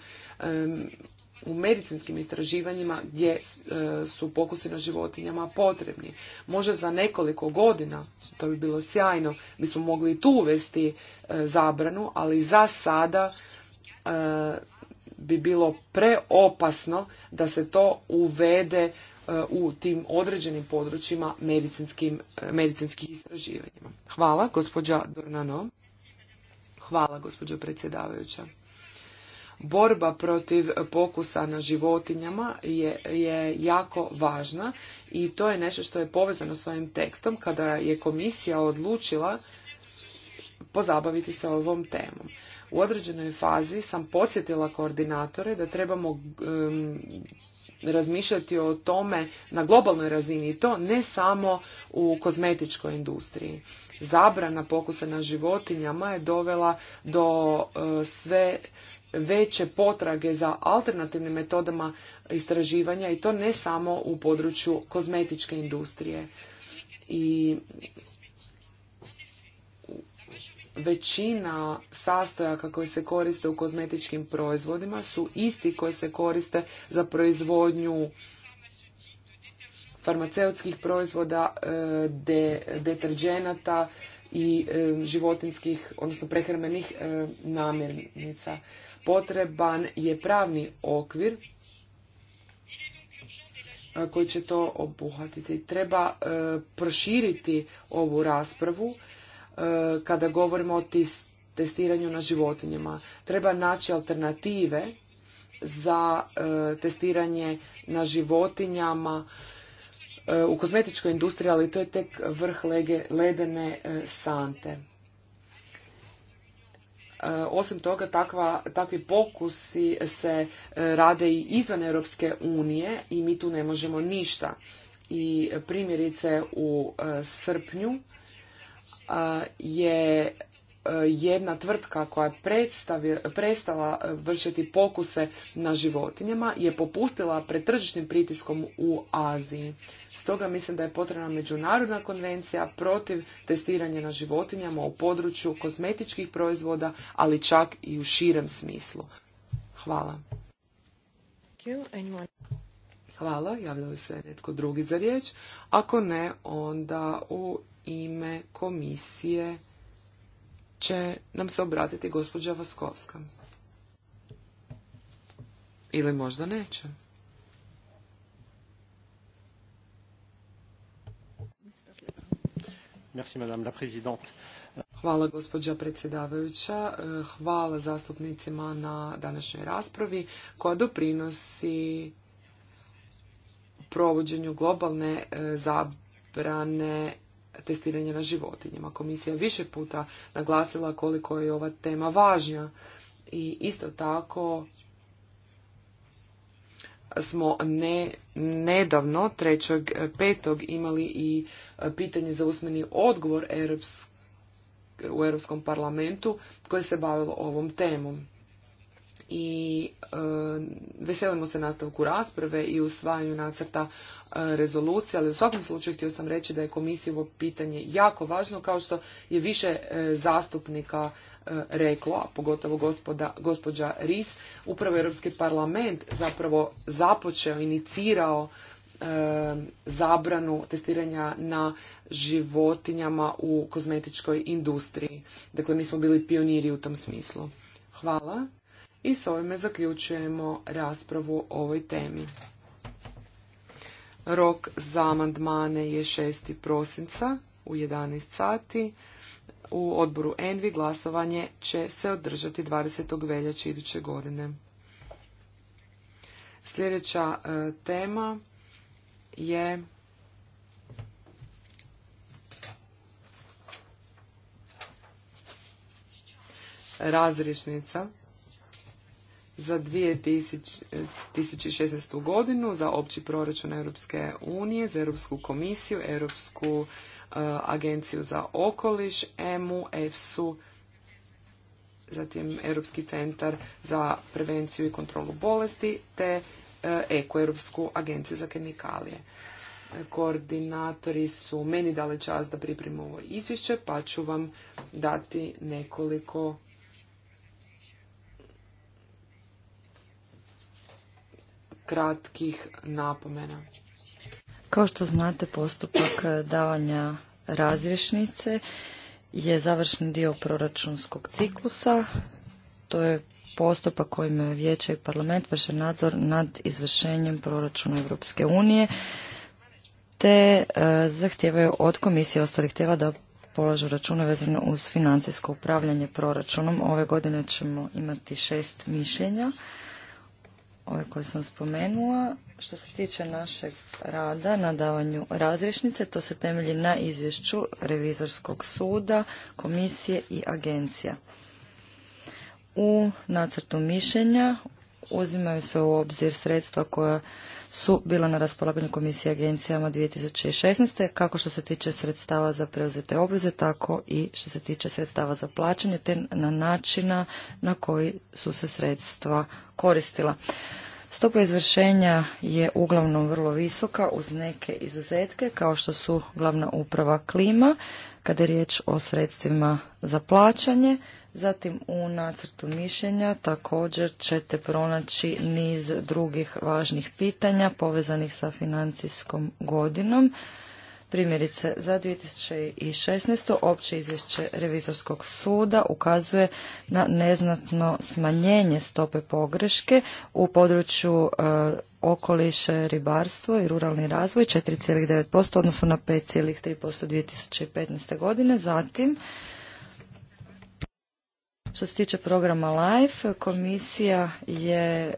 u medicinskim istraživanjima gdje e, su pokusi na životinjama potrebni. Možda za nekoliko godina, to bi bilo sjajno, bismo mogli tu uvesti e, zabranu, ali za sada e, bi bilo preopasno da se to uvede u tim određenim područjima medicinskim, e, medicinskih istraživanjima. Hvala, gospođa Dornano. Hvala, gospođo predsjedavajuća. Borba protiv pokusa na životinjama je, je jako važna i to je nešto što je povezano s ovim tekstom kada je komisija odlučila pozabaviti se ovom temom. U određenoj fazi sam podsjetila koordinatore da trebamo razmišljati o tome na globalnoj razini i to ne samo u kozmetičkoj industriji. Zabrana pokusa na životinjama je dovela do e, sve veće potrage za alternativnim metodama istraživanja i to ne samo u području kozmetičke industrije. I većina sastojaka koji se koriste u kozmetičkim proizvodima su isti koji se koriste za proizvodnju farmaceutskih proizvoda, e, deterđenata i e, životinskih, odnosno prehrambenih e, namirnica. Potreban je pravni okvir koji će to obuhvatiti. Treba proširiti ovu raspravu Eh, kada govorimo o testiranju na životinjama. Treba naći alternative za eh, testiranje na životinjama eh, u kozmetičkoj industriji, ali to je tek vrh ledene sante. Osim toga, takvi pokusi se rade i izvan Europske unije i mi tu ne možemo ništa. I primjerice u srpnju je e, jedna tvrtka koja je prestala e, vršiti pokuse na životinjama je popustila pred tržišnim pritiskom u Aziji. Stoga mislim da je potrebna međunarodna konvencija protiv testiranja na životinjama u području kozmetičkih proizvoda, ali čak i u širem smislu. Hvala. Hvala. Javlja li se netko drugi za riječ? Ako ne, onda u ime komisije će nam se obratiti gospođa Vaskovska. Ili možda neće. Merci, madame la présidente. Hvala gospođa predsjedavajuća, hvala zastupnicima na današnjoj raspravi koja doprinosi provođenju globalne eh, zabrane testiranje na životinjama. Komisija više puta naglasila koliko je ova tema važna i isto tako smo ne, nedavno, petog imali i e, pitanje za usmeni odgovor u Europskom parlamentu koje se bavilo ovom temom i e, veselimo se nastavku rasprave i usvajanju nacrta e, rezolucije, ali u svakom slučaju htio sam reći da je ovo pitanje jako važno, kao što je više e, zastupnika reklo, a pogotovo gospođa Ris, upravo Europski parlament zapravo započeo, inicirao zabranu testiranja na životinjama u kozmetičkoj industriji. Dakle, mi smo bili pioniri u tom smislu. Hvala i s ovime zaključujemo raspravu o ovoj temi. Rok za amandmane je 6. prosinca u 11 sati. U odboru Envi glasovanje će se održati 20. veljače iduće godine. Sljedeća e, tema je razrišnica za 2016. godinu za opći proračun Europske unije, za Europsku komisiju, Europsku e, agenciju za okoliš, EMU, EFSU, zatim Europski centar za prevenciju i kontrolu bolesti, te EKO, e Europsku agenciju za kemikalije. E, koordinatori su meni dali čast da pripremim ovo izvješće, pa ću vam dati nekoliko kratkih napomena. Kao što znate, postupak eh, davanja razrješnice je završni dio proračunskog ciklusa. To je postupak kojim vijeće i parlament vrše nadzor nad izvršenjem proračuna Europske unije te eh, zahtijevaju od komisije ostalih tijela da polažu račune vezano uz financijsko upravljanje proračunom. Ove godine ćemo imati šest mišljenja ove koje sam spomenula. Što se tiče našeg rada na davanju razrješnice, to se temelji na izvješću Revizorskog suda, komisije i agencija. U nacrtu mišljenja uzimaju se u obzir sredstva koja su bila na raspolaganju komisije agencijama 2016. kako što se tiče sredstava za preuzete obveze, tako i što se tiče sredstava za plaćanje, te na načina na koji su se sredstva koristila. Stopa izvršenja je uglavnom vrlo visoka uz neke izuzetke kao što su glavna uprava klima kada je riječ o sredstvima za plaćanje Zatim u nacrtu mišljenja također ćete pronaći niz drugih važnih pitanja povezanih sa financijskom godinom. Primjerice, za 2016. opće izvješće Revizorskog suda ukazuje na neznatno smanjenje stope pogreške u području e, okoliše, ribarstvo i ruralni razvoj 4,9% odnosno na 5,3% 2015. godine. Zatim, što se tiče programa LIFE, komisija je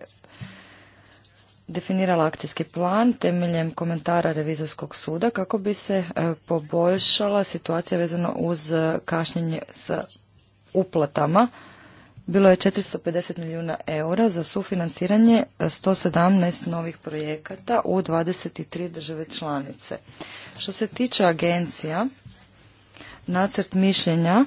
definirala akcijski plan temeljem komentara revizorskog suda kako bi se e, poboljšala situacija vezano uz kašnjenje s uplatama. Bilo je 450 milijuna eura za sufinanciranje 117 novih projekata u 23 države članice. Što se tiče agencija, Nacrt mišljenja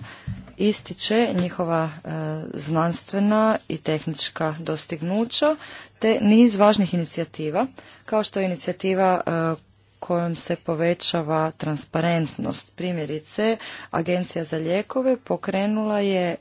ističe njihova e, znanstvena i tehnička dostignuća te niz važnih inicijativa kao što je inicijativa e, kojom se povećava transparentnost. Primjerice, Agencija za lijekove pokrenula je e,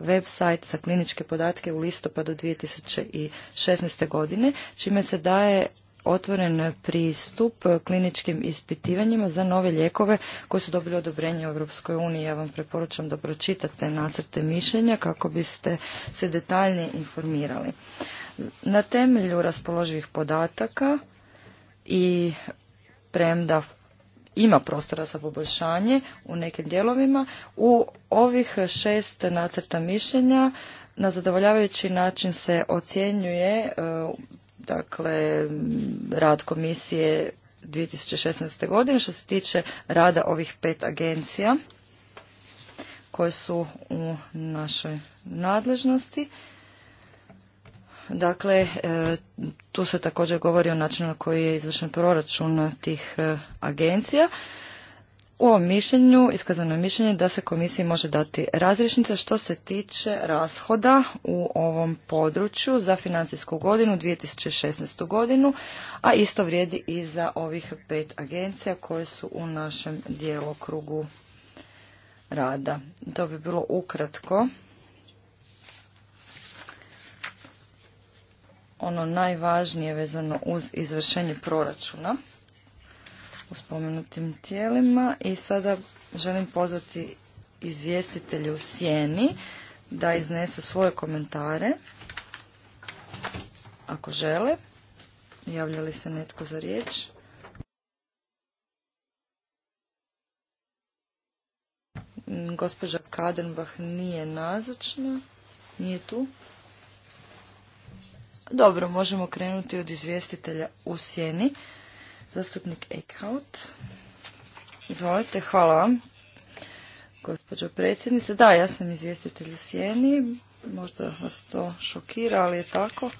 website za kliničke podatke u listopadu 2016. godine, čime se daje otvoren pristup kliničkim ispitivanjima za nove lijekove koji su dobili odobrenje u Europskoj uniji. Ja vam preporučam da pročitate nacrte mišljenja kako biste se detaljnije informirali. Na temelju raspoloživih podataka i premda ima prostora za poboljšanje u nekim dijelovima, u ovih šest nacrta mišljenja na zadovoljavajući način se ocjenjuje e, dakle rad komisije 2016. godine što se tiče rada ovih pet agencija koje su u našoj nadležnosti. Dakle, e, tu se također govori o načinu na koji je izvršen proračun tih e, agencija u ovom mišljenju iskazano je mišljenje da se komisiji može dati razrješnica što se tiče rashoda u ovom području za financijsku godinu 2016. godinu, a isto vrijedi i za ovih pet agencija koje su u našem djelokrugu rada. To bi bilo ukratko. Ono najvažnije vezano uz izvršenje proračuna spomenutim tijelima i sada želim pozvati izvjestitelje u sjeni da iznesu svoje komentare ako žele. Javlja li se netko za riječ? Gospođa Kadenbach nije nazočna, nije tu. Dobro, možemo krenuti od izvjestitelja u sjeni. Zastupnik Eckhout. Izvolite, hvala vam. Gospođo predsjednice, da, ja sam izvjestitelj u Sjeni. Možda vas to šokira, ali je tako.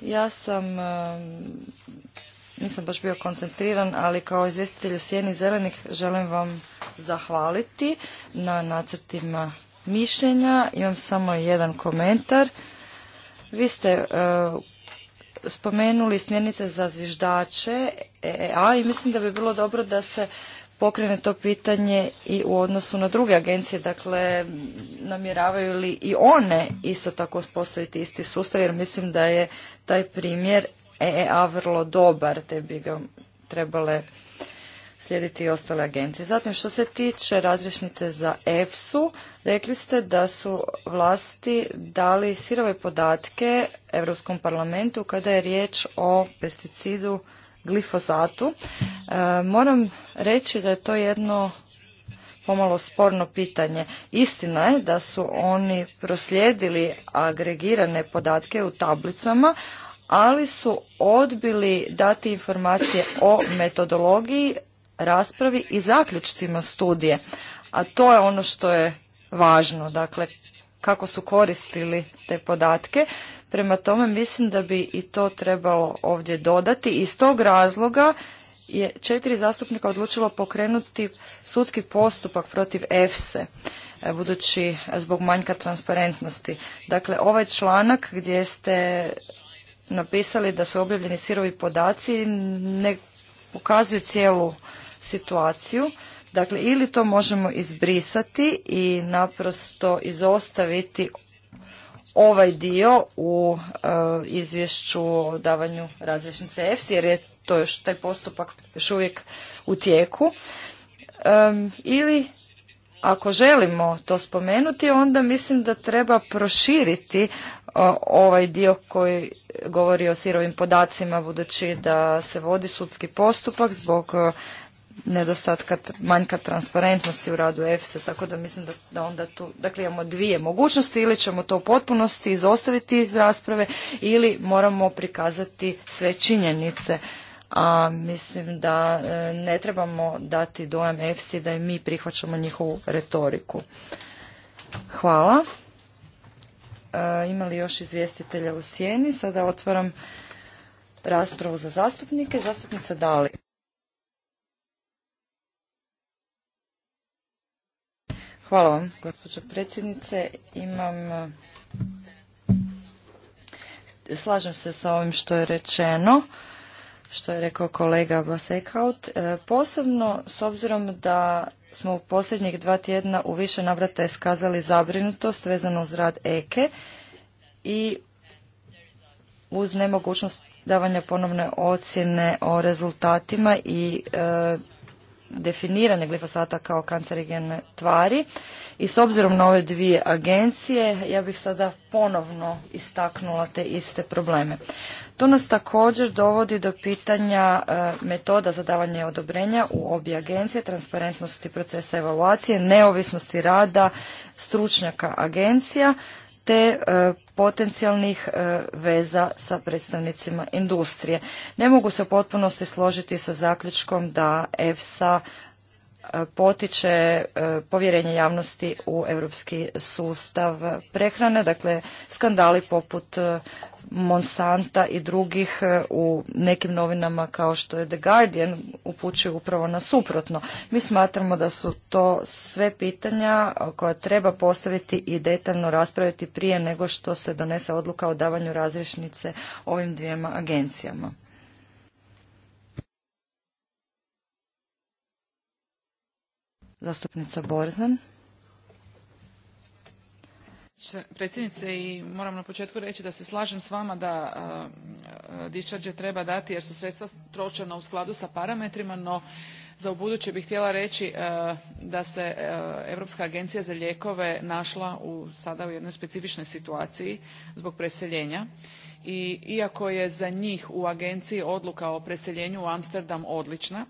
Ja sam, nisam baš bio koncentriran, ali kao izvjestitelj u Sjeni Zelenih želim vam zahvaliti na nacrtima mišljenja. Imam samo jedan komentar. Vi ste spomenuli smjernice za zviždače, e a i mislim da bi bilo dobro da se pokrene to pitanje i u odnosu na druge agencije, dakle namjeravaju li i one isto tako uspostaviti isti sustav, jer mislim da je taj primjer EEA vrlo dobar, te bi ga trebale slijediti i ostale agencije. Zatim, što se tiče razrješnice za EFSU, rekli ste da su vlasti dali sirove podatke Europskom parlamentu kada je riječ o pesticidu glifosatu. E, moram reći da je to jedno pomalo sporno pitanje. Istina je da su oni proslijedili agregirane podatke u tablicama, ali su odbili dati informacije o metodologiji raspravi i zaključcima studije, a to je ono što je važno, dakle kako su koristili te podatke. Prema tome mislim da bi i to trebalo ovdje dodati. Iz tog razloga je četiri zastupnika odlučilo pokrenuti sudski postupak protiv EFSE e, budući zbog manjka transparentnosti. Dakle, ovaj članak gdje ste napisali da su objavljeni sirovi podaci ne pokazuju cijelu situaciju. Dakle, ili to možemo izbrisati i naprosto izostaviti ovaj dio u e, izvješću o davanju različnice EFSI, jer je to još taj postupak još uvijek u tijeku. ili ako želimo to spomenuti, onda mislim da treba proširiti e, ovaj dio koji govori o sirovim podacima, budući da se vodi sudski postupak zbog e, nedostatka manjka transparentnosti u radu EFSA, tako da mislim da, da onda tu, dakle imamo dvije mogućnosti, ili ćemo to u potpunosti izostaviti iz rasprave ili moramo prikazati sve činjenice. A mislim da e, ne trebamo dati dojam EFSI da mi prihvaćamo njihovu retoriku. Hvala. E, li još izvjestitelja u sjeni? Sada otvaram raspravu za zastupnike. Zastupnica Dali. Hvala vam, gospođo predsjednice. Imam... Eh, slažem se sa ovim što je rečeno, što je rekao kolega Basekaut. Eh, posebno s obzirom da smo u posljednjih dva tjedna u više navrata iskazali zabrinutost vezano uz rad EKE e i uz nemogućnost davanja ponovne ocjene o rezultatima i eh, definirane glifosata kao kancerigene tvari. I s obzirom na ove dvije agencije, ja bih sada ponovno istaknula te iste probleme. To nas također dovodi do pitanja e, metoda za davanje odobrenja u obje agencije, transparentnosti procesa evaluacije, neovisnosti rada stručnjaka agencija, te e, potencijalnih e, veza sa predstavnicima industrije. Ne mogu se u potpunosti složiti sa zaključkom da EFSA potiče e, povjerenje javnosti u europski sustav prehrane. Dakle, skandali poput e, Monsanta i drugih e, u nekim novinama kao što je The Guardian upućuju upravo na suprotno. Mi smatramo da su to sve pitanja koja treba postaviti i detaljno raspraviti prije nego što se donese odluka o davanju razrješnice ovim dvijema agencijama. Zastupnica Borzan. Predsjednice, i moram na početku reći da se slažem s vama da discharge treba dati jer su sredstva tročena u skladu sa parametrima, no za ubuduće bih htjela reći da se europska agencija za lijekove našla u, sada u jednoj specifičnoj situaciji zbog preseljenja i iako je za njih u agenciji odluka o preseljenju u amsterdam odlična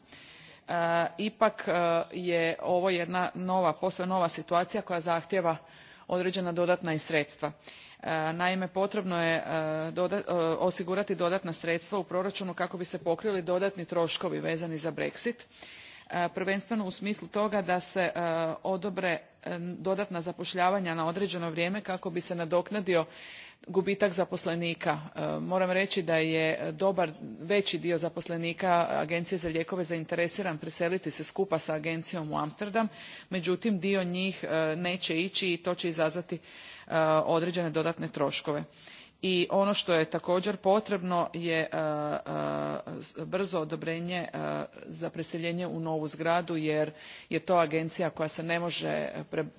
E, ipak e, je ovo jedna nova posve nova situacija koja zahtjeva određena dodatna sredstva e, naime potrebno je osigurati dodatna sredstva u proračunu kako bi se pokrili dodatni troškovi vezani za brexit prvenstveno u smislu toga da se odobre dodatna zapošljavanja na određeno vrijeme kako bi se nadoknadio gubitak zaposlenika. E, moram reći da je dobar veći dio zaposlenika Agencije za lijekove zainteresiran preseliti se skupa sa agencijom u Amsterdam, međutim dio njih e, neće ići i to će izazvati e, određene dodatne troškove. I ono što je također potrebno je brzo odobrenje za preseljenje u novu zgradu jer je to agencija koja se ne može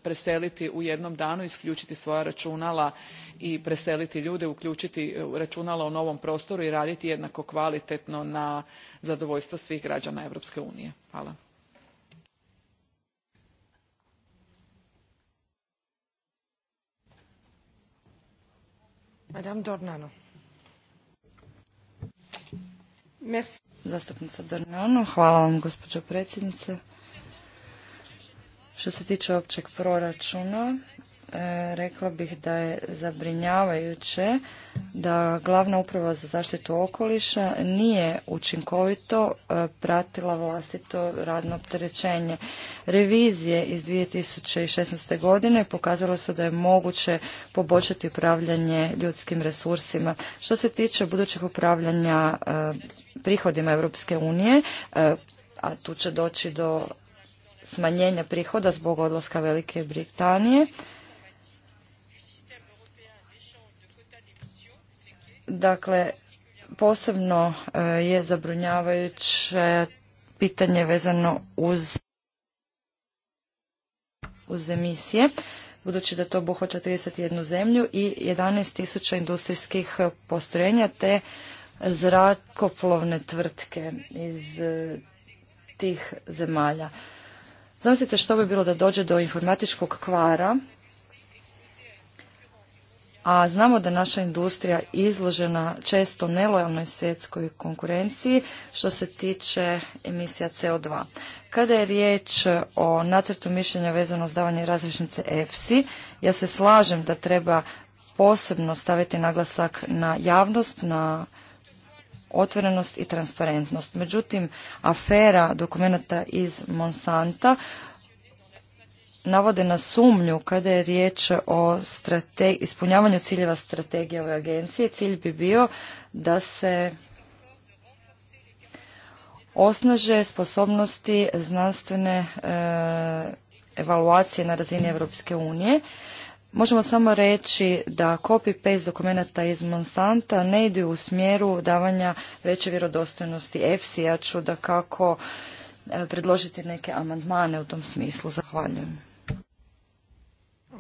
preseliti u jednom danu, isključiti svoja računala i preseliti ljude, uključiti e, računala u novom prostoru i raditi jednako kvalitetno na zadovoljstvo svih građana Europske unije. Hvala. vam predsjednice. Što se tiče općeg proračuna, E, rekla bih da je zabrinjavajuće da glavna uprava za zaštitu okoliša nije učinkovito e, pratila vlastito radno opterećenje. Revizije iz 2016. godine pokazalo su da je moguće poboljšati upravljanje ljudskim resursima. Što se tiče budućeg upravljanja e, prihodima Europske unije, a tu će doći do smanjenja prihoda zbog odlaska Velike Britanije, Dakle, posebno e, je zabrinjavajuće pitanje vezano uz uz emisije, budući da to obuhvaća 31 zemlju i tisuća industrijskih postrojenja te zrakoplovne tvrtke iz e, tih zemalja. Zamislite što bi bilo da dođe do informatičkog kvara a znamo da naša industrija izložena često nelojalnoj svjetskoj konkurenciji što se tiče emisija CO2. Kada je riječ o nacrtu mišljenja vezano uz davanje različnice EFSI, ja se slažem da treba posebno staviti naglasak na javnost, na otvorenost i transparentnost. Međutim, afera dokumenta iz Monsanta navode na sumnju kada je riječ o ispunjavanju ciljeva strategije ove agencije. Cilj bi bio da se osnaže sposobnosti znanstvene e, evaluacije na razini Europske unije. Možemo samo reći da copy-paste dokumenta iz Monsanta ne idu u smjeru davanja veće vjerodostojnosti EFSI. Ja ću da kako e, predložiti neke amandmane u tom smislu. Zahvaljujem.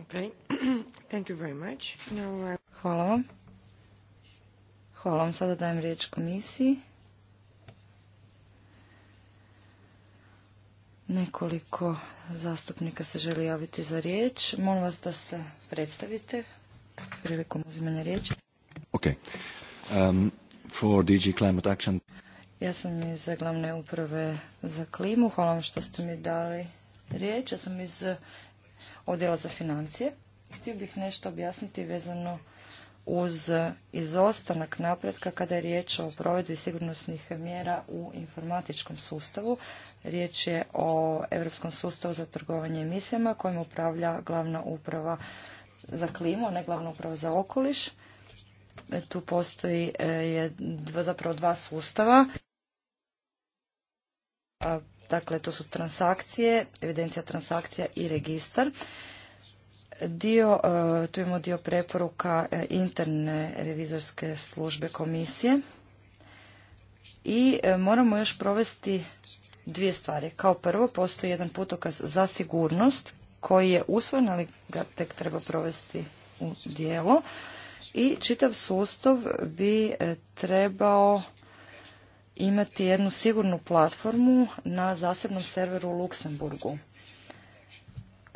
Okay. Thank you Hvala vam. Hvala vam. Sada dajem riječ komisiji. Nekoliko zastupnika se želi javiti za riječ. Molim vas da se predstavite prilikom uzimanja riječi. Ok. Um, for DG Climate Action. Ja sam iz glavne uprave za klimu. Hvala vam što ste mi dali riječ. Ja sam iz odjela za financije. Htio bih nešto objasniti vezano uz izostanak napretka kada je riječ o provedbi sigurnosnih mjera u informatičkom sustavu. Riječ je o Europskom sustavu za trgovanje emisijama kojim upravlja glavna uprava za klimu, ne glavna uprava za okoliš. Tu postoji e, je, zapravo dva sustava Dakle, to su transakcije, evidencija transakcija i registar. Dio, e, tu imamo dio preporuka e, interne revizorske službe komisije. I e, moramo još provesti dvije stvari. Kao prvo, postoji jedan putokaz za sigurnost koji je usvojen, ali ga tek treba provesti u dijelo. I čitav sustav bi trebao imati jednu sigurnu platformu na zasebnom serveru u Luksemburgu.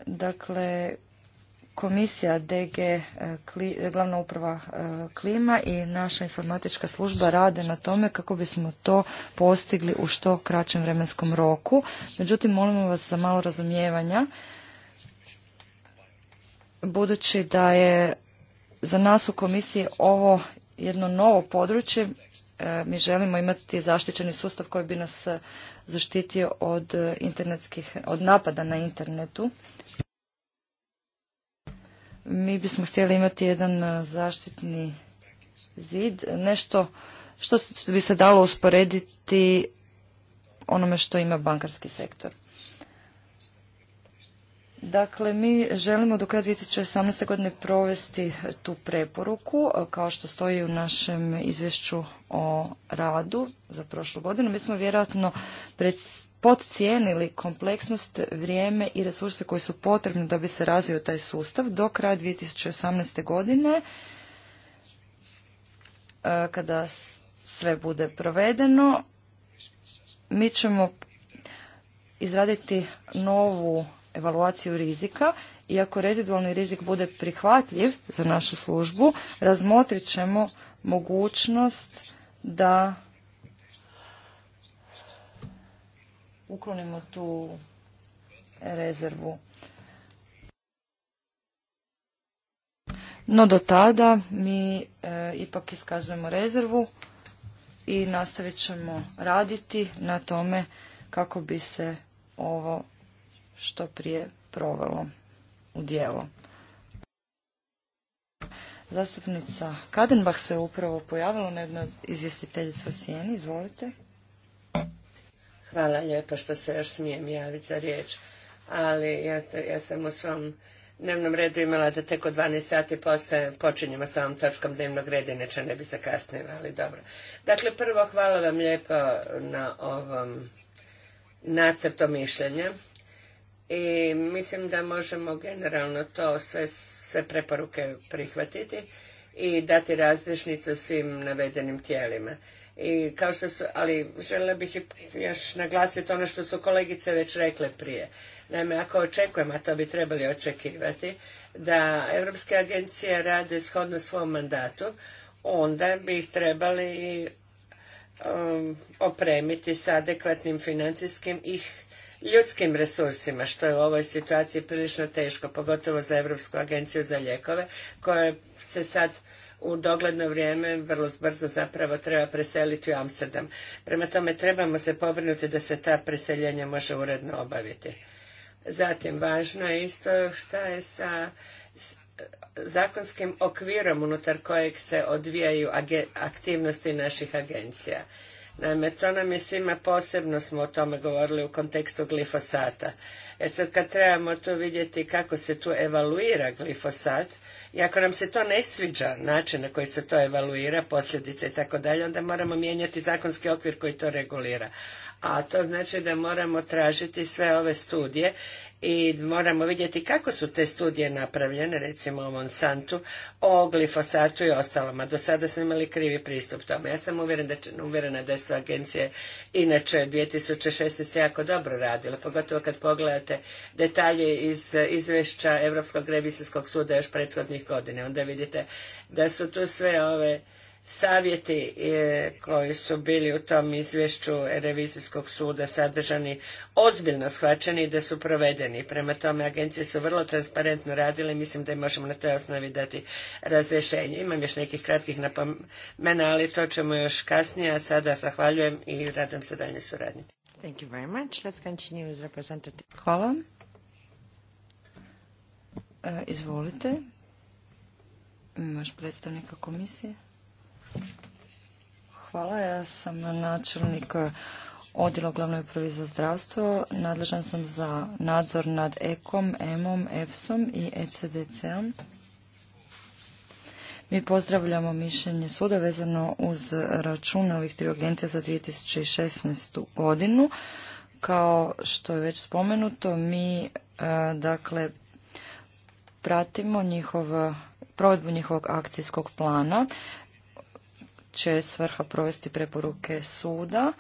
Dakle, komisija DG, e, glavna uprava e, klima i naša informatička služba rade na tome kako bismo to postigli u što kraćem vremenskom roku. Međutim, molimo vas za malo razumijevanja, budući da je za nas u komisiji ovo jedno novo područje, E, mi želimo imati zaštićeni sustav koji bi nas e, zaštitio od e, internetskih, od napada na internetu. Mi bismo htjeli imati jedan zaštitni zid, nešto što bi se dalo usporediti onome što ima bankarski sektor. Dakle, mi želimo do kraja 2018. godine provesti tu preporuku, e, kao što stoji u našem izvješću o radu za prošlu godinu. Mi smo vjerojatno podcijenili kompleksnost, vrijeme i resurse koji su potrebni da bi se razvio taj sustav do kraja 2018. godine, e, kada sve bude provedeno, mi ćemo izraditi novu evaluaciju rizika i ako rezidualni rizik bude prihvatljiv za našu službu, razmotrit ćemo mogućnost da uklonimo tu rezervu. No do tada mi e, ipak iskazujemo rezervu i nastavit ćemo raditi na tome kako bi se ovo što prije provelo u dijelo. Zastupnica Kadenbach se upravo pojavila na jednoj izvjestiteljica u Sijeni. Izvolite. Hvala lijepa što se još smijem javiti za riječ. Ali ja, sam u svom dnevnom redu imala da teko od 12 sati postaje, počinjemo sa ovom točkom dnevnog reda, neće ne bi se kasnije, ali dobro. Dakle, prvo hvala vam lijepo na ovom nacrtu mišljenja i mislim da možemo generalno to sve, sve preporuke prihvatiti i dati različnicu svim navedenim tijelima. I kao što su, ali željela bih još naglasiti ono što su kolegice već rekle prije. Naime, ako očekujemo, a to bi trebali očekivati, da Europske agencije rade shodno svom mandatu, onda bi ih trebali um, opremiti sa adekvatnim financijskim ih ljudskim resursima, što je u ovoj situaciji prilično teško, pogotovo za Europsku agenciju za lijekove, koja se sad u dogledno vrijeme vrlo brzo zapravo treba preseliti u Amsterdam. Prema tome trebamo se pobrinuti da se ta preseljenja može uredno obaviti. Zatim, važno je isto šta je sa zakonskim okvirom unutar kojeg se odvijaju aktivnosti naših agencija. Naime, to nam je svima posebno smo o tome govorili u kontekstu glifosata. E sad kad trebamo tu vidjeti kako se tu evaluira glifosat i ako nam se to ne sviđa, način na koji se to evaluira, posljedice i tako dalje, onda moramo mijenjati zakonski okvir koji to regulira a to znači da moramo tražiti sve ove studije i moramo vidjeti kako su te studije napravljene, recimo o Monsantu, o glifosatu i ostalama. Do sada smo imali krivi pristup tome. Ja sam uvjerena da, će, uvjerena da su agencije inače 2016. jako dobro radile, pogotovo kad pogledate detalje iz izvješća Europskog revizijskog suda još prethodnih godina. Onda vidite da su tu sve ove savjeti e, koji su bili u tom izvješću revizijskog suda sadržani ozbiljno shvaćeni i da su provedeni. Prema tome, agencije su vrlo transparentno radile i mislim da im možemo na toj osnovi dati razrješenje. Imam još nekih kratkih napomena, ali to ćemo još kasnije, a sada zahvaljujem i radam se dalje suradnje. Thank you very much. Let's continue with representative. Hvala. E, izvolite. Imaš predstavnika komisije. Hvala, ja sam načelnik odjela glavnoj upravi za zdravstvo. Nadležan sam za nadzor nad EKOM, EMOM, EFSOM i ECDC-om. Mi pozdravljamo mišljenje suda vezano uz račune ovih tri agencija za 2016. godinu. Kao što je već spomenuto, mi e, dakle pratimo njihov provedbu njihovog akcijskog plana će svrha provesti preporuke suda.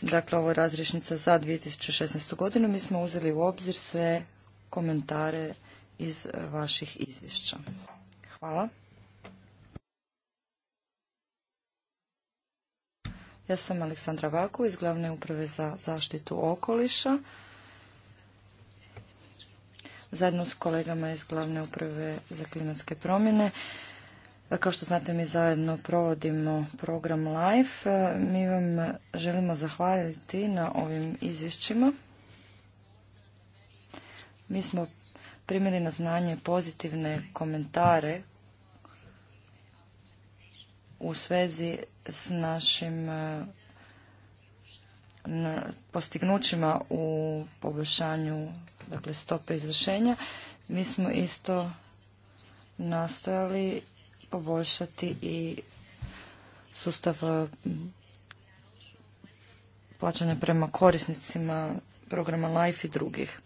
Dakle, ovo je razrišnica za 2016. godinu. Mi smo uzeli u obzir sve komentare iz vaših izvješća. Hvala. Ja sam Aleksandra Vaku iz Glavne uprave za zaštitu okoliša. Zajedno s kolegama iz Glavne uprave za klimatske promjene kao što znate, mi zajedno provodimo program LIFE. Mi vam želimo zahvaliti na ovim izvješćima. Mi smo primili na znanje pozitivne komentare u svezi s našim postignućima u poboljšanju dakle, stope izvršenja. Mi smo isto nastojali poboljšati i sustav e, plaćanja prema korisnicima programa LIFE i drugih.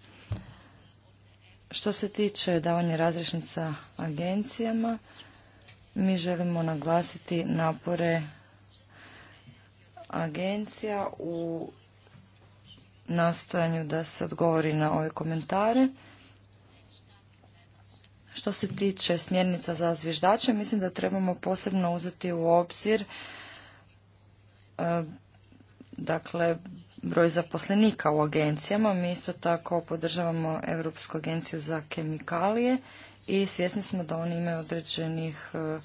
Što se tiče davanja razrešnica agencijama, mi želimo naglasiti napore agencija u nastojanju da se odgovori na ove komentare. Što se tiče smjernica za zviždače, mislim da trebamo posebno uzeti u obzir e, dakle broj zaposlenika u agencijama. Mi isto tako podržavamo Europsku agenciju za kemikalije i svjesni smo da oni imaju određenih e,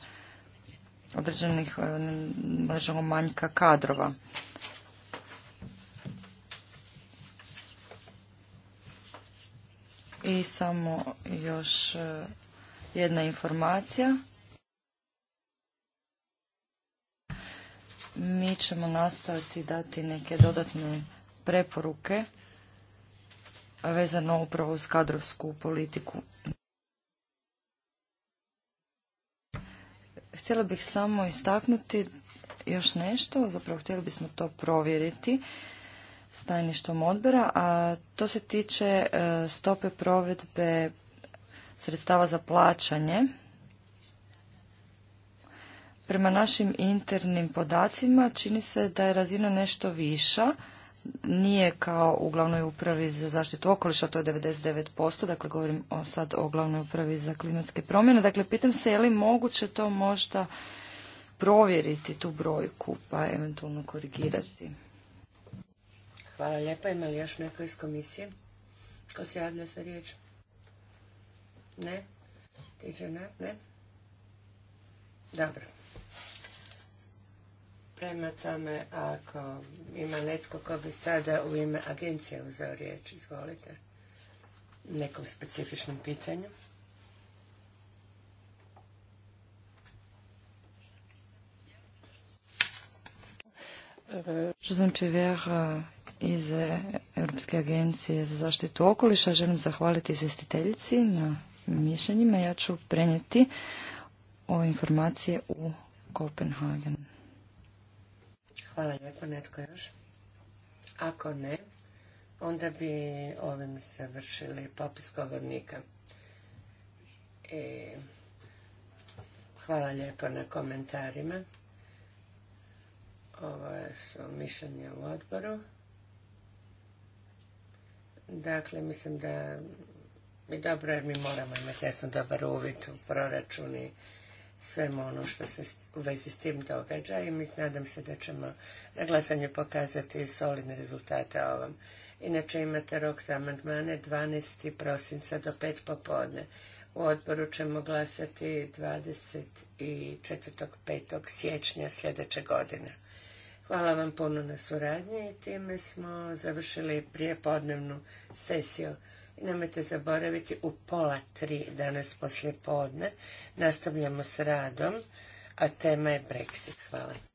određenih e, manjka kadrova. I samo još e, jedna informacija. Mi ćemo nastaviti dati neke dodatne preporuke vezano upravo uz kadrovsku politiku. Htjela bih samo istaknuti još nešto, zapravo htjeli bismo to provjeriti s tajništvom odbora, a to se tiče e, stope provedbe sredstava za plaćanje. Prema našim internim podacima čini se da je razina nešto viša, nije kao u glavnoj upravi za zaštitu okoliša, to je 99%, dakle govorim sad o glavnoj upravi za klimatske promjene. Dakle, pitam se je li moguće to možda provjeriti tu brojku pa eventualno korigirati. Hvala lijepa. Ima li još neko iz komisije? Ko se javlja za riječ? Ne? Tiđe ne? Ne? Dobro. Prema tome, ako ima netko ko bi sada u ime agencije uzeo riječ, izvolite, nekom specifičnom pitanju. vers euh, iz eh, Europske agencije za zaštitu okoliša. Želim zahvaliti izvjestiteljici na mišljenjima. Ja ću prenijeti ove informacije u Kopenhagen. Hvala lijepo, netko još? Ako ne, onda bi ovim završili popis govornika. E, hvala lijepo na komentarima. Ovo su mišljenje u odboru. Dakle, mislim da je dobro jer mi moramo imati jasno dobar uvid u proračun i svemu ono što se u vezi s tim događa i mi nadam se da ćemo na glasanju pokazati solidne rezultate ovom. Inače imate rok za amandmane 12. prosinca do 5 popodne. U odboru ćemo glasati 24. 5. siječnja sljedeće godine. Hvala vam puno na suradnji i time smo završili prijepodnevnu sesiju. I nemojte zaboraviti u pola tri danas poslije podne nastavljamo s radom, a tema je Brexit. Hvala.